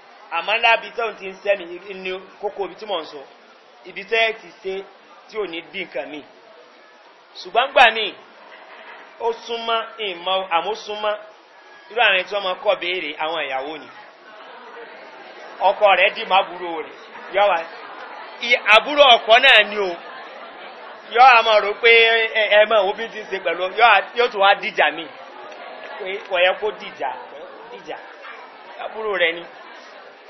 àmọ́ láàbí tẹ́hùn ti ń sẹ́mi ní kókó ibi tí mò ń ibi tẹ́ ti ṣe tí ò ní bí nǹkan mi ṣùgbọ́n gbà mí ó súnmọ́ ìmọ̀ àmó súnmọ́ irú àwọn tí wọ́n máa kọ́ béèrè àwọn ìyàwó ni ọkọ rẹ̀ dì má burú rẹ̀ yọ̀wá àbúrò ọkọ naanị ni o yọ́ a máa rò pé ẹmọ òbí ti ṣe pẹ̀lú yóò tó wá dìjà mi pé ọ̀yẹ́ ni.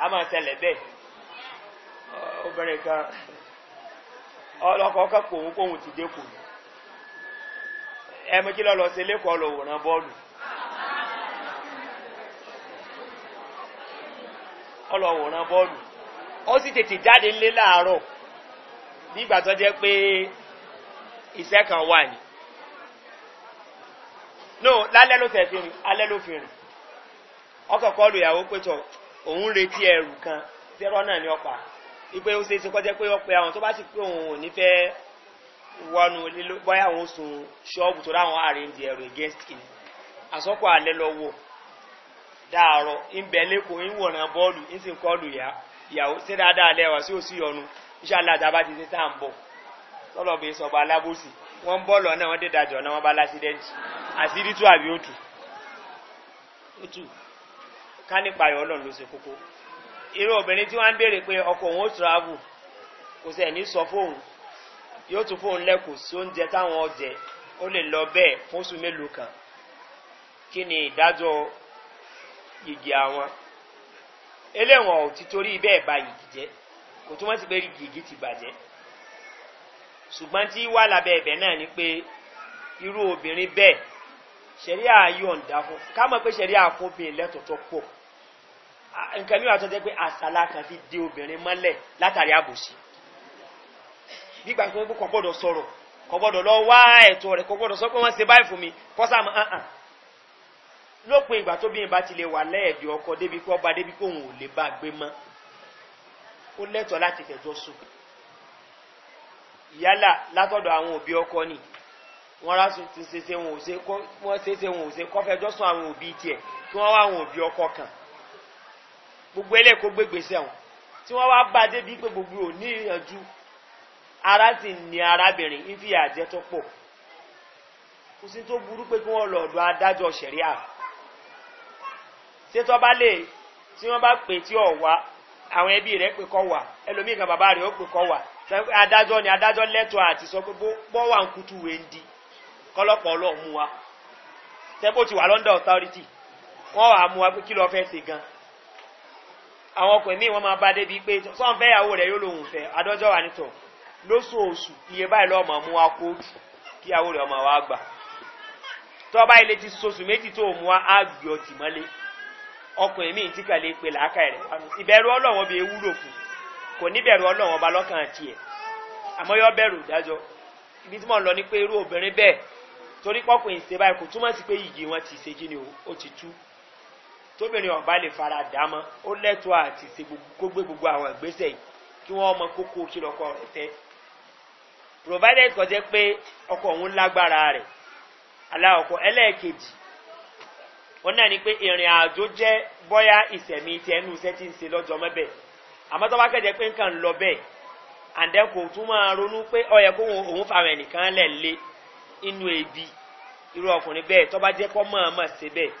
a máa tẹ́lẹ̀ bẹ́ẹ̀ obìnrin kan ọlọ́kọ̀ ọkọ̀ kòun ti dékò ẹmú kí lọ́lọ́ sí lẹ́kọ̀ọ́ lọ wòrán bọ́ọ̀lù ọlọ́wòrán bọ́ọ̀lù ó sì tètè jáde lé láàárọ̀ nígbà tó jẹ́ pé kan wà ní no lálẹ́ ló fẹ́ fi rìn alẹ́ ló fi rìn ọkọ̀ òun retí ẹrù kan tẹ́rọ náà ní ọ̀pá ipe ó ṣe é ṣe kọ́jẹ́ pé ọ̀pẹ àwọn tó bá sì pé òun ò ní fẹ́ wọnú bọ́yá òun sun ṣọ́ọ̀bù tó dáhùn against kìnnì àsọ́kọ̀ alẹ́ lọ wò dáàrọ̀ ìbẹ̀ lẹ́kọ̀ọ́ ìwòrán bọ́ọ̀lù ìsìn kọlù ìyàwó sí dáadáa lẹ́wà sí òsì ọ̀nu iṣẹ́ aláàtàbá ti títà ń bọ̀ tọ́lọ̀bẹ̀ sọ̀bà alábòsì wọ́n ń bọ́ọ̀lù ọ̀nà wọn wọn bá àbí ká nípa ayọ̀ ọlọ́run ló ṣe kókó irú obìnrin tí wọ́n ń béèrè pé ọkọ̀ òun ó travel kò sẹ̀ ní sọ fóun yóò tún fóun lẹ́kùn sí oúnjẹ táwọn ọjẹ́ ó lè lọ bẹ́ẹ̀ fún oṣù mélòó kan kí ni ìdájọ́ yìgì àwọn eléwọ̀n ò ti torí bẹ́ẹ̀ ba yìgì jẹ́ kò túmọ̀ sí pé yìgì ti bàjẹ́ ṣùgbọ́n tí wà lábẹ́ ẹ̀bẹ̀ náà ni pé irú obìnrin bẹ́ẹ̀ ṣẹ̀rí àyọ̀ǹda fún ká mọ̀ pé ṣẹ̀rí àfọ́bìn lẹ́tọ̀ọ́ pọ̀ nǹkan mìíràn tó jẹ́ pé àsálà kan fi dé obìnrin mọ́lẹ̀ látàrí àbòsí nígbà tí wọ́n kọ́ gbọ́dọ̀ sọ̀rọ̀ kọ́ gbọ́dọ̀ lọ wá ẹ̀tọ́ rẹ̀ kọ́ gbọ́dọ̀ sọ pé wọ́n ṣe báyìí fún mi kọ́sàmù hàn ah, ah. lópin ìgbà tó bí ìbá ti lè wà lẹ́ẹ̀dì ọkọ̀ débi kó ọba débi kó òun ò lè bá gbé mọ́ ó lẹ́tọ̀ láti fẹ̀jọ́ sùn yálà látọ̀dọ̀ àwọn òbí ọkọ ni wọ́n rá ti ṣeṣe wọn ò ṣe kọ́ fẹjọ́ sùn àwọn òbí tiẹ̀ kí wọ́n wá àwọn òbí ọkọ kàn gbogbo ẹlẹ́kọ́ gbégbèsè wọn tí wọ́n wá bá débi pé gbogbo ò ní ìyànjú ara sì ní arábìnrin ń fi àjẹ tó pọ̀ kò sí tó burú pé kí wọ́n lọ ọ̀dọ̀ adájọ́ sẹ̀ríà ṣé tó bá lè tí wọ́n bá pè tí ọ̀ wá àwọn ẹbí rẹ̀ pè kọ́ wà ẹlòmíì kan bàbá rẹ̀ ó pè kọ́ wà adájọ́ ni adájọ́ lẹ́tọ̀ọ́ àti sọ pé bọ́ wà ń kutu wé ń di kọ́lọ́pọ̀ ọlọ́ọ̀ mú wa tẹ́pọ̀ ti wà lọ́ndà authority wọ́n wà mú wa pé kí lọ fẹ́ ṣe gan àwọn ọkùnrin míì wọ́n máa bá débi pé sọ́n fẹ́ ìyàwó rẹ̀ yóò lòun fẹ́ adọ́jọ́ wà nítọ̀ lóṣooṣù iye báyìí lọ́mọ mú wa kóòtù kí ìyàwó rẹ̀ ọmọ wa gbà tọ́ba ilé ti soṣù méjì tó mú wa á gbé ọtí mọ́lé ọkùnrin míì tí kàlẹ́ pé làákà rẹ̀ wá ìbẹ̀rù ọlọ́wọ́n bíi ewúrò fún kò níbẹ̀rù ọlọ́wọ́n ọba lọ́kàn tiẹ̀ àmọ́ yọ bẹ̀rù ìdájọ́ ibi tí mò ń lọ ni pé irú obìnrin bẹ́ẹ̀ torí pọ́kùnrin ṣe kò túmọ̀ sí pé yìgì wọn ti ṣe kí ni o ti tú tóbìnrin ọba lè fara o ó lẹ́tọ́ àti ṣe gbogbo gbogbo àwọn ìgbésẹ̀ yìí kí wọ́n mọ kókó kí lọ́kọ rẹ̀ fẹ́ provided kọjá pé ọkọ òun lágbára rẹ ala ọkọ wọn náà ni pé ìrìn àjò jẹ́ bọ́yá ìsẹ̀mí ti ẹnu iṣẹ́ ti ń ṣe lọ́jọ́ mẹ́bẹ̀ àmọ́ tó bá kẹ́jẹ́ pé nǹkan lọ bẹ́ẹ̀ àǹdẹ́ kò tún máa ronú pé kó òun fa àwọn ẹnìkan ebi irú ọkùnrin tó bá mọ̀ọ́mọ̀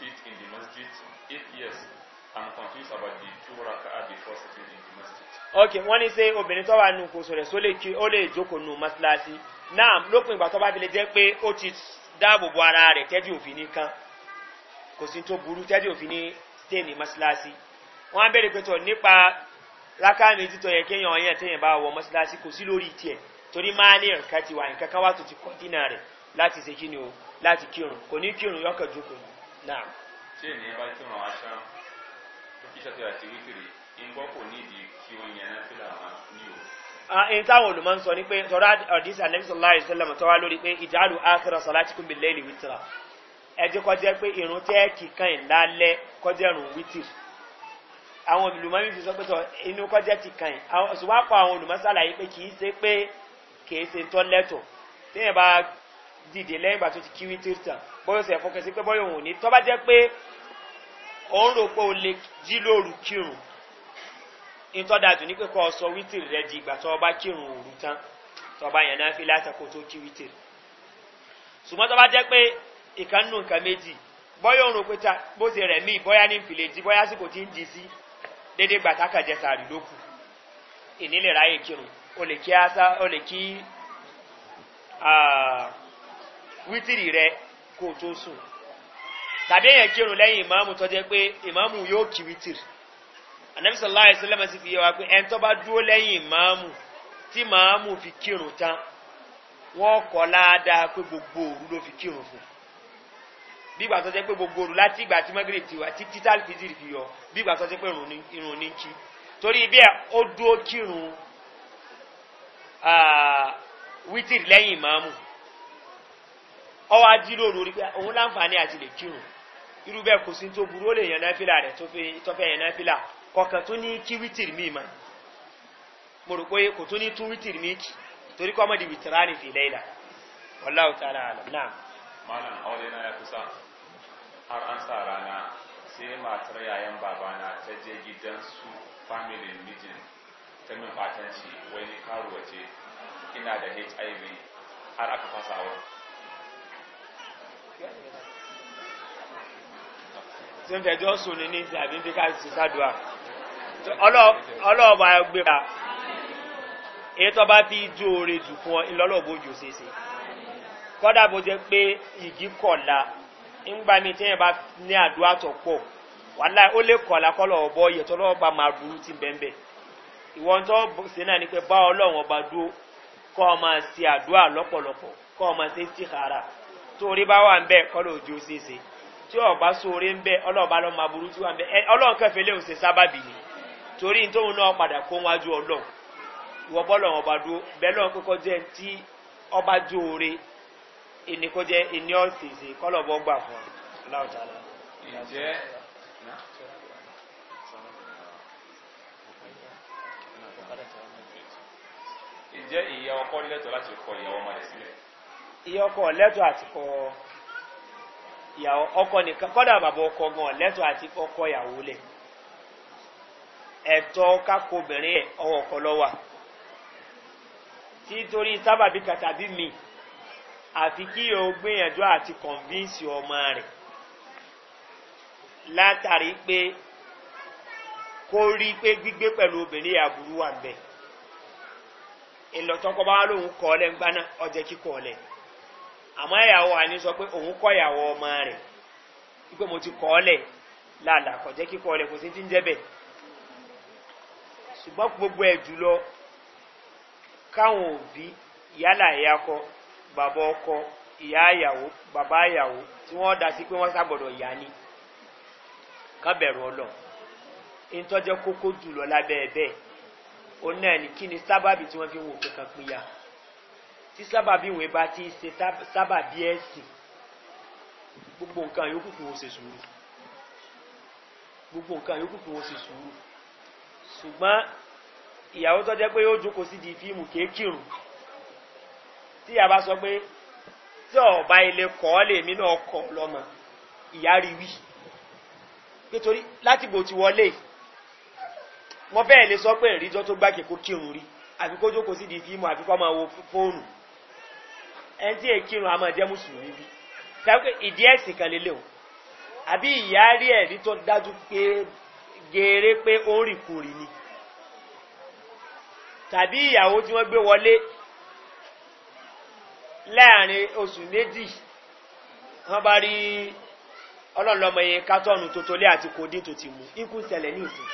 sit in the masjid? If yes, I'm confused about the two raka'ah before sitting in the masjid. Okay, wọ́n ní sẹ́ obìnrin tó wà nù kò sọ̀rọ̀ só lè kí ó lè jókòó nù mọ́síláṣí. Náà lópin ìgbà tó bá fi lè jẹ́ pé ó ti dáàbò bo ara rẹ̀ tẹ́jú òfin ní kan. Kò sí tó burú tẹ́jú òfin ní stay ní mọ́síláṣí. Wọ́n á bẹ̀rẹ̀ pé tọ̀ nípa rákà méjì tó yẹ kéèyàn ọ̀yàn téèyàn bá wọ mọ́síláṣí kò sí lórí tiẹ̀ torí máa ní nǹkan ti wà nǹkan kan wá tó ti kọ́ dínà rẹ̀ láti ṣe kí ni o láti kírun kò ní kírun yọkàn jókòó náà. tí ènìyàn bá tún wọn aṣọ kíṣà tó àti wítìrì ńgbọ́ kò nídìí kí wọ́n yẹn náà fílà wọn ní o. Ẹyin táwọn olùmọ̀ ń sọ ni pé tọ́ra ọ̀dísà Nàìjíríà Àìsílámù tọ́wá lórí pé ìdáàlú ákìrà sọ̀láṣíkú mi lẹ́yìn wítìrà. Ẹ jẹ́ kọjá pé irun tẹ́ kíkan ìlálẹ́ kọjá irun wítìrì àwọn olùmọ̀ mi fi sọ pé sọ inú kọjá ti kàn yín àwọn ṣùgbọ́n àwọn olùmọ̀ sàlàyé pé kì í ṣe pé kì í ṣe tọ́ lẹ́tọ̀ bá dìde lẹ́yìn ìgbà tó ti kí wítìrì tàn bọ́yọ̀ sẹ̀ fọkàn sí pé bọ́yọ̀ òun ní tọ́ bá jẹ́ pé òun rò pé o lè jí lóru kírun ìtọ́dàdù ní pé kọ́ wítìrì rẹ di ìgbà tọ́ bá kírun òru tán tọ́ bá yàn náà fi látàkó tó kí wítìrì ṣùgbọ́n tọ́ bá jẹ́ pé nǹkan méjì bọ́yọ̀ rò pé ta bó ṣe kó o tó sùn tàbí èèyàn kírun lẹ́yìn ìmáàmù tó jẹ́ pé ìmáàmù yóò kí wítìrì anabisa láì sílẹ̀mọ̀ sí fi yẹ wa pé ẹni tó bá dúró lẹ́yìn ìmáàmù tí ìmáàmù fi kírun tán wọ́n kọ́ ládàá pé gbogbo òru ló fi kírun fún bí ìgbà tó jẹ́ pé gbogbo òru láti ìgbà tí magreth ti wà títí tálí fìdírì fi yọ bí ìgbà tó pé irun ní kí torí bí ó dúró kírun wítìrì lẹ́yìn ìmáàmù ọwọ́ ajíròrò orí pé òun láǹfààní àti lè kírun irú bẹ́ẹ̀ kò sí tó burú ó lè yàn náfìlà rẹ̀ tó fẹ́ yàn náfìlà kọ̀ọ̀kan tó ní kí wítìrì míì mọ́ mo rò pé kò tó ní tún wítìrì míì kì torí kọ́ ọmọdé wìtìrà ní fìlẹ́ ìlà wàláwù tààrà àlọ́ náà. malam aure na ya kusa har an sa rana sai matar yayan babana ta je gidan su familin mijin ta min fatanci wai ni karuwa ce ina da hiv har aka fasa tí ń fẹjọ́ sùn ní ní àbí ń fi ká sí sádùá ọlọ́ọ̀bà gbéra èyí tó bá fi jó oore jù fún ọ ìlọ́lọ́ọ̀bà ojú ṣeéṣe kọ́dà bó jẹ́ pé ìgí kọ̀la ńgbà mi tí yẹn bá ní àdúrà tó pọ̀ wàhálà ó lè kọ̀la kọ́lọ̀ ọ̀bọ yẹ tó lọ́wọ́ bá máa burú ti bẹ́ẹ̀ ìwọ̀n tó ṣe náà ni pé bá ọlọ́run ọba dúró kọ́ ọ máa ṣe àdúrà sóore bá wà ń bẹ́ kọ́lọ̀ òjò ṣeéṣe tí ọ̀bá sóore ń bẹ́ ọlọ́ọ̀bá lọ́ máa burú tí wà ń bẹ́ ọlọ́run kẹfẹ́ léwu ṣe sábàbí ni torí tóun náà padà kó wájú ọlọ́run ìwọ ọba dúró bẹ́ẹ̀ kókó tí ọba fún ọ ìyá ọkọ lẹ́tọ̀ àti kọ ìyàwó ọkọ nìkan kọ́dà bàbá ọkọ gan lẹ́tọ̀ àti ìyàwó ẹ̀tọ́ kákó obìnrin ẹ̀ ọwọ́ ọkọ títorí sábàbí mi àfi kí o gbìyànjú àti kọ̀ǹvínsì ọmọ rẹ̀ látàrí pé kó rí pé gbígbé pẹ̀lú obìnrin àbúrú àmọ́ ìyàwó àní sọ pé òun kọ́ ìyàwó ọmọ rẹ̀ wípé mo ti kọ́ ọ́lẹ̀ láàlà kọ̀ jẹ́ kíkọ́ ọ̀lẹ̀ kò sí ti ń jẹ́bẹ̀ ṣùgbọ́n gbogbo ẹ̀ jùlọ káwọn òbí yálà ìyakọ bàbá ọkọ ìyá ìyàwó bàbá ìyàwó tí wọ́n dá sí pé wọ́n sábọ̀dọ̀ yá ni kábẹ̀rù ọlọ́run ìtọ́jẹ́ kókó jùlọ lábẹ́ ẹ̀ bẹ́ẹ̀ náà ní kí ni sábàbí tí wọ́n fi ń wò kankan pínyà tí sábàbí ìwé bá ti ṣe sábàbí ẹ̀sìn gbogbo nǹkan yòókù kí wọ́n ṣe sùúrù gbogbo nǹkan yòókù kí wọ́n ṣe sùúrù ṣùgbọ́n ìyàwó tó jẹ́ pé yóò jókòó sí di fíìmù kéékìrùn tí ìyá bá sọ pé tí ọba ilé kọ́ lèmi náà kọ́ lọ́mọ ìyá rí wí nítorí láti bò ti wọlé wọ́n fẹ́ẹ̀ lè sọ pé ìrìjọ́ tó gbàgbé kó kírun rí àbí kó jókòó sí di fíìmù àbí kó máa wo fóònù ẹni tí èkírun àmọ́ jẹ́ mùsùlùmí bí tàbí ìdí ẹ̀sìn kan lélẹ̀ o àbí ìyá rí ẹ̀rí tó dájú pé geere pé ó ń rìn kùrì ni tàbí ìyàwó tí wọ́n gbé wọlé láàrin oṣù méjì wọ́n bá rí ọlọ́lọ́mọ yẹn kátọ́ọ̀nù tó àti kòdí tó ti mú ikú sẹlẹ̀ ní ìsìn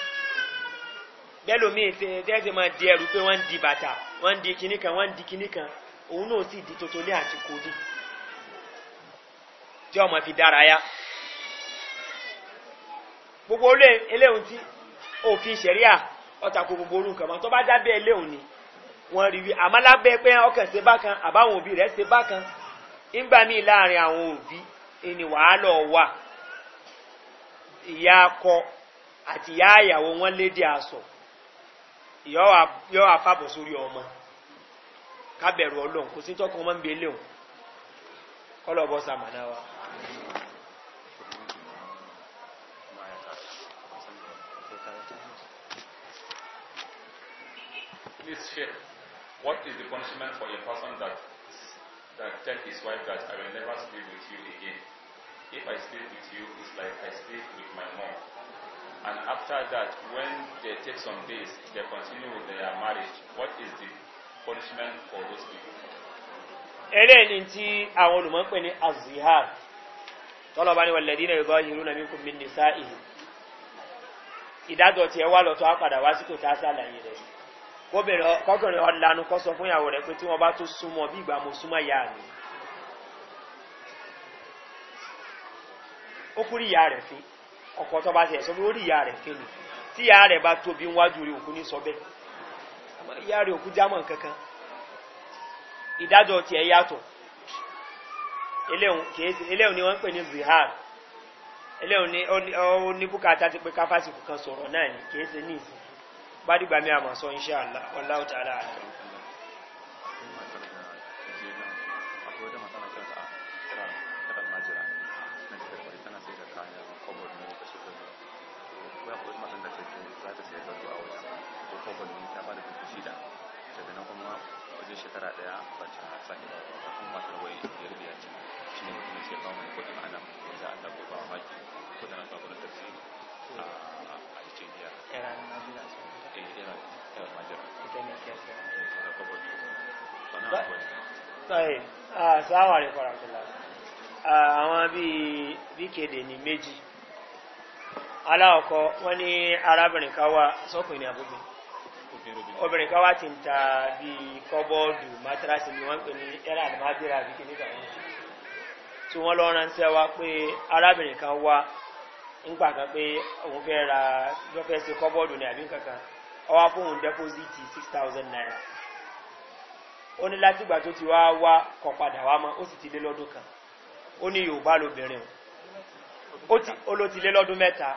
bẹ́lòmíì tẹ́ẹ̀sì máa di ẹrù pé wọ́n di bàtà wọ́n di kinní kan wọ́n di kinní kan òun náà sì di tuntun ní àsìkò ní tí ọmọ fi dára ya gbogbo eléhùn tí òfin ṣẹ̀ríà ọ̀tàkù gbogbo orun kan tó bá dábẹ́ eléhùn ni wọ́n rí wí àmọ́ pé ọkàn ṣe bákan àbáwọn òbí rẹ̀ ṣe bákan ńgbà míì láàrin àwọn òbí ni wàhálà wà ìyá akọ àti ìyá àyàwó wọn lédè àsọ ìyọ́ àfàbọ̀ sórí ọmọ. ọlọ́run kò sí tọ́kùn ń kọ́lọ̀bọ̀ sàmàdá wa Please share what is the punishment for a person that that tell his wife that I will never sleep with you again. If I sleep with you, it's like I sleep with my mom. And after that, when they take some days, they continue with their marriage. What is the punishment for those people. Eré ni tí àwọn olùmọ̀ pè ní Azihar, tọ́lọ̀ bá ní wà lẹ́dí náà yóò yìí rúnàmí kò mí ní sáàì. Ìdájọ́ ti ẹwà lọ́tọ́ àpàdà wá sí kò tá sàlàyé rẹ̀. Kọ́kùnrin ọ̀lànà kọ́ sọ fún ìyàwó rẹ̀ pé tí wọ́n bá tó súnmọ́ bí ìgbà mo súnmọ́ ìyá mi. Ó ìyá rẹ̀ òkú jámọ̀ kankan ìdájọ́ tiẹ̀ yàtọ̀ eléhùn ni wọ́n pè ní zihar eléhùn ní bukata ti pé káfásìkò kan sọ̀rọ̀ náà ni kìí ṣe ní ìsìn bá dìgbà mi àmọ̀ sọ iṣẹ́ ọ̀la ọ̀la ọ̀tá sake da kuma matar wai yarda ya ce shi ne mutum ke kawo mai kudi ma'ana za an tabo ba maki kuɗin an samu da tafsiri a cikin biya. Kera na jira su. Eh, kera kera ma jira. Ita ne kera. Eh, kera kawai. Bana akwai. Sọ́yìn, sáwà rẹ̀ kọ́ra tó lọ. Àwọn bi bíkèdè ní méjì. Aláwọ̀kọ́ wọ́n ní wani arabin kawa sokoni àbúgbìn. obìnrin kan wá ti ń ta bí kọ́bọ́ọ̀dù mátíráàsì ni wọ́n ń pè ní ẹ̀rà àdìmájẹ́ra àbí kìíní kan tí wọ́n lọ ránṣẹ́ wá pé arábìnrin kan wá nígbà kan pé òun fẹ́ ra ló fẹ́ kọ́bọ́ọ̀dù ni àbí six thousand naira ó ní látìgbà tó ti wá wá kọ̀ padà wá mọ́ ó sì ti lé lọ́dún kan ó ní yorùbá ó ló ti lé lọ́dún mẹ́ta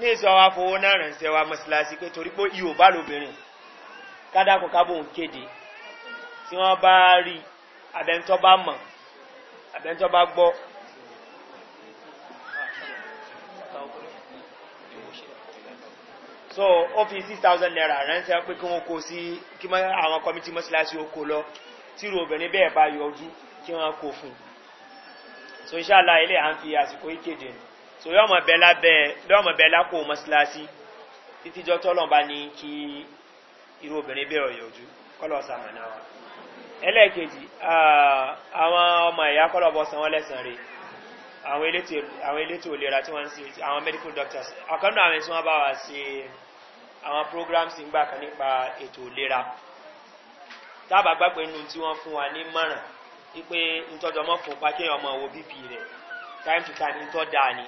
ní èsì ọwá fowó náà ránṣẹ́ wa mọ́síláṣí pé torí pé ihò bá lóbìnrin kádàkùn kábòhùn kéde tí wọ́n bá rí abẹ́ntọ́ bá mọ̀ abẹ́ntọ́ bá gbọ́ so ó fi six thousand naira ránṣẹ́ pé kí wọ́n kó sí kí àwọn kọ́mítì mọ́síláṣí ó kó lọ tíru obìnrin bẹ́ẹ̀ bá yọjú kí wọ́n kó fún so iṣẹ́ àlàyé lè à ń fi àsìkò ìkéde nù so yọ ọmọ bẹ lábẹ yọ ọmọ bẹ lápò mọ́síláṣí títí jọ tọ́lọ̀ bá ní kí irú obìnrin bẹ̀rẹ̀ yọjú kọ́lọ̀ sàmànà wa ẹlẹ́ẹ̀kejì àwọn ọmọ ẹ̀yà kọ́lọ̀ bọ́ san wọ́n lẹ́sàn rè àwọn elétò ìlera tí wọ́n ń ṣe àwọn medical doctors àkọ́nù àwọn tí wọ́n bá wà ṣe àwọn programs ń gbà kan nípa ètò ìlera tábà gbàgbé nínú tí wọ́n fún wa ní mọ̀ràn wípé ntọ́jọmọ́ fún pa ọmọ wo bp rẹ̀ time to time ntọ́ dáa ni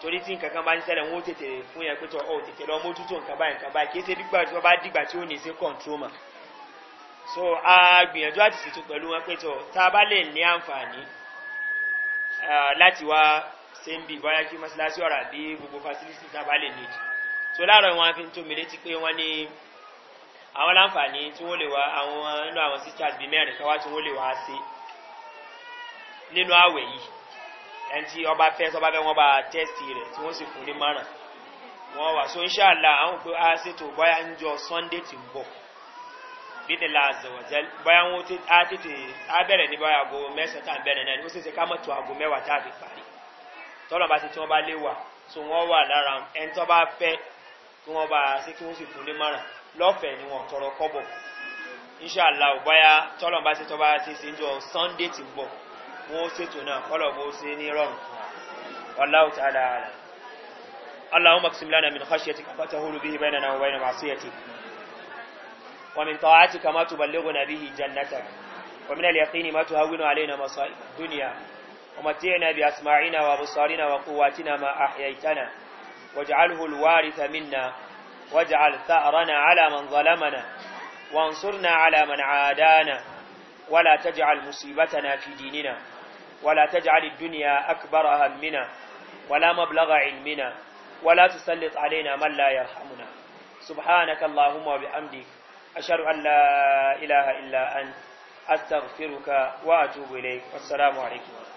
torí tí nǹkan kan bá ń sẹ́lẹ̀ wọ́n ó tètè fún yẹn pẹ́tọ́ ọ̀ tètè lọ mójútó nǹkan báyìí nǹkan báyìí kìí ṣe dígbà tí wọ́n bá dìgbà tí ó ní sí kọ̀ǹtrómà so a gbìyànjú àti ṣètò pẹ̀lú wọn pẹ́tọ́ tá a bá lè ní àǹfààní láti wá ṣe ń bì bóyá kí mọ́ṣáláṣí ọ̀rà bí gbogbo facility tá a bá lè níjì so láàárọ̀ wọn fi ń tó mi létí pé wọ́n ní àwọn láǹfààní tí wọ́n lè wá àwọn inú àwọn sisters bíi mẹ́rin káwá tí wọ́n lè wá sí nínú àwẹ̀ yìí ẹni tí ọba fẹ́ sọba fẹ́ wọ́n bá tẹ́sì rẹ̀ tí wọ́n sì fún ní márùn wọ́n wà so inṣàlá àwọn pé a ah, ṣètò bóyá ń jọ sunday ti ń bọ̀ bíi la àzọ̀wọ̀jẹ́ bóyá wọn á tètè á bẹ̀rẹ̀ ní bóyá aago mẹ́sàn-án tá à ń bẹ̀rẹ̀ náà ni wọ́n sì ṣe ká mọ̀ tó aago mẹ́wàá tá a fi parí tọ́lọ̀ bá ti tí wọ́n bá lé wà so wọ́n wà lára ẹni tó bá fẹ́ kí wọ́n bá ṣe kí wọ́n sì fún ní márùn lọ́fẹ̀ẹ́ ni wọ́n tọrọ kọ́bọ̀ inṣàlá ò bóyá tọ́lọ̀ bá ti tọ́ bá ti ṣe ń jọ sunday ti ń bọ̀ wọ́n ṣètò náà kọ́lọ̀ bó ṣe اللهم اقسم لنا من خشيتك ما تهول به بيننا وبين معصيتك ومن طاعتك ما تبلغنا به جنتك ومن اليقين ما تهون علينا مصائب الدنيا ومتعنا بأسماعنا وابصارنا وقواتنا ما أحييتنا واجعله الوارث منا واجعل ثأرنا على من ظلمنا وانصرنا على من عادانا ولا تجعل مصيبتنا في ديننا ولا تجعل الدنيا أكبر همنا ولا مبلغ علمنا ولا تسلط علينا من لا يرحمنا سبحانك اللهم وبحمدك أشهد أن لا إله إلا أنت أستغفرك وأتوب إليك والسلام عليكم